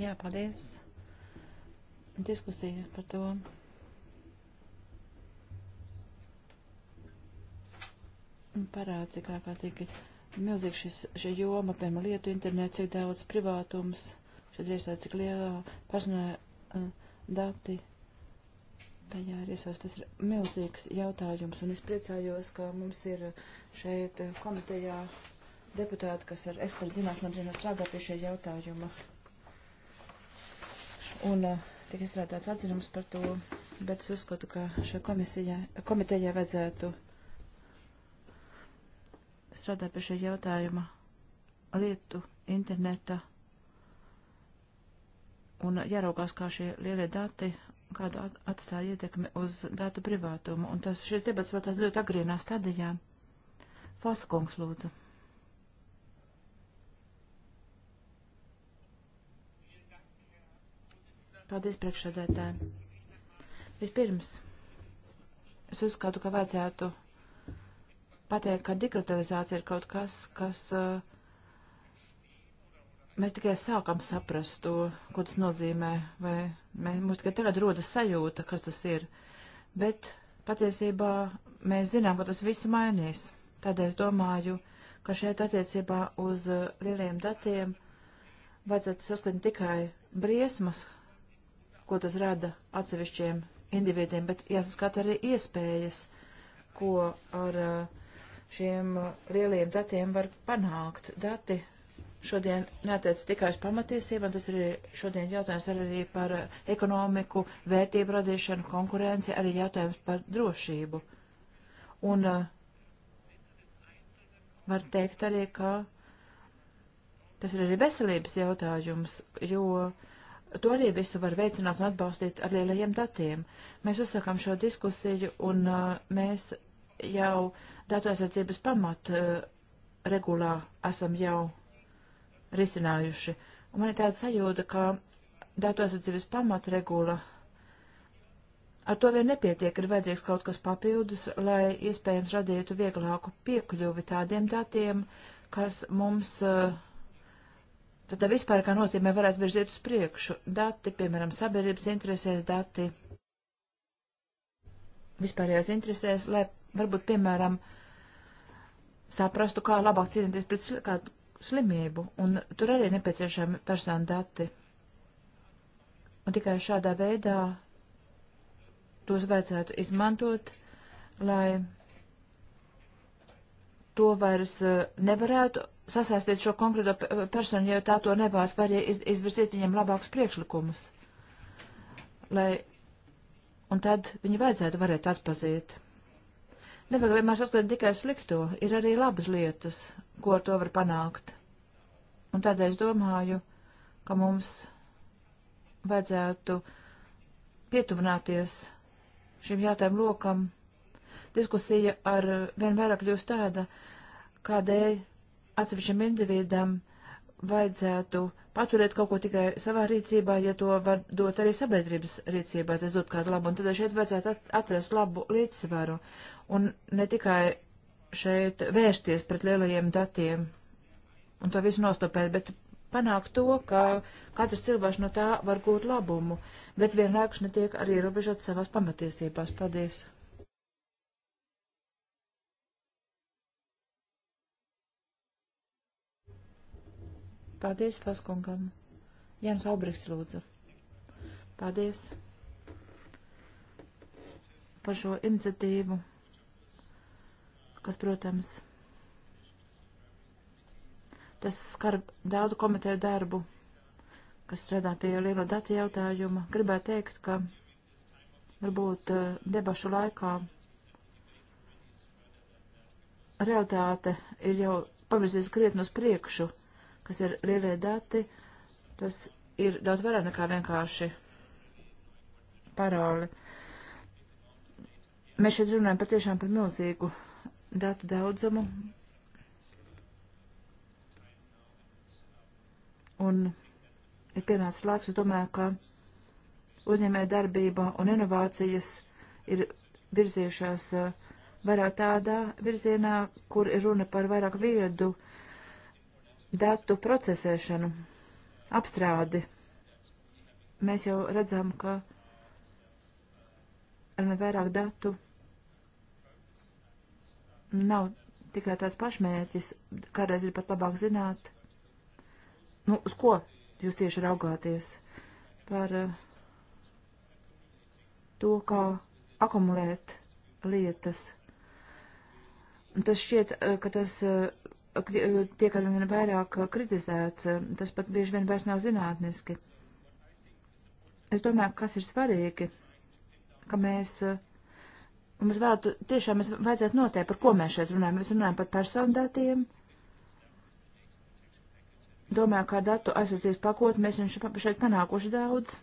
Jā, paldies. Diskusijas par to. Parāda, cik ārkārtīgi milzīgi šis, šī joma, piemēram, lietu internets, cik daudz privātums, šeit iesāca, cik lielā personāla uh, dati tajā ir iesaist. Tas ir milzīgs jautājums, un es priecājos, ka mums ir šeit komitejā deputāti, kas ar ekspertu zināšanām zina strādā pie šī jautājuma. Un eh, tiek izstrādāts atzinums par to, bet es uzskatu, ka šai komitejai vajadzētu strādāt pie šī jautājuma lietu interneta un jāraugās, kā šie lielie dati kādu atstāja ietekmi uz datu privātumu, un tas šis debats vēl tādā ļoti agrīnā stadijā. Fosakungs lūdzu. Paldies priekšsēdētāji. Vispirms, es uzskatu, ka vajadzētu pateikt, ka digitalizācija ir kaut kas, kas uh, mēs tikai sākam saprast to, ko tas nozīmē, vai Mums tikai tagad rodas sajūta, kas tas ir. Bet patiesībā mēs zinām, ka tas visu mainīs. Tādēļ es domāju, ka šeit attiecībā uz uh, lieliem datiem vajadzētu saskatīt tikai briesmas, ko tas rada atsevišķiem individiem, bet jāsaskata arī iespējas, ko ar uh, šiem uh, lieliem datiem var panākt. Dati šodien netiec tikai uz pamatiesībām, tas ir šodien jautājums arī par eh, ekonomiku, vērtību radīšanu, konkurenci, arī jautājums par drošību. Un eh, var teikt arī, ka tas ir arī veselības jautājums, jo to arī visu var veicināt un atbalstīt ar lielajiem datiem. Mēs uzsakām šo diskusiju un eh, mēs jau datu aizsardzības pamat regulā esam jau risinājuši. Un man ir tāda sajūta, ka datu aizsardzības pamatregula ar to vien nepietiek, ir vajadzīgs kaut kas papildus, lai iespējams radītu vieglāku piekļuvi tādiem datiem, kas mums eh, tad tā vispār kā nozīmē varētu virzīt uz priekšu. Dati, piemēram, sabiedrības interesēs dati, vispārējās interesēs, lai varbūt, piemēram, saprastu, kā labāk cīnīties pret kādu slimību, un tur arī nepieciešami personu dati. Un tikai šādā veidā tos vajadzētu izmantot, lai to vairs e, nevarētu sasaistīt šo konkrēto e, personu, ja tā to nebās, var iz, izvirzīt viņam labākus priekšlikumus. Lai, un tad viņu vajadzētu varēt atpazīt. Nevajag vienmēr saskatīt tikai slikto, ir arī labas lietas, ko ar to var panākt. Un tādēļ es domāju, ka mums vajadzētu pietuvināties šim jautājumu lokam. Diskusija ar vien vairāk kļūst tāda, kādēļ atsevišķam individam vajadzētu paturēt kaut ko tikai savā rīcībā, ja to var dot arī sabiedrības rīcībā, tas dot kādu labu. Un tad šeit vajadzētu atrast labu līdzsvaru un ne tikai šeit vērsties pret lielajiem datiem un to visu nostopēt, bet panākt to, ka katrs cilvēks no tā var gūt labumu, bet vienlaikus netiek arī ierobežot savās pamatiesībās. Paldies! Paldies Faskungam. Jans Obriks lūdzu. Paldies par šo iniciatīvu, kas, protams, tas skar daudzu komiteju darbu, kas strādā pie lielo datu jautājuma. Gribētu teikt, ka varbūt eh, debašu laikā realitāte ir jau pavirzījusi krietni uz priekšu kas ir lielie dati, tas ir daudz vairāk nekā vienkārši paroli. Mēs šeit runājam patiešām par milzīgu datu daudzumu. Un ir pienācis laiks, es domāju, ka uzņēmēja darbība un inovācijas ir virzījušās uh, vairāk tādā virzienā, kur ir runa par vairāk viedu uh, datu procesēšanu, apstrādi. Mēs jau redzam, ka arvien vairāk datu nav tikai tāds pašmērķis, kādreiz ir pat labāk zināt, nu, uz ko jūs tieši raugāties par eh, to, kā akumulēt lietas. Tas šķiet, eh, ka tas eh, tiek ar vien vairāk uh, kritizēts, um, tas pat bieži vien vairs nav zinātniski. Es domāju, kas ir svarīgi, ka mēs, uh, mums vārdu tiešām mēs vajadzētu noteikt, par ko mēs šeit runājam. Mēs runājam par persondatiem. Domāju, kā datu aizsardzības pakot, mēs esam šeit panākuši daudz.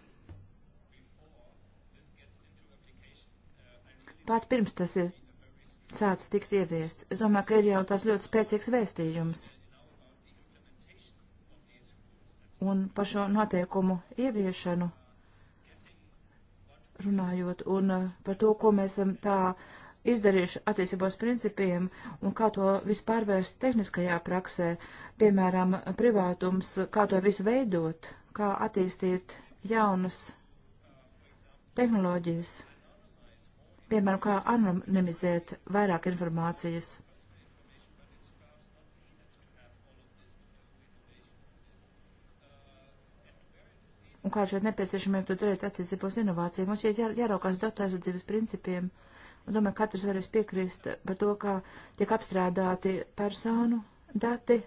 Pat pirms tas ir sācis tikt ieviests. Es domāju, ka ir jau tās ļoti spēcīgs vēstījums. Un par šo noteikumu ieviešanu runājot un uh, par to, ko mēs esam tā izdarījuši attiecībos principiem un kā to vispār vērst tehniskajā praksē, piemēram, privātums, kā to visu veidot, kā attīstīt jaunas tehnoloģijas piemēram, kā anonimizēt vairāk informācijas. Un kā šeit nepieciešamiem to darīt attiecībā uz inovāciju. Mums ir jā, jāraukās datu aizsardzības principiem. Un domāju, katrs varēs piekrist par to, kā tiek apstrādāti personu dati,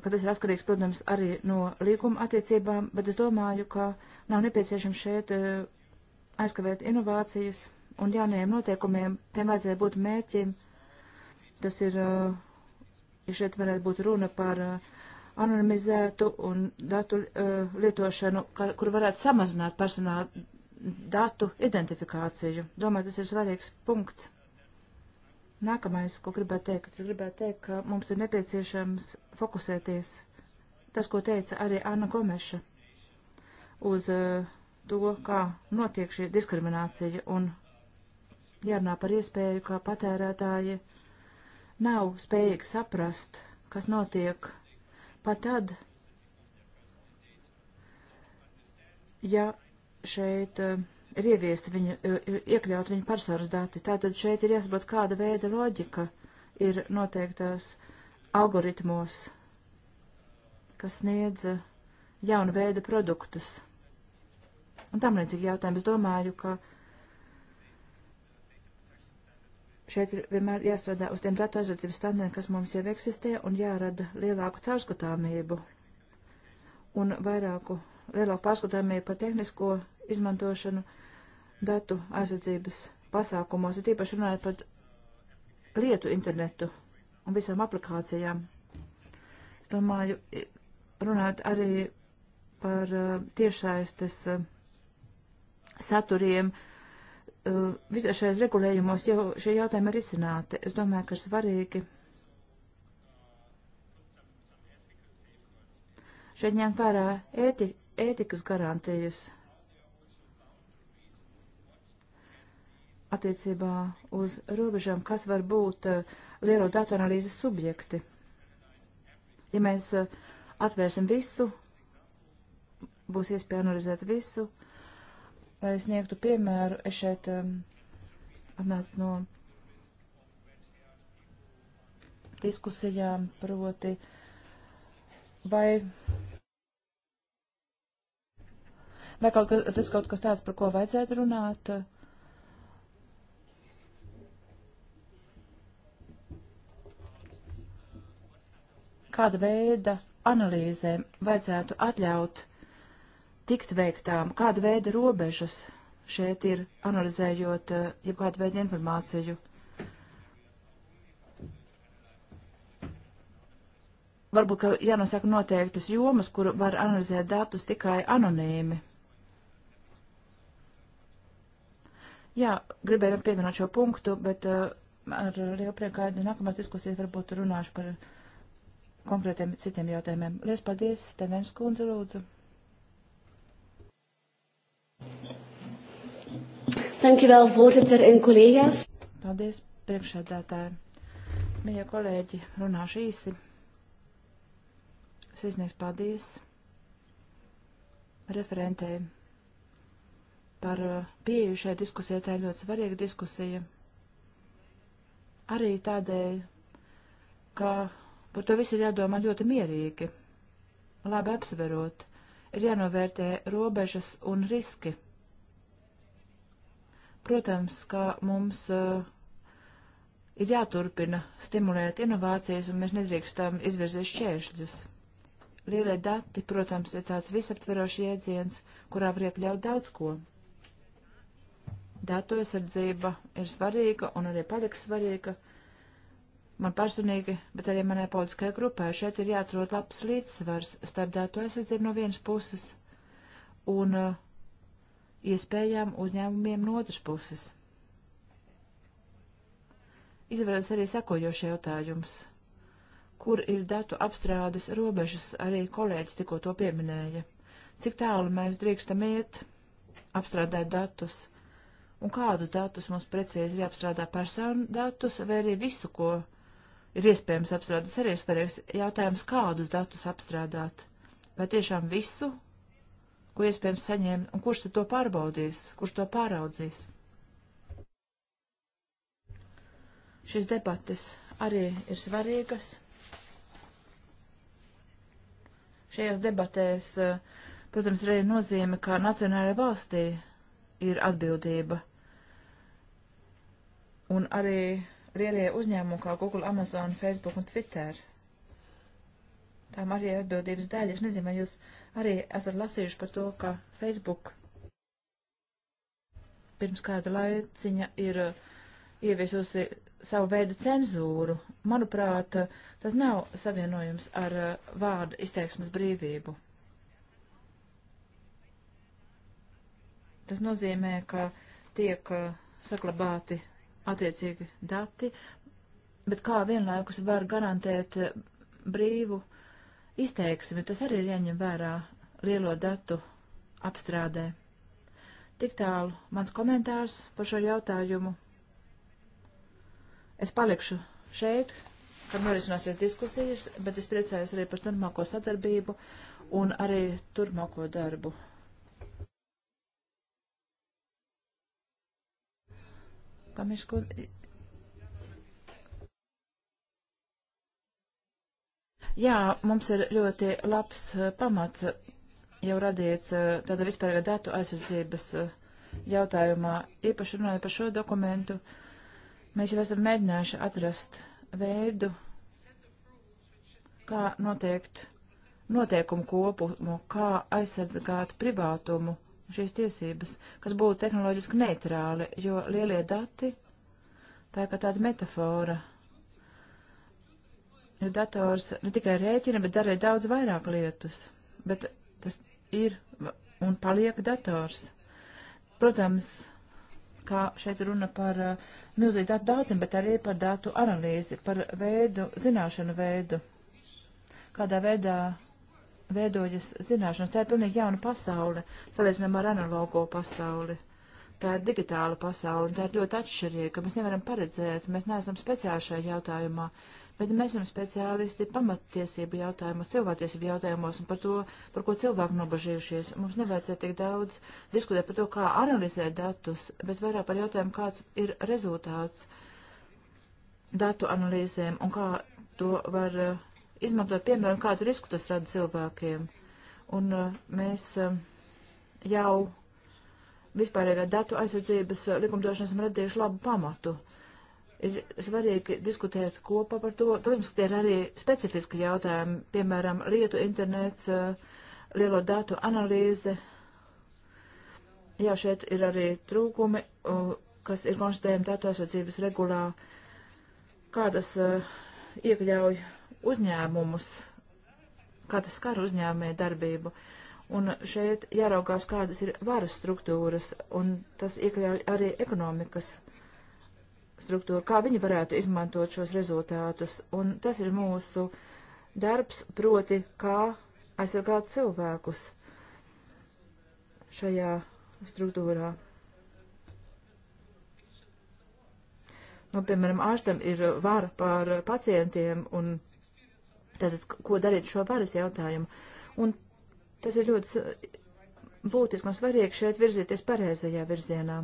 ka tas ir atkarīgs, protams, arī no līguma attiecībām, bet es domāju, ka nav nepieciešams šeit uh, aizkavēt inovācijas un jaunajiem noteikumiem, tiem vajadzēja būt mērķim. Tas ir, eh, ja šeit varētu būt runa par eh, anonimizētu un datu eh, lietošanu, kur varētu samazināt personāla datu identifikāciju. Domāju, tas ir svarīgs punkts. Nākamais, ko gribētu teikt, es gribētu teikt, ka mums ir nepieciešams fokusēties. Tas, ko teica arī Anna Gomeša uz uh, to, kā notiek šī diskriminācija un jārunā par iespēju, kā patērētāji nav spējīgi saprast, kas notiek pat tad, ja šeit uh, ir ieviesti viņu, uh, eh, iekļaut viņu personas dati. Tātad šeit ir jāsaprot, kāda veida loģika ir noteiktās algoritmos, kas sniedz eh, jaunu veidu produktus un tam līdzīgi jautājumi. Es domāju, ka šeit ir vienmēr jāstrādā uz tiem datu aizsardzības standartiem, kas mums jau eksistē, un jārada lielāku caurskatāmību un vairāku, lielāku pārskatāmību par tehnisko izmantošanu datu aizsardzības pasākumos, ir tīpaši runājot par lietu internetu un visām aplikācijām. Es domāju, runāt arī par uh, tiešsaistes uh, saturiem. Uh, Visā šajās regulējumos jau šie jautājumi ir izcināti. Es domāju, ka ir svarīgi šeit ņemt vērā ēti, ētikas garantijas attiecībā uz robežām, kas var būt uh, lielo datu analīzes subjekti. Ja mēs uh, atvērsim visu, būs iespēja analizēt visu, Lai sniegtu piemēru, es šeit um, atnācu no diskusijām, proti, vai, vai kaut kas, tas kaut kas tāds, par ko vajadzētu runāt. Kāda veida analīzēm vajadzētu atļaut uh, tikt veiktām, kāda veida robežas šeit ir, analizējot eh, jebkādu veidu informāciju. Varbūt, ka jānosaka noteiktas jomas, kur var analizēt datus tikai anonīmi. Jā, gribēju pievienot šo punktu, bet uh, ar lielu prieku gaidu nākamās diskusijas varbūt runāšu par konkrētiem citiem jautājumiem. Lies paldies, Tevens kundze, lūdzu. Dankjewel, voorzitter en collega's. Paldies, priekšsēdētāji. Mīļie kolēģi, runāšu īsi. Sīsnieks, paldies referentē par uh, pieeju šai diskusijai. Tā ir ļoti svarīga diskusija. Arī tādēļ, ka par to visu ir jādomā ļoti mierīgi, labi apsverot, ir jānovērtē robežas un riski Protams, ka mums uh, ir jāturpina stimulēt inovācijas, un mēs nedrīkstam izvirzīt šķēršļus. Lielie dati, protams, ir tāds visaptverošs jēdziens, kurā var iekļaut daudz ko. Datu aizsardzība ir svarīga un arī paliks svarīga man personīgi, bet arī manai politiskajai grupai. Šeit ir jāatrod labs līdzsvars starp datu aizsardzību no vienas puses un uh, iespējām uzņēmumiem no otras puses. Izvēlas arī sekojoši jautājums. Kur ir datu apstrādes robežas, arī kolēģis tikko to pieminēja. Cik tālu mēs drīkstam iet, apstrādāt datus, un kādus datus mums precīzi ir jāapstrādā personu datus, vai arī visu, ko ir iespējams apstrādāt. Arī svarīgs jautājums, kādus datus apstrādāt. Vai tiešām visu, ko iespējams saņēma, un kurš tad to pārbaudīs, kurš to pāraudzīs. Šīs debates arī ir svarīgas. Šajās debatēs, eh, protams, arī nozīme, ka nacionālajā valstī ir atbildība. Un arī lielie uzņēmumi kā Google, Amazon, Facebook un Twitter tām um, arī ir atbildības daļa. Es nezinu, vai jūs arī esat lasījuši par to, ka Facebook pirms kāda laiciņa ir uh, ieviesusi savu veidu cenzūru. Manuprāt, uh, tas nav savienojums ar uh, vārdu izteiksmes brīvību. Tas nozīmē, ka tiek saglabāti attiecīgi dati, bet kā vienlaikus var garantēt brīvu uh, izteiksmi, tas arī ir jāņem vērā lielo datu apstrādē. Tik tālu mans komentārs par šo jautājumu. Es palikšu šeit, kad norisināsies diskusijas, bet es priecājos arī par turpmāko sadarbību un arī turpmāko darbu. Kamiškundze, Jā, mums ir ļoti labs eh, pamats eh, jau radīts eh, tāda vispārīga datu aizsardzības jautājumā. Īpaši runājot par šo dokumentu, mēs jau esam mēģinājuši atrast veidu, kā noteikt noteikumu kopumu, kā aizsargāt privātumu šīs tiesības, kas būtu tehnoloģiski neitrāli, jo lielie dati, tā kā tāda metafora dators ne tikai rēķina, bet darīja daudz vairāk lietas. Bet tas ir un paliek dators. Protams, kā šeit runa par uh, milzīgu datu daudzim, bet arī par datu analīzi, par veidu, zināšanu veidu, kādā veidā veidojas zināšanas. Tā ir pilnīgi jauna pasaule, salīdzinām ar analogo pasauli. Tā ir digitāla pasaule, un tā ir ļoti atšķirīga. Mēs nevaram paredzēt, mēs neesam speciāli šajā jautājumā. Uh, bet mēs esam speciālisti pamattiesību jautājumos, cilvēktiesību jautājumos un par to, par ko cilvēki nobažījušies. Mums nevajadzētu tik daudz diskutēt par to, kā analizēt datus, bet vairāk par jautājumu, kāds ir rezultāts datu analīzēm un kā to var eh, izmantot, piemēram, kādu risku tas rada cilvēkiem. Un eh, mēs eh, jau vispārējā datu aizsardzības likumdošanas radījuši labu pamatu ir svarīgi diskutēt kopā par to. Protams, tie ir arī specifiski jautājumi, piemēram, lietu internets, eh, lielo datu analīze. Jā, šeit ir arī trūkumi, kas ir konstatējami datu aizsardzības regulā, kādas eh, iekļauj uzņēmumus, kā tas skar uzņēmē darbību. Un šeit jāraugās, kādas ir varas struktūras, un tas iekļauj arī ekonomikas struktūru, kā viņi varētu izmantot šos rezultātus. Un tas ir mūsu darbs, proti, kā aizsargāt cilvēkus šajā struktūrā. Nu, piemēram, ārstam ir vara pār pacientiem un tātad, ko darīt šo varas jautājumu. Un tas ir ļoti būtiski un svarīgi šeit virzīties pareizajā virzienā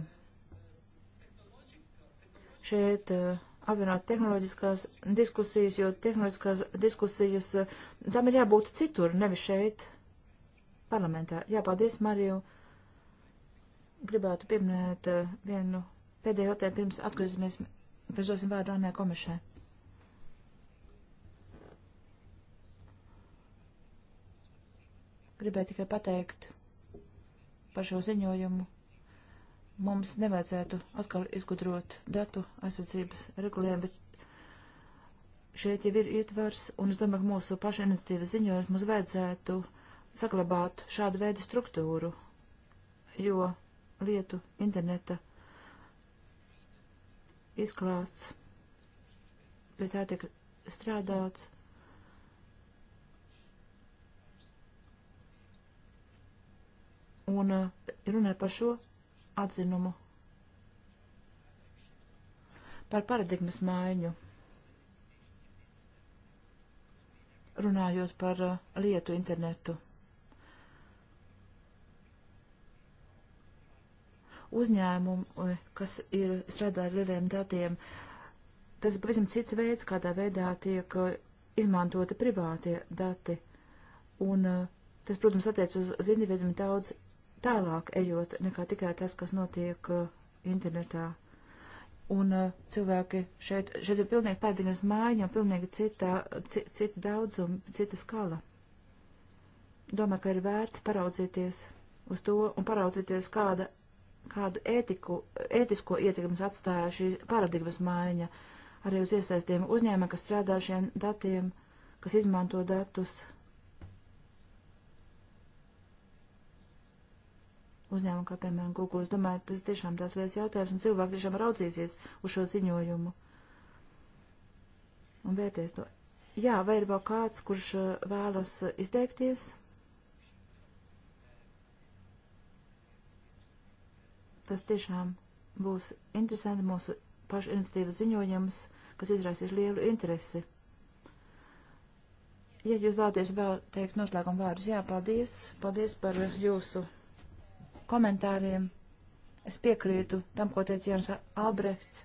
šeit eh, apvienot tehnoloģiskās diskusijas, jo tehnoloģiskās diskusijas eh, tam ir jābūt citur, nevis šeit parlamentā. Jā, paldies, Mariju. Gribētu pieminēt eh, vienu pēdējo jautājumu pirms atgriezīsimies, pirms dosim vārdu Annē Komešai. Gribēju tikai pateikt par šo ziņojumu mums nevajadzētu atkal izgudrot datu aizsardzības regulējumu, bet šeit jau ir ietvars, un es domāju, ka mūsu paša iniciatīvas ziņojums mums vajadzētu saglabāt šādu veidu struktūru, jo lietu interneta izklāsts, pie tā tiek strādāts. Un uh, runāja par šo atzinumu par paradigmas maiņu. Runājot par uh, lietu internetu. Uzņēmumi, kas ir strādā ar lieliem datiem, tas ir pavisam cits veids, kādā veidā tiek uh, izmantoti privātie dati. Un uh, tas, protams, attiec uz, uz individuiem daudz tālāk ejot nekā tikai tas, kas notiek uh, internetā. Un uh, cilvēki šeit, šeit ir pilnīgi pārdiņas mājiņa, pilnīgi cita, cita daudzuma, cita skala. Domāju, ka ir vērts paraudzīties uz to un paraudzīties, kāda, kādu ētiku, ētisko ietekmes atstāja šī paradigmas mājiņa arī uz iesaistiem uzņēmē, kas strādā šiem datiem, kas izmanto datus. uzņēmumu, kā piemēram Google. Es domāju, tas tiešām tās liels jautājums, un cilvēki tiešām raudzīsies uz šo ziņojumu un vērtēs to. Jā, vai ir vēl kāds, kurš uh, vēlas uh, izteikties? Tas tiešām būs interesanti mūsu pašu iniciatīvas ziņojums, kas izraisīs lielu interesi. Ja jūs vēlaties vēl teikt noslēgumu vārdus, jā, paldies, paldies par uh, jūsu komentāriem. Es piekrītu tam, ko teica Jans Albrechts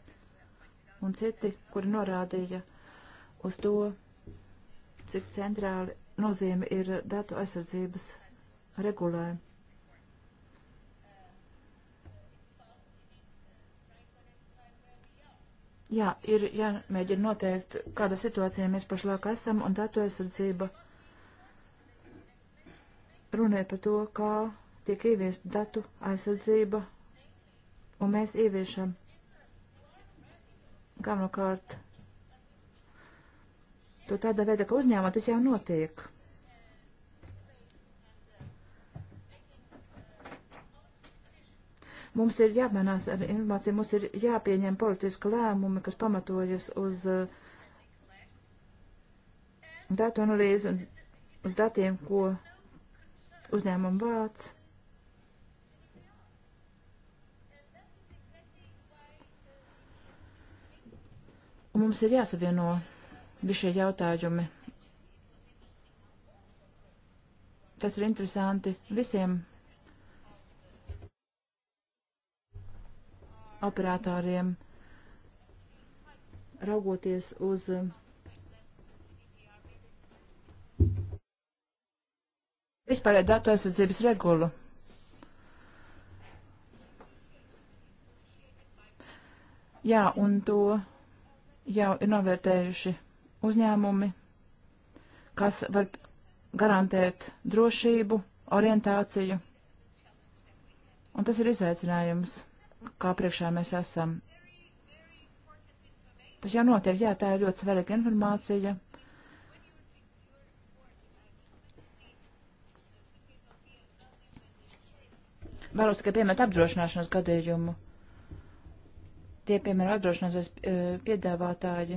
un citi, kuri norādīja uz to, cik centrāli nozīme ir datu aizsardzības regulē. Jā, ir jāmēģina noteikt, kāda situācija mēs pašlaik esam, un datu aizsardzība runē par to, kā tiek ieviest datu aizsardzība, un mēs ieviešam galvenokārt to tādā veidā, ka uzņēmumā tas jau notiek. Mums ir jāmanās ar informāciju, mums ir jāpieņem politiska lēmumi, kas pamatojas uz uh, datu analīzi un uz datiem, ko uzņēmumu vāc. Mums ir jāsavieno visi šie jautājumi. Tas ir interesanti visiem operatoriem, raugoties uz vispārēju datu aizsardzības regulu. Jā, un to jau ir novērtējuši uzņēmumi, kas var garantēt drošību, orientāciju. Un tas ir izaicinājums, kā priekšā mēs esam. Tas jau notiek, jā, tā ir ļoti svarīga informācija. Varu tikai piemēt apdrošināšanas gadījumu tie, piemēram, atdrošināsies eh, piedāvātāji.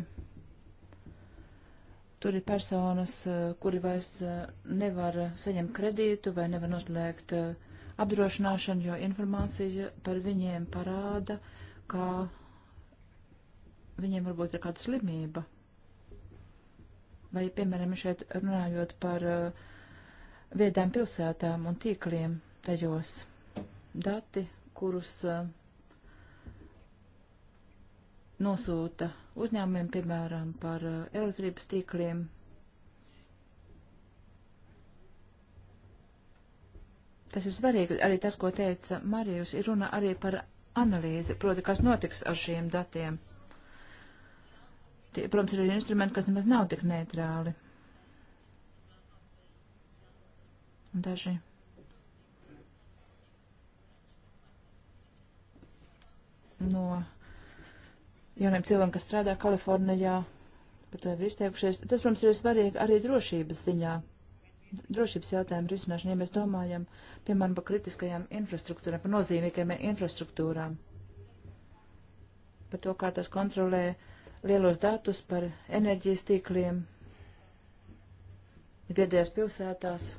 Tur ir personas, eh, kuri vairs eh, nevar saņemt kredītu vai nevar noslēgt apdrošināšanu, jo informācija par viņiem parāda, ka viņiem varbūt ir kāda slimība. Vai, piemēram, šeit runājot par viedām pilsētām un tīkliem tajos dati, kurus uh, nosūta uzņēmumiem, piemēram, par eh, elektrības tīkliem. Tas ir svarīgi, arī tas, ko teica Marijus, ir runa arī par analīzi, proti, kas notiks ar šiem datiem. Tie, protams, ir arī instrumenti, kas nemaz nav tik neitrāli. Daži. No jauniem cilvēkiem, kas strādā Kalifornijā, par to ir izteikušies. Tas, protams, ir svarīgi arī drošības ziņā. Drošības jautājumu risināšanu, ja mēs domājam, piemēram, par kritiskajām infrastruktūrām, par nozīmīgajām infrastruktūrām, par to, kā tas kontrolē lielos datus par enerģijas tīkliem, viedajās pilsētās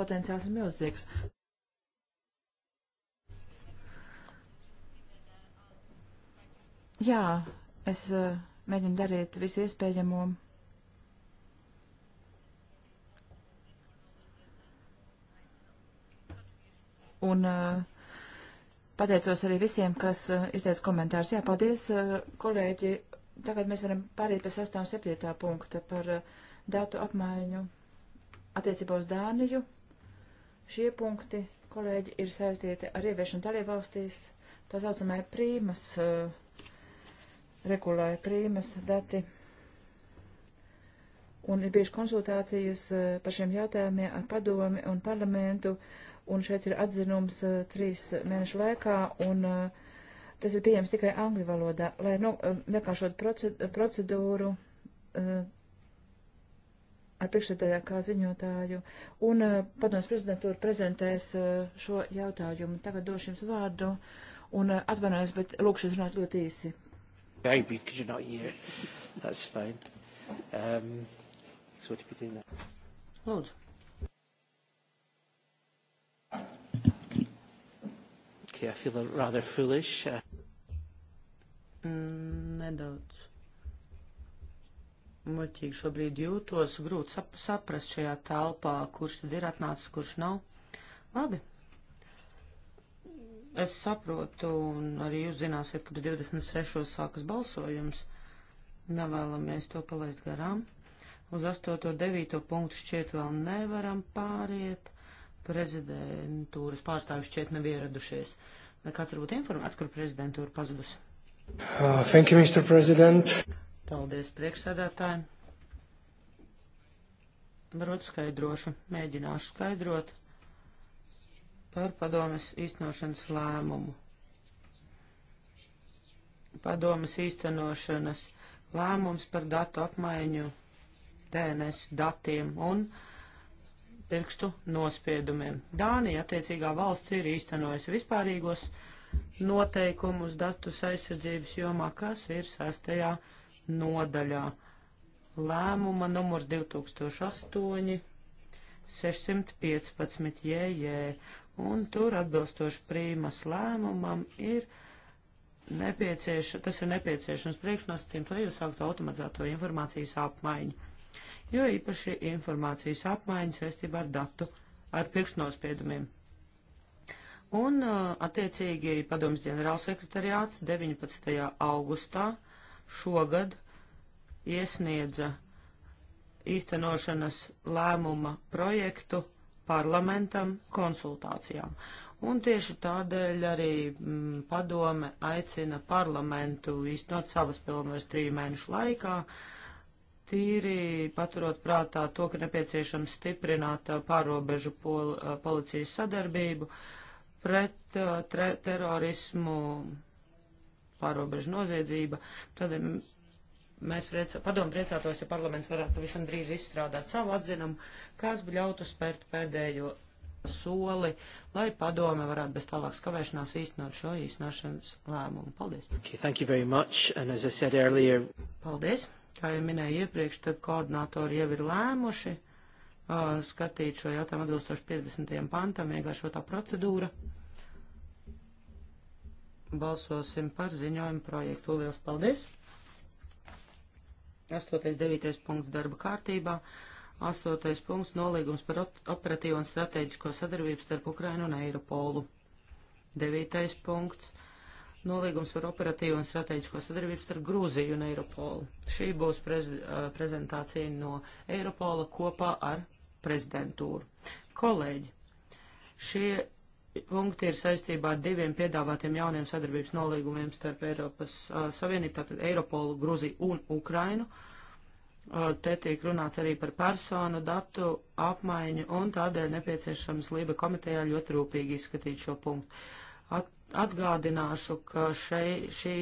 potenciāls ir milzīgs. Jā, es uh, mēģinu darīt visu iespējamo. Un uh, pateicos arī visiem, kas uh, izteica komentārus. Jā, paldies, uh, kolēģi. Tagad mēs varam pāriet pie 6. un 7. punkta par uh, datu apmaiņu attiecībā uz Dāniju. Šie punkti, kolēģi, ir saistīti ar ieviešanu dalībvalstīs, tā saucamē prīmas. Uh, regulēja prīmas dati. Un ir bijuši konsultācijas eh, par šiem jautājumiem ar padomi un parlamentu, un šeit ir atzinums eh, trīs mēnešu laikā, un eh, tas ir pieejams tikai angļu valodā, lai, nu, vienkāršot procedūru ar priekšsēdētāju kā ziņotāju, un padoms prezidentūra prezentēs šo jautājumu. Tagad došu jums vārdu, un atvainojos, bet lūkšu runāt ļoti īsi very brief because you're not here. That's fine. Um, so what are you doing now? Lūdzu. Okay, I feel rather foolish. Uh, mm, nedaudz. Muļķīgi šobrīd jūtos, grūti sap saprast šajā telpā, kurš tad ir atnācis, kurš nav. Labi, Es saprotu, un arī jūs zināsiet, ka 26. sākas balsojums. Nevēlamies to palaist garām. Uz 8. un 9. punktu šķiet vēl nevaram pāriet. Prezidentūras pārstāvis šķiet nav ieradušies. Vai kāds varbūt informēts, kur prezidentūra pazudusi? Uh, ah, thank you, Mr. President. Paldies, priekšsēdētāji. Varbūt skaidrošu, mēģināšu skaidrot par padomes īstenošanas lēmumu. Padomes īstenošanas lēmums par datu apmaiņu DNS datiem un pirkstu nospiedumiem. Dānija attiecīgā valsts ir īstenojusi vispārīgos noteikumus datus aizsardzības jomā, kas ir sastajā nodaļā. Lēmuma numurs 2008. 615 jē, jē, un tur atbilstoši prīmas lēmumam ir nepieciešams, tas ir nepieciešams priekšnosacījums, lai uzsāktu automatizēto informācijas apmaiņu, jo īpaši informācijas apmaiņu saistībā ar datu ar pirkstnospiedumiem. Un, uh, attiecīgi, padomas ģenerālsekretariāts 19. augustā šogad iesniedza īstenošanas lēmuma projektu parlamentam konsultācijām. Un tieši tādēļ arī m, mm, padome aicina parlamentu īstenot savas pilnvaras trīs mēnešu laikā, tīri paturot prātā to, ka nepieciešams stiprināt uh, pārobežu pol, uh, policijas sadarbību pret uh, tre, terorismu, pārobežu noziedzība. Tādēļ mm, mēs priecā, padomu priecātos, ja parlaments varētu pavisam drīz izstrādāt savu atzinumu, kas ļautu spērt pēdējo soli, lai padome varētu bez tālākas kavēšanās īstenot šo īstenošanas lēmumu. Paldies! Okay, thank you very much, and as I said earlier... Paldies! Kā jau minēju iepriekš, tad koordinātori jau ir lēmuši uh, skatīt šo jautājumu atbilstoši 50. pantam, vienkāršotā procedūra. Balsosim par ziņojumu projektu. Lielas paldies! 8. 9. punkts darba kārtībā. 8. punkts nolīgums par operatīvo un strateģisko sadarbību starp Ukrainu un Eiropolu. 9. punkts nolīgums par operatīvo un strateģisko sadarbību starp Grūziju un Eiropolu. Šī būs prez, prezentācija no Eiropola kopā ar prezidentūru. Kolēģi, šie punkti ir saistībā ar diviem piedāvātiem jauniem sadarbības nolīgumiem starp Eiropas uh, Savienību, tātad Eiropolu, Gruziju un Ukrainu. Uh, te tiek runāts arī par personu datu apmaiņu un tādēļ nepieciešams Lība komitejā ļoti rūpīgi izskatīt šo punktu. At, atgādināšu, ka šei, šī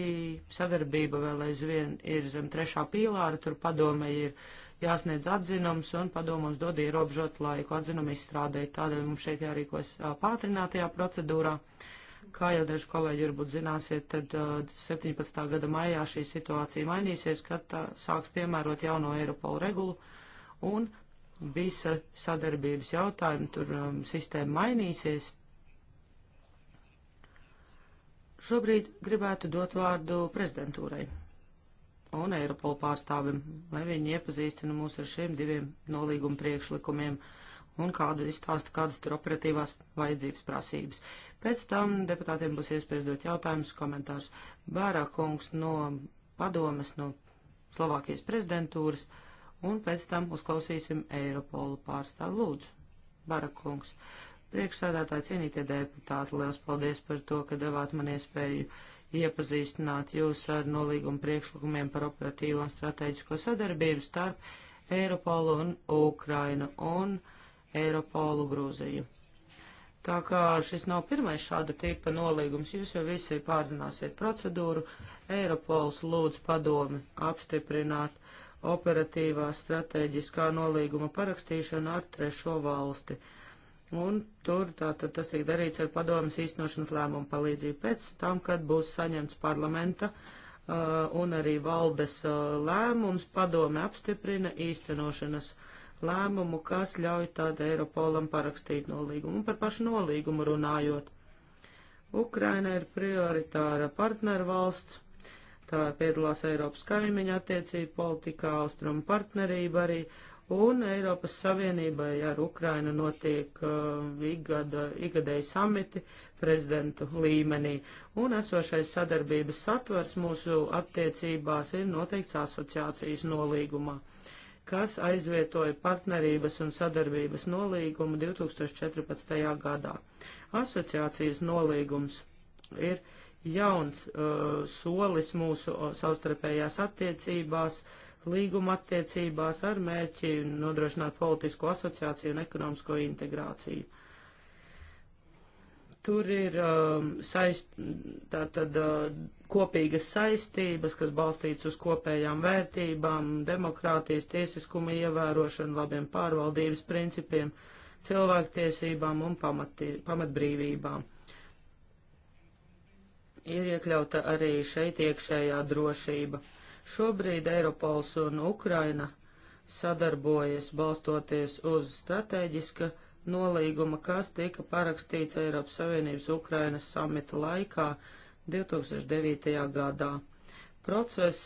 sadarbība vēl aizvien ir zem trešā pīlāra, tur padome ir uh, jāsniedz atzinums un padomos dod ierobežot laiku atzinumu izstrādēt. Tādēļ mums šeit jārīkojas pātrinātajā procedūrā. Kā jau daži kolēģi varbūt zināsiet, tad uh, 17. gada maijā šī situācija mainīsies, kad tā, sāks piemērot jauno Eiropolu regulu un visa sadarbības jautājuma tur um, sistēma mainīsies. Šobrīd gribētu dot vārdu prezidentūrai un Eiropola pārstāvim, lai viņi iepazīstina mūs ar šiem diviem nolīguma priekšlikumiem un kāda izstāsta, kādas tur operatīvās vajadzības prasības. Pēc tam deputātiem būs iespējas dot jautājumus, komentārus. Bērā kungs no padomas, no Slovākijas prezidentūras, un pēc tam uzklausīsim Eiropolu pārstāvu lūdzu. Bērā kungs. Priekšsēdētāji cienītie deputāti, liels paldies par to, ka devāt man iespēju uh, iepazīstināt jūs ar nolīgumu priekšlikumiem par operatīvo un strateģisko sadarbību starp Eiropolu un Ukrainu un Eiropolu Grūziju. Tā kā šis nav pirmais šāda tipa nolīgums, jūs jau visi pārzināsiet procedūru. Eiropols lūdz padomi apstiprināt operatīvā stratēģiskā nolīguma parakstīšanu ar trešo valsti. Uh, Un tur tātad tas tiek darīts ar padomas īstenošanas lēmumu palīdzību pēc tam, kad būs saņemts parlamenta uh, un arī valdes uh, lēmums, padome apstiprina īstenošanas lēmumu, kas ļauj tād Eiropolam parakstīt nolīgumu. Un par pašu nolīgumu runājot. Ukraina ir prioritāra partneru valsts, tā piedalās Eiropas kaimiņa attiecību politikā, austrumu partnerība arī, Un Eiropas Savienībai ar Ukrainu notiek uh, igada, igadēji samiti prezidentu līmenī. Un esošais sadarbības satvers mūsu attiecībās ir noteikts asociācijas nolīgumā, kas aizvietoja partnerības un sadarbības nolīgumu 2014. gadā. Asociācijas nolīgums ir jauns uh, solis mūsu uh, savstarpējās attiecībās. Uh, līguma attiecībās ar mērķi nodrošināt politisko asociāciju un ekonomisko integrāciju. Tur ir um, saist, tātad, uh, kopīgas saistības, kas balstīts uz kopējām vērtībām, demokrātijas, tiesiskuma ievērošanu, labiem pārvaldības principiem, cilvēktiesībām un pamati, pamatbrīvībām ir iekļauta arī šeit iekšējā drošība Šobrīd Eiropols un Ukraina sadarbojas balstoties uz strateģiska nolīguma, kas tika parakstīts Eiropas Savienības Ukrainas samita laikā 2009. gadā. Process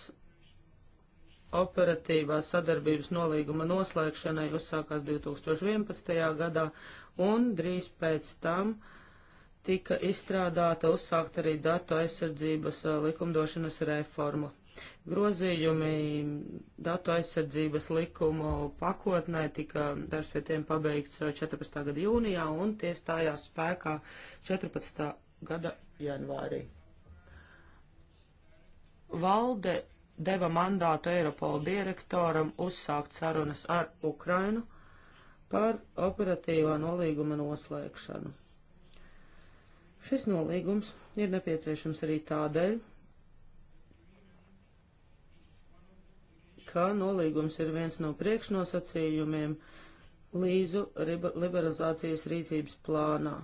operatīvās sadarbības nolīguma noslēgšanai uzsākās 2011. gadā un drīz pēc tam tika izstrādāta uzsākt arī datu aizsardzības eh, likumdošanas reforma. Grozījumi datu aizsardzības likumu pakotnē tika darbs pie tiem pabeigts 14. Uh, gada jūnijā un tie stājās spēkā 14. gada janvārī. Valde deva mandātu Eiropola direktoram uzsākt sarunas ar Ukrainu par operatīvā nolīguma noslēgšanu. Šis nolīgums ir nepieciešams arī tādēļ, ka nolīgums ir viens no priekšnosacījumiem līzu liberalizācijas rīcības plānā.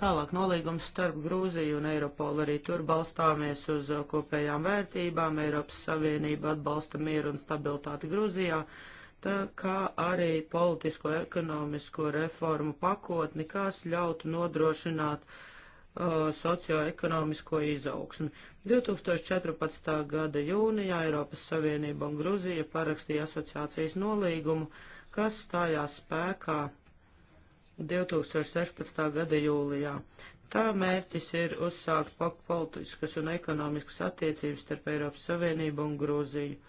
Tālāk nolīgums starp Grūziju un Eiropolu arī tur balstāmies uz uh, kopējām vērtībām. Eiropas Savienība atbalsta mieru un stabilitāti Grūzijā, tā kā arī politisko ekonomisko reformu pakotni, kas ļautu nodrošināt uh, Uh, socioekonomisko izaugsmi. 2014. gada jūnijā Eiropas Savienība un Gruzija parakstīja asociācijas nolīgumu, kas stājās spēkā 2016. gada jūlijā. Tā mērķis ir uzsākt politiskas un ekonomiskas attiecības starp Eiropas Savienību un Grūziju.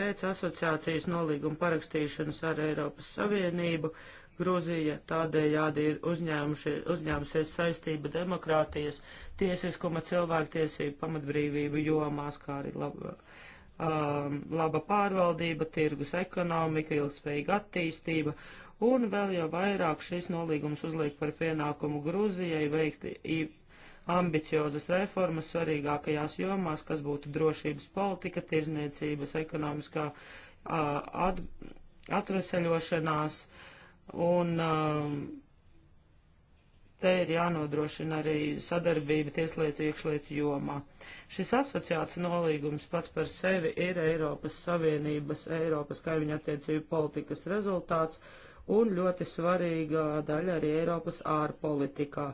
Pēc asociācijas nolīguma parakstīšanas ar Eiropas Savienību uh, Gruzija tādējādi ir uzņēmusies saistība demokrātijas, tiesiskuma, cilvēktiesību, pamatbrīvību jomās, kā arī laba, um, laba pārvaldība, tirgus ekonomika, ilgspējīga attīstība, un vēl jau vairāk šis nolīgums uzliek par pienākumu Gruzijai veikt ambiciozas reformas svarīgākajās jomās, kas būtu drošības politika, tirzniecības, ekonomiskā uh, at, atveseļošanās, uh, Un um, te ir jānodrošina arī sadarbība tieslietu iekšlietu jomā. Šis asociāts nolīgums pats par sevi ir Eiropas Savienības, Eiropas kaimiņu attiecību politikas rezultāts un ļoti svarīga daļa arī Eiropas ārpolitikā.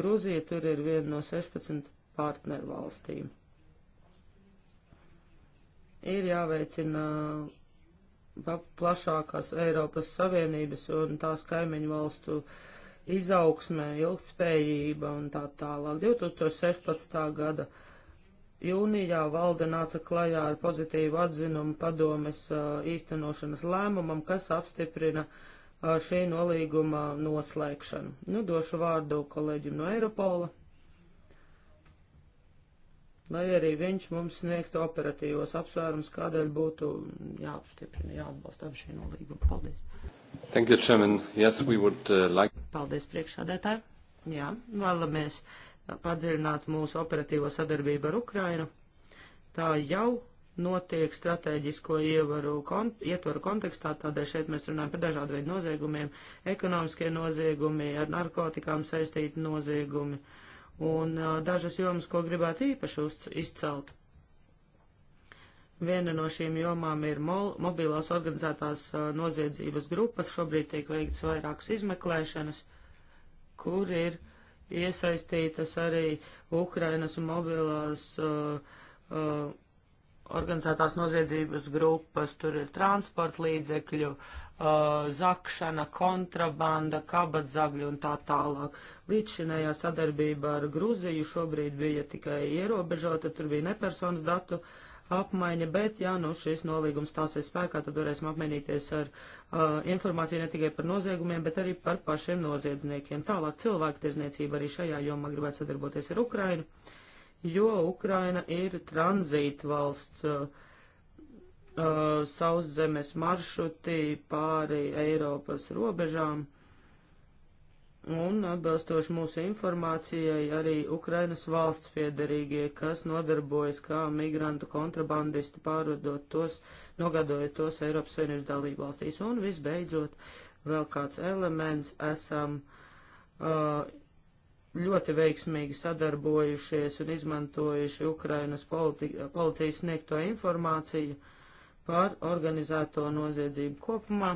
Gruzija tur ir viena no 16 partnervalstīm. Ir jāveicina plašākās Eiropas Savienības un tās kaimiņu valstu izaugsmē, ilgtspējība un tā tālāk. 2016. gada jūnijā valde nāca klajā ar pozitīvu atzinumu padomes īstenošanas lēmumam, kas apstiprina šī nolīguma noslēgšanu. Nu, došu vārdu kolēģim no Eiropola lai arī viņš mums sniegtu operatīvos apsvērums, kādēļ būtu jāapstiprina, jāatbalsta ap šī nolīguma. Paldies. Thank you, Chairman. Yes, we would uh, like. Paldies, priekšsādētāji. Jā, vēlamies uh, padziļināt mūsu operatīvo sadarbību ar Ukrainu. Tā jau notiek strateģisko ievaru, kont ietvaru kontekstā, tādēļ šeit mēs runājam par dažādu veidu noziegumiem, ekonomiskie noziegumi, ar narkotikām saistīti noziegumi. Uh, un uh, dažas jomas, ko gribētu īpaši uz, izcelt. Viena no šīm jomām ir mol, mobilās organizētās uh, noziedzības grupas. Šobrīd tiek veikts vairākas izmeklēšanas, kur ir iesaistītas arī Ukrainas mobilās uh, uh, organizētās noziedzības grupas, tur ir transporta līdzekļu, uh, zakšana, kontrabanda, kabatzagļi un tā tālāk. Līdzšinējā sadarbība ar Gruziju šobrīd bija tikai ierobežota, tur bija nepersonas datu apmaiņa, bet, ja nu šis nolīgums stāsies spēkā, tad varēsim apmainīties ar uh, informāciju ne tikai par noziegumiem, bet arī par pašiem noziedzniekiem. Tālāk cilvēku tirzniecība arī šajā jomā gribētu sadarboties ar Ukrainu. Uh, jo Ukraina ir tranzītvalsts. Uh, uh sauszemes maršruti pāri Eiropas robežām, un atbilstoši mūsu informācijai arī Ukrainas valsts piedarīgie, kas nodarbojas kā migrantu kontrabandisti, pārvedot tos, nogadojot tos Eiropas Savienības dalību valstīs. Un visbeidzot, vēl kāds elements esam. Uh, ļoti veiksmīgi sadarbojušies un izmantojuši Ukrainas policijas sniegto informāciju par organizēto noziedzību kopumā.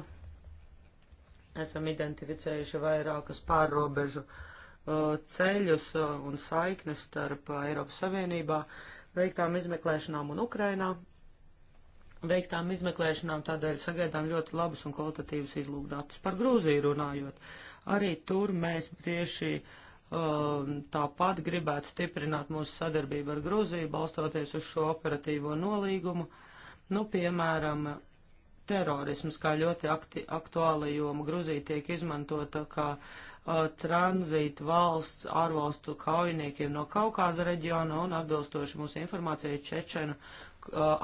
Esam identificējuši vairākas pārrobežu uh, ceļus uh, un saiknes starp uh, Eiropas Savienībā veiktām izmeklēšanām un Ukrainā. Veiktām izmeklēšanām tādēļ sagaidām ļoti labus un kvalitatīvus izlūkdatus. Par Grūziju runājot, arī tur mēs tieši uh, Um, tāpat gribētu stiprināt mūsu sadarbību ar Gruziju, balstoties uz šo operatīvo nolīgumu. Nu, piemēram, terorisms kā ļoti akti, aktuāla joma. Gruzija tiek izmantota kā uh, tranzīta valsts ārvalstu kaujiniekiem no Kaukāza reģiona un atbilstoši mūsu informācijai Čečena uh,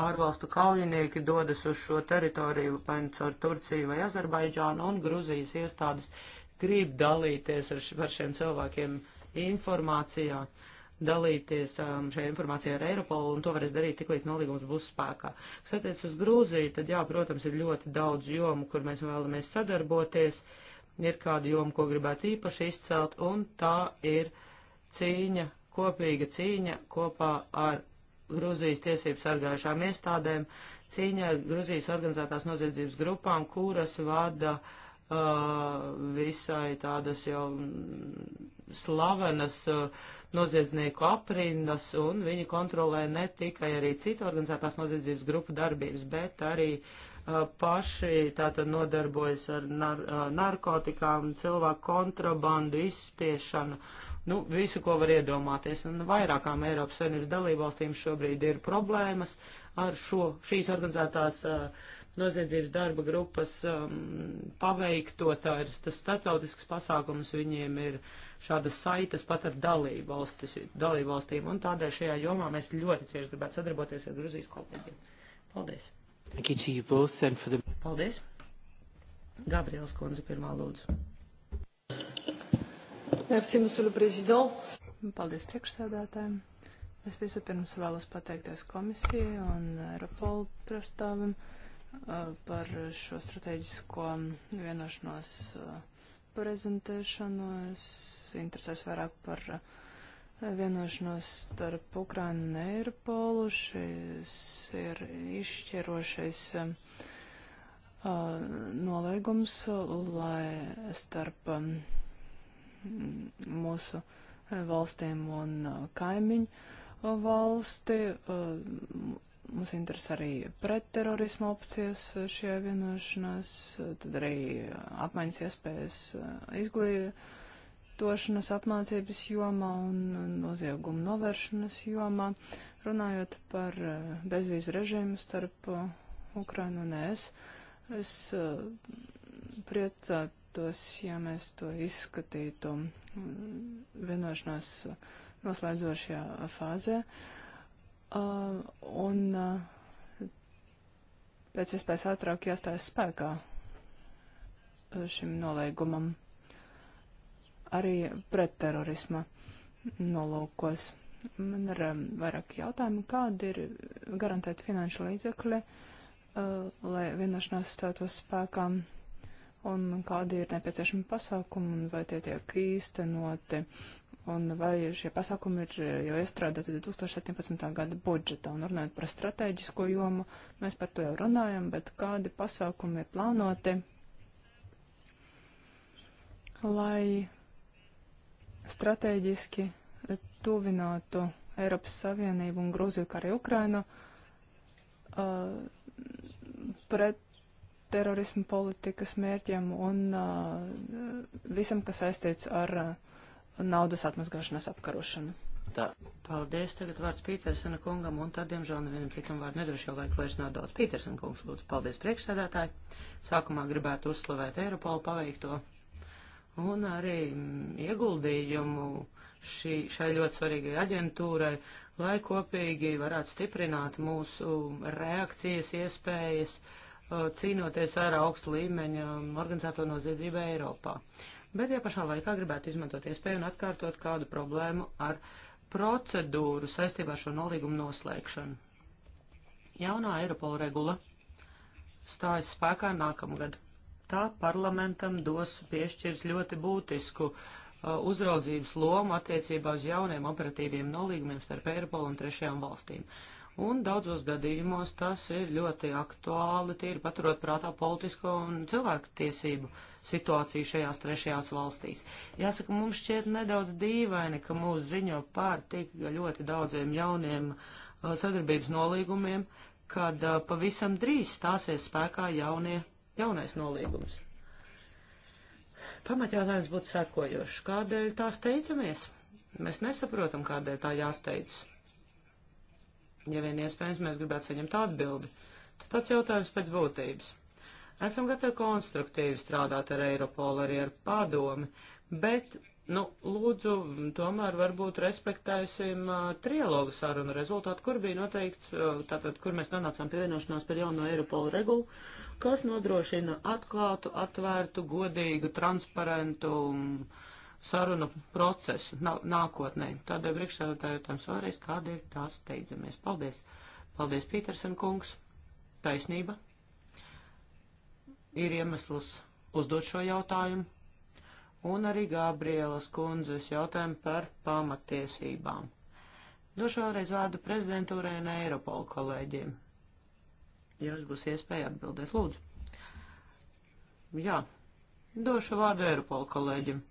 ārvalstu kaujinieki dodas uz šo teritoriju, paņem nu caur Turciju vai Azerbaidžānu un Gruzijas iestādes grib dalīties ar, š, ar šiem cilvēkiem informācijā, dalīties um, šajā informācijā ar Eiropolu, un to varēs darīt tik līdz nolīgums būs spēkā. Kas attiec uz Grūziju, tad jā, protams, ir ļoti daudz jomu, kur mēs vēlamies sadarboties, ir kāda joma, ko gribētu īpaši izcelt, un tā ir cīņa, kopīga cīņa kopā ar Grūzijas tiesību sargājušām iestādēm, cīņa ar Grūzijas organizētās noziedzības grupām, kuras vada uh, Uh, visai tādas jau slavenas uh, noziedznieku aprindas, un viņi kontrolē ne tikai arī citu organizētās noziedzības grupu darbības, bet arī uh, paši tātad nodarbojas ar nar uh, narkotikām, cilvēku kontrabandu, izspiešanu, nu, visu, ko var iedomāties. Un vairākām Eiropas Savienības dalībvalstīm šobrīd ir problēmas ar šo, šīs organizētās uh, noziedzības darba grupas um, paveikto. Tā ir tas starptautisks pasākums, viņiem ir šādas saitas pat ar dalību, valstis, dalību valstīm, un tādēļ šajā jomā mēs ļoti cieši gribētu sadarboties ar Gruzijas kolēģiem. Paldies! Paldies! Gabriels Konze pirmā lūdzu. Merci, monsieur le président. Paldies priekšsēdētājiem. Es visu pirms vēlos pateikties komisijai un Eiropolu prastāvim. Uh, par šo strateģisko vienošanos prezentēšanu. Es interesēs vairāk par vienošanos starp Ukrainu un Eiropolu. Šis ir izšķirošais nolēgums, lai starp mūsu valstīm un kaimiņu valsti Mums interesē arī pretterorismu opcijas šajā vienošanās, tad arī apmaiņas iespējas eh, izglītošanas apmācības jomā un noziegumu novēršanas jomā. Runājot par eh, bezvīzu režīmu starp eh, Ukrainu un ES, es priecātos, ja mēs to izskatītu mm, vienošanās noslēdzošajā fāzē. Uh, uh, un uh, pēc iespējas ātrāk jāstājas spēkā uh, šim nolīgumam arī pretterorisma nolūkos. Man ir um, vairāk jautājumu, kāda ir garantēta finanšu līdzekļa, uh, lai vienošanās stātos spēkā, un kādi ir nepieciešami pasākumi, un vai tie tiek īstenoti, un vai šie pasākumi ir jau iestrādāti 2017. gada budžetā. Un runājot par strateģisko jomu, mēs par to jau runājam, bet kādi pasākumi ir plānoti, lai strateģiski tuvinātu Eiropas Savienību un Grūziju, kā arī Ukrainu uh, pret terorismu politikas mērķiem un uh, visam, kas saistīts ar uh, naudas atmazgāšanas apkarošanu. Tā. Paldies, tagad vārds Pītersena kungam, un tad, diemžēl, nevienam citam vārdu nedrošu, jo laika vairs nav daudz. Pītersena kungs, lūdzu, paldies priekšsēdētāji. Sākumā gribētu uzslavēt Eiropolu paveikto un arī mm, ieguldījumu šī, šai ļoti svarīgai aģentūrai, lai kopīgi varētu stiprināt mūsu reakcijas iespējas uh, cīnoties ar augstu līmeņa mm, organizēto noziedzību Eiropā. Uh, bet ja pašā laikā gribētu izmantot iespēju un atkārtot kādu problēmu ar procedūru saistībā ar šo nolīgumu noslēgšanu. Jaunā Eiropola regula stājas spēkā nākamgad. Tā parlamentam dos piešķirs ļoti būtisku uh, uzraudzības lomu attiecībā uz jauniem operatīviem nolīgumiem starp Eiropolu un trešajām valstīm. Uh, un daudzos gadījumos tas ir ļoti aktuāli, tīri paturot prātā politisko un cilvēku tiesību situāciju šajās trešajās valstīs. Jāsaka, mums šķiet nedaudz dīvaini, ka mūs ziņo par tik ļoti daudziem jauniem uh, sadarbības nolīgumiem, kad uh, pavisam drīz stāsies spēkā jaunie, jaunais nolīgums. Pamatjautājums būtu sekojošs. Kādēļ tā steidzamies? Mēs nesaprotam, kādēļ tā jāsteidzas Ja vien iespējams, mēs gribētu saņemt atbildi. Tas tāds jautājums pēc būtības. Esam gatavi konstruktīvi strādāt ar Eiropolu, arī ar padomi, bet, nu, lūdzu, tomēr varbūt respektēsim uh, trialogu sarunu rezultātu, kur bija noteikts, uh, tātad, kur mēs nonācām pie vienošanās par jauno Eiropolu regulu, kas nodrošina atklātu, atvērtu, godīgu, transparentu. Um, sarunu procesu nākotnē. Tādēļ priekšsēdētāju jautājums vēlreiz, kāda ir tās steidzamies. Paldies. Paldies, Pītersen kungs. Taisnība. Ir iemesls uzdot šo jautājumu. Un arī Gabrielas kundzes jautājumu par pamatiesībām. Došu vēlreiz vārdu prezidentūrai un Eiropolu kolēģiem. Jums būs iespēja atbildēt, lūdzu. Jā, došu vārdu Eiropolu kolēģim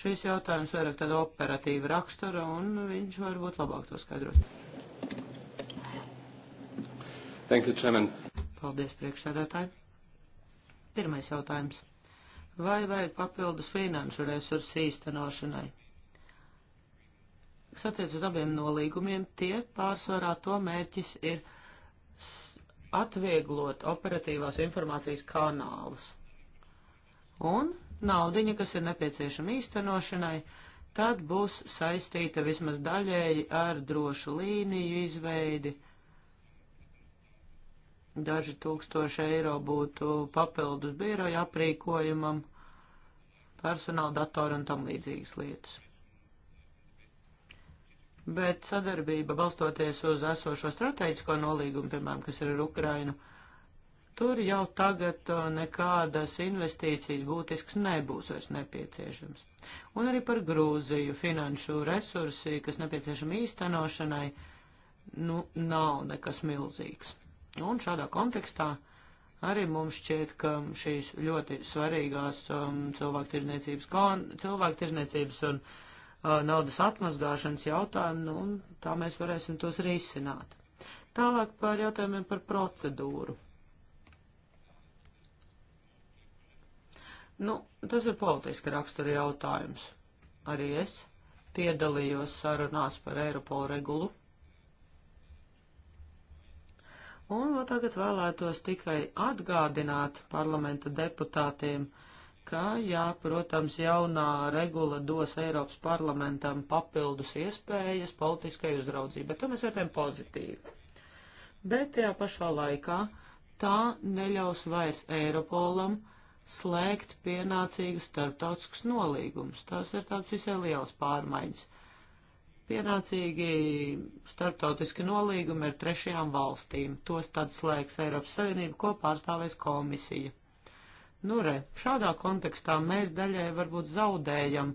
šīs jautājums vairāk tāda operatīva rakstura, un viņš varbūt labāk to skaidros. Thank you, Chairman. Paldies, priekšsēdētāji. Pirmais jautājums. Vai vajag papildus finanšu resursu īstenošanai? Kas attiec uz abiem nolīgumiem, tie pārsvarā to mērķis ir atvieglot operatīvās informācijas kanālus. Un naudiņa, kas ir nepieciešama īstenošanai, tad būs saistīta vismaz daļēji ar drošu līniju izveidi. Daži tūkstoši eiro būtu papildus biroja aprīkojumam, personāla datoru un tam līdzīgas lietas. Bet sadarbība balstoties uz esošo strateģisko nolīgumu, piemēram, kas ir ar Ukrainu, uh, tur jau tagad uh, nekādas investīcijas būtisks nebūs vairs nepieciešams. Un arī par Grūziju finanšu resursi, kas nepieciešami īstenošanai, nu, nav nekas milzīgs. Un šādā kontekstā arī mums šķiet, ka šīs ļoti svarīgās um, cilvēktirdzniecības, cilvēktirdzniecības un uh, naudas atmazgāšanas jautājumi, nu, un tā mēs varēsim tos risināt. Tālāk par jautājumiem par procedūru. Nu, tas ir politiska rakstura jautājums. Arī es piedalījos sarunās par Eiropolu regulu. Un no tagad vēlētos tikai atgādināt parlamenta deputātiem, ka, jā, protams, jaunā regula dos Eiropas parlamentam papildus iespējas politiskai uzraudzībai, bet to mēs vērtējam pozitīvi. Bet tajā pašā laikā tā neļaus vairs Eiropolam uh, slēgt pienācīgus starptautiskus nolīgumus. Tās ir tādas visai lielas pārmaiņas. Pienācīgi starptautiski nolīgumi ar trešajām valstīm. Tos tad slēgs Eiropas Savienība, ko pārstāvēs komisija. Nu re, šādā kontekstā mēs daļai varbūt zaudējam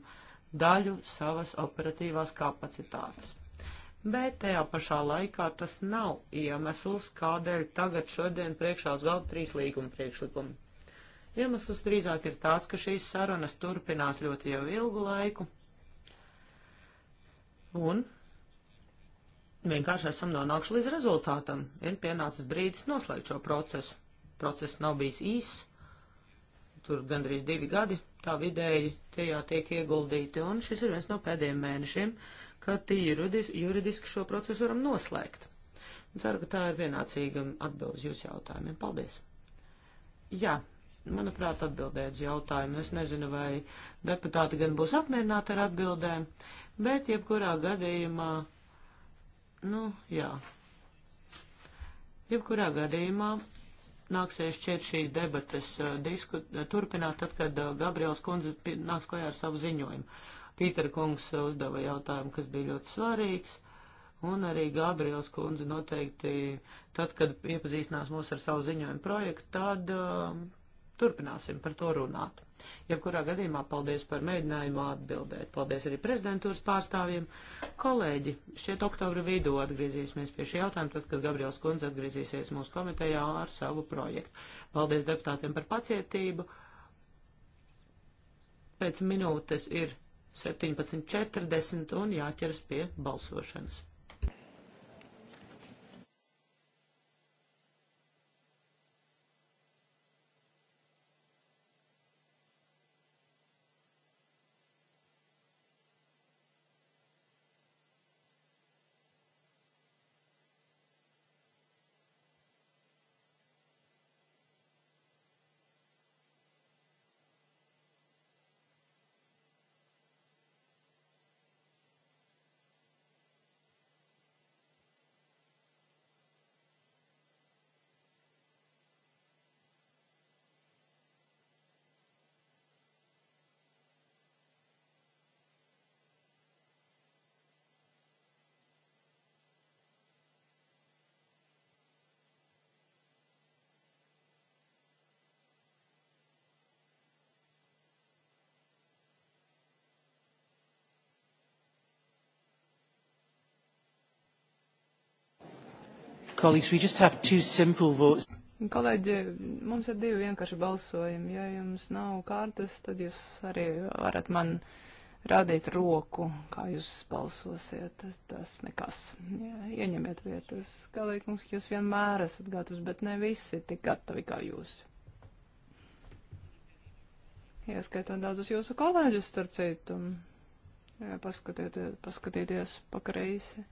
daļu savas operatīvās kapacitātes. Bet tajā pašā laikā tas nav iemesls, kādēļ tagad šodien priekšā uz galda trīs līguma priekšlikumi Iemesls drīzāk ir tāds, ka šīs sarunas turpinās ļoti jau ilgu laiku. Un vienkārši esam nonākuši līdz rezultātam. Ir pienācis brīdis noslēgt šo procesu. Process nav bijis īss, tur gandrīz divi gadi tā vidēji tajā tiek ieguldīti, un šis ir viens no pēdējiem mēnešiem, kad juridis, juridiski šo procesu varam noslēgt. Ceru, ka tā ir vienācīga atbildes jūsu jautājumiem. Paldies! Jā, manuprāt, atbildēt uz jautājumu. Es nezinu, vai deputāti gan būs apmierināti ar atbildēm, bet jebkurā gadījumā, nu, jā. Jebkurā gadījumā nāksies šķiet šīs debates uh, disku, turpināt, tad, kad uh, Gabriels kundze nāks klajā ar savu ziņojumu. Pītera kungs eh, uzdeva jautājumu, kas bija ļoti svarīgs, un arī Gabriels kundze noteikti, tad, kad iepazīstinās mūs ar savu ziņojumu projektu, tad uh, Turpināsim par to runāt. Jebkurā gadījumā paldies par mēģinājumu atbildēt. Paldies arī prezidentūras pārstāvjiem. Kolēģi, šķiet oktobra vidū atgriezīsimies pie šī jautājuma, tad, kad Gabriels Kundze atgriezīsies mūsu komitejā ar savu projektu. Paldies deputātiem par pacietību. Pēc minūtes ir 17.40 un jāķers pie balsošanas. Colleagues, we just have two simple votes. Kolēģi, mums ir divi vienkārši balsojumi. Ja jums nav kārtas, tad jūs arī varat man rādīt roku, kā jūs balsosiet. Tas nekas. Jā, ieņemiet vietas. Kolēģi, mums jūs vienmēr esat gatavs, bet ne visi tik gatavi kā jūs. Ieskaitot daudzus jūsu kolēģus, starp citu, paskatieties, paskatieties pa kreisi.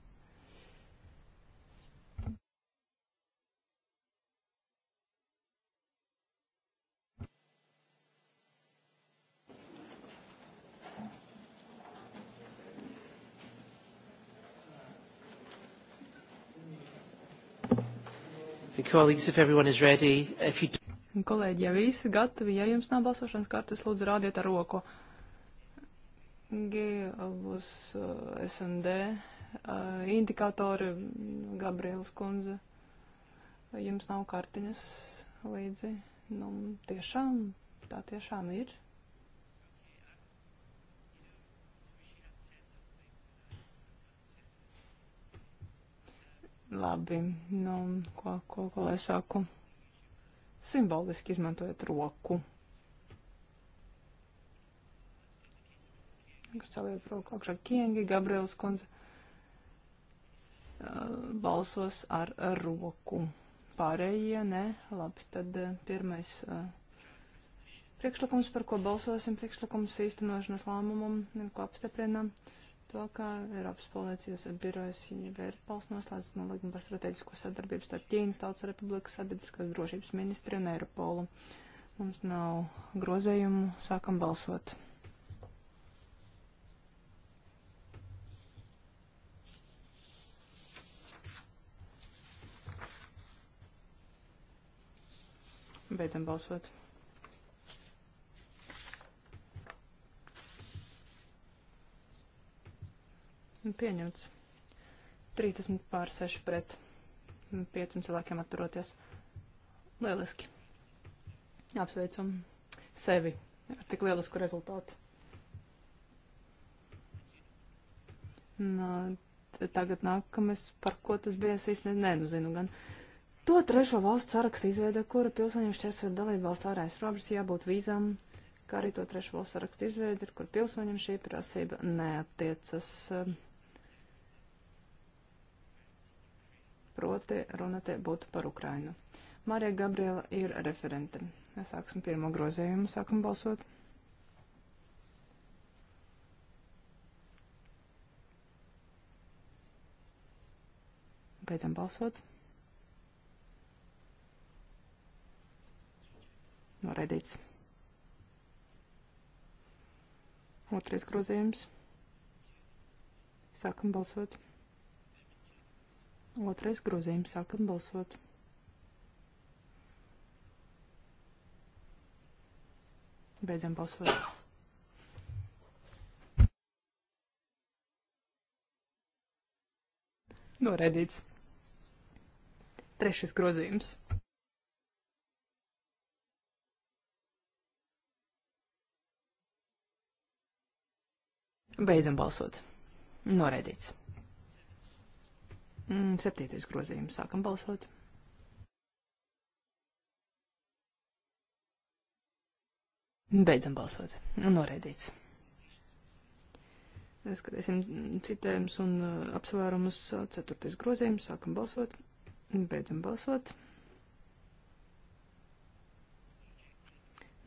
Colleagues, if everyone is ready, if you... Kolēģi, ja visi gatavi, ja jums nav balsošanas kartes, lūdzu rādiet ar roku. Gēlus, eh, SND, eh, indikatori, Gabrielas kundze, jums nav kartiņas līdzi. Nu, tiešām, tā tiešām ir. Labi, nu, ko, ko, ko lai saku? Simboliski izmantojot roku. Celiet roku augšā Kiengi, Gabriels kundze. Balsos ar roku. Pārējie, nē, labi, tad pirmais priekšlikums, par ko balsosim, priekšlikums īstenošanas lēmumam, ko apstiprinām to, ka Eiropas policijas birojas ir valsts noslēdzis no līguma par strateģisko sadarbību starp Ķīnas Tautas Republikas sabiedriskās drošības ministri un Eiropolu. Mums nav grozējumu, sākam balsot. Beidzam balsot. Pieņemts. 30 pār 6 pret 5 cilvēkiem atturoties. Lieliski. Apsveicam sevi ar tik lielisku rezultātu. Nā, nu, tagad nākamais, par ko tas bija, es īsti nezinu nu gan. To trešo valstu sarakstu izveida, kura pilsoņiem šķērsot dalību valstu ārējais robežas jābūt vīzām, kā arī to trešo valstu sarakstu izveida, kur pilsoņiem šī prasība neatiecas. Um, proti runa te būtu par Ukrainu. Marija Gabriela ir referente. Mēs sāksim pirmo grozējumu, sākam balsot. Beidzam balsot. Noraidīts. Otrais grozījums. Sākam balsot. Otrais grozījums. Sākam balsot. Beidzam balsot. Noraidīts. Trešais grozījums. Beidzam balsot. Noraidīts. Mm, septītais grozījums. Sākam balsot. Beidzam balsot. Noreidīts. Skatīsim citējums un uh, apsvērumus. Ceturtais grozījums. Sākam balsot. Beidzam balsot.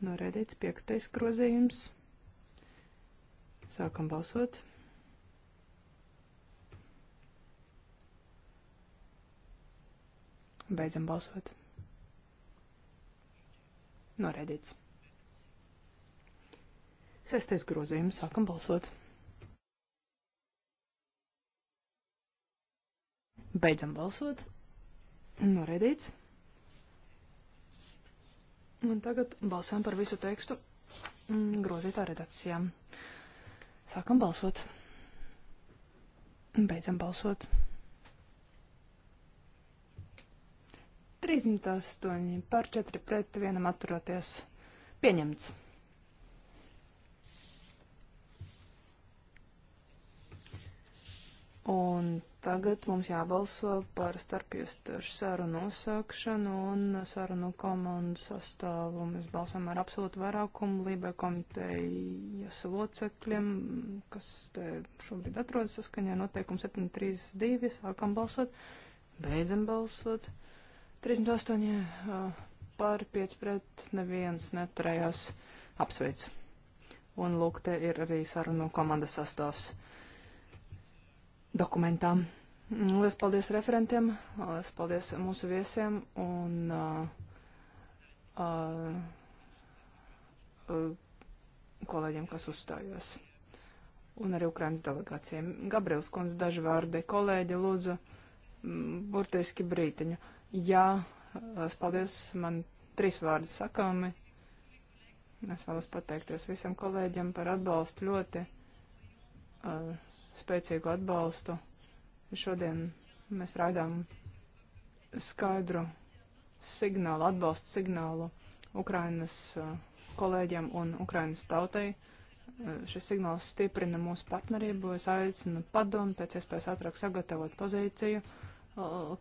Noreidīts piektais grozījums. Sākam balsot. Beidzam balsot. Noraidīts. Sestais grozījums. Sākam balsot. Beidzam balsot. Noraidīts. Un tagad balsojam par visu tekstu grozītā redakcijā. Sākam balsot. Beidzam balsot. 38 par 4 pret 1 atturoties. Pieņemts. Un tagad mums jābalso par starpjūstošu sarunu uzsākšanu un sarunu komandu sastāvu. Mēs balsām ar absolūtu vairākumu Lībai komitejas locekļiem, kas te šobrīd atrodas saskaņā noteikumu 732. Sākam balsot, beidzam balsot. 38 pār 5 pret neviens neturējās apsveic. Un lūk, te ir arī sarunu komandas sastāvs dokumentā. Lielas paldies referentiem, lielas paldies mūsu viesiem un uh, uh, kolēģiem, kas uzstājās. Un arī Ukrainas delegācijiem. Gabriels kundze, daži vārdi kolēģi, lūdzu, burtiski brītiņu. Uh, Jā, paldies, man trīs vārdi sakāmi. Es vēlos pateikties visiem kolēģiem par atbalstu, ļoti uh, spēcīgu atbalstu. Šodien mēs raidām skaidru signālu, atbalstu signālu Ukrainas uh, kolēģiem un Ukrainas tautai. Uh, šis signāls stiprina mūsu partnerību. Es aicinu padomu pēc iespējas ātrāk sagatavot pozīciju. Uh,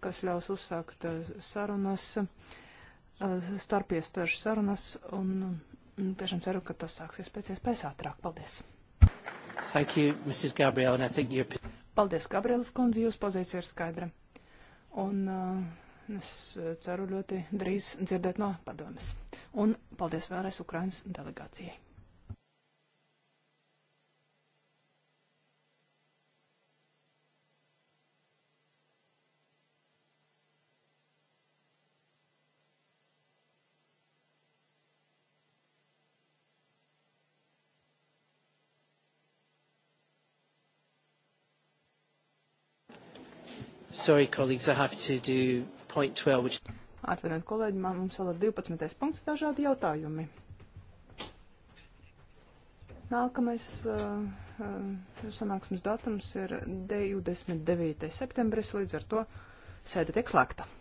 kas ļaus uzsākt eh, sarunas, eh, starpiestāžu sarunas, un mm, tiešām ceru, ka tas sāksies pēc iespējas ātrāk. Paldies! Thank you, Mrs. Gabriel, and I think you're... Paldies, Gabrielas kundze, jūsu pozīcija ir skaidra. Un uh, es ceru ļoti drīz dzirdēt no padomas. Un paldies vēlreiz Ukrainas delegācijai. sorry, colleagues, I have to do point 12, which... Atvainojiet, kolēģi, man mums vēl ir 12. punkts dažādi jautājumi. Nākamais uh, uh, sanāksmes datums ir 29. septembris, līdz ar to sēde tiek slēgta.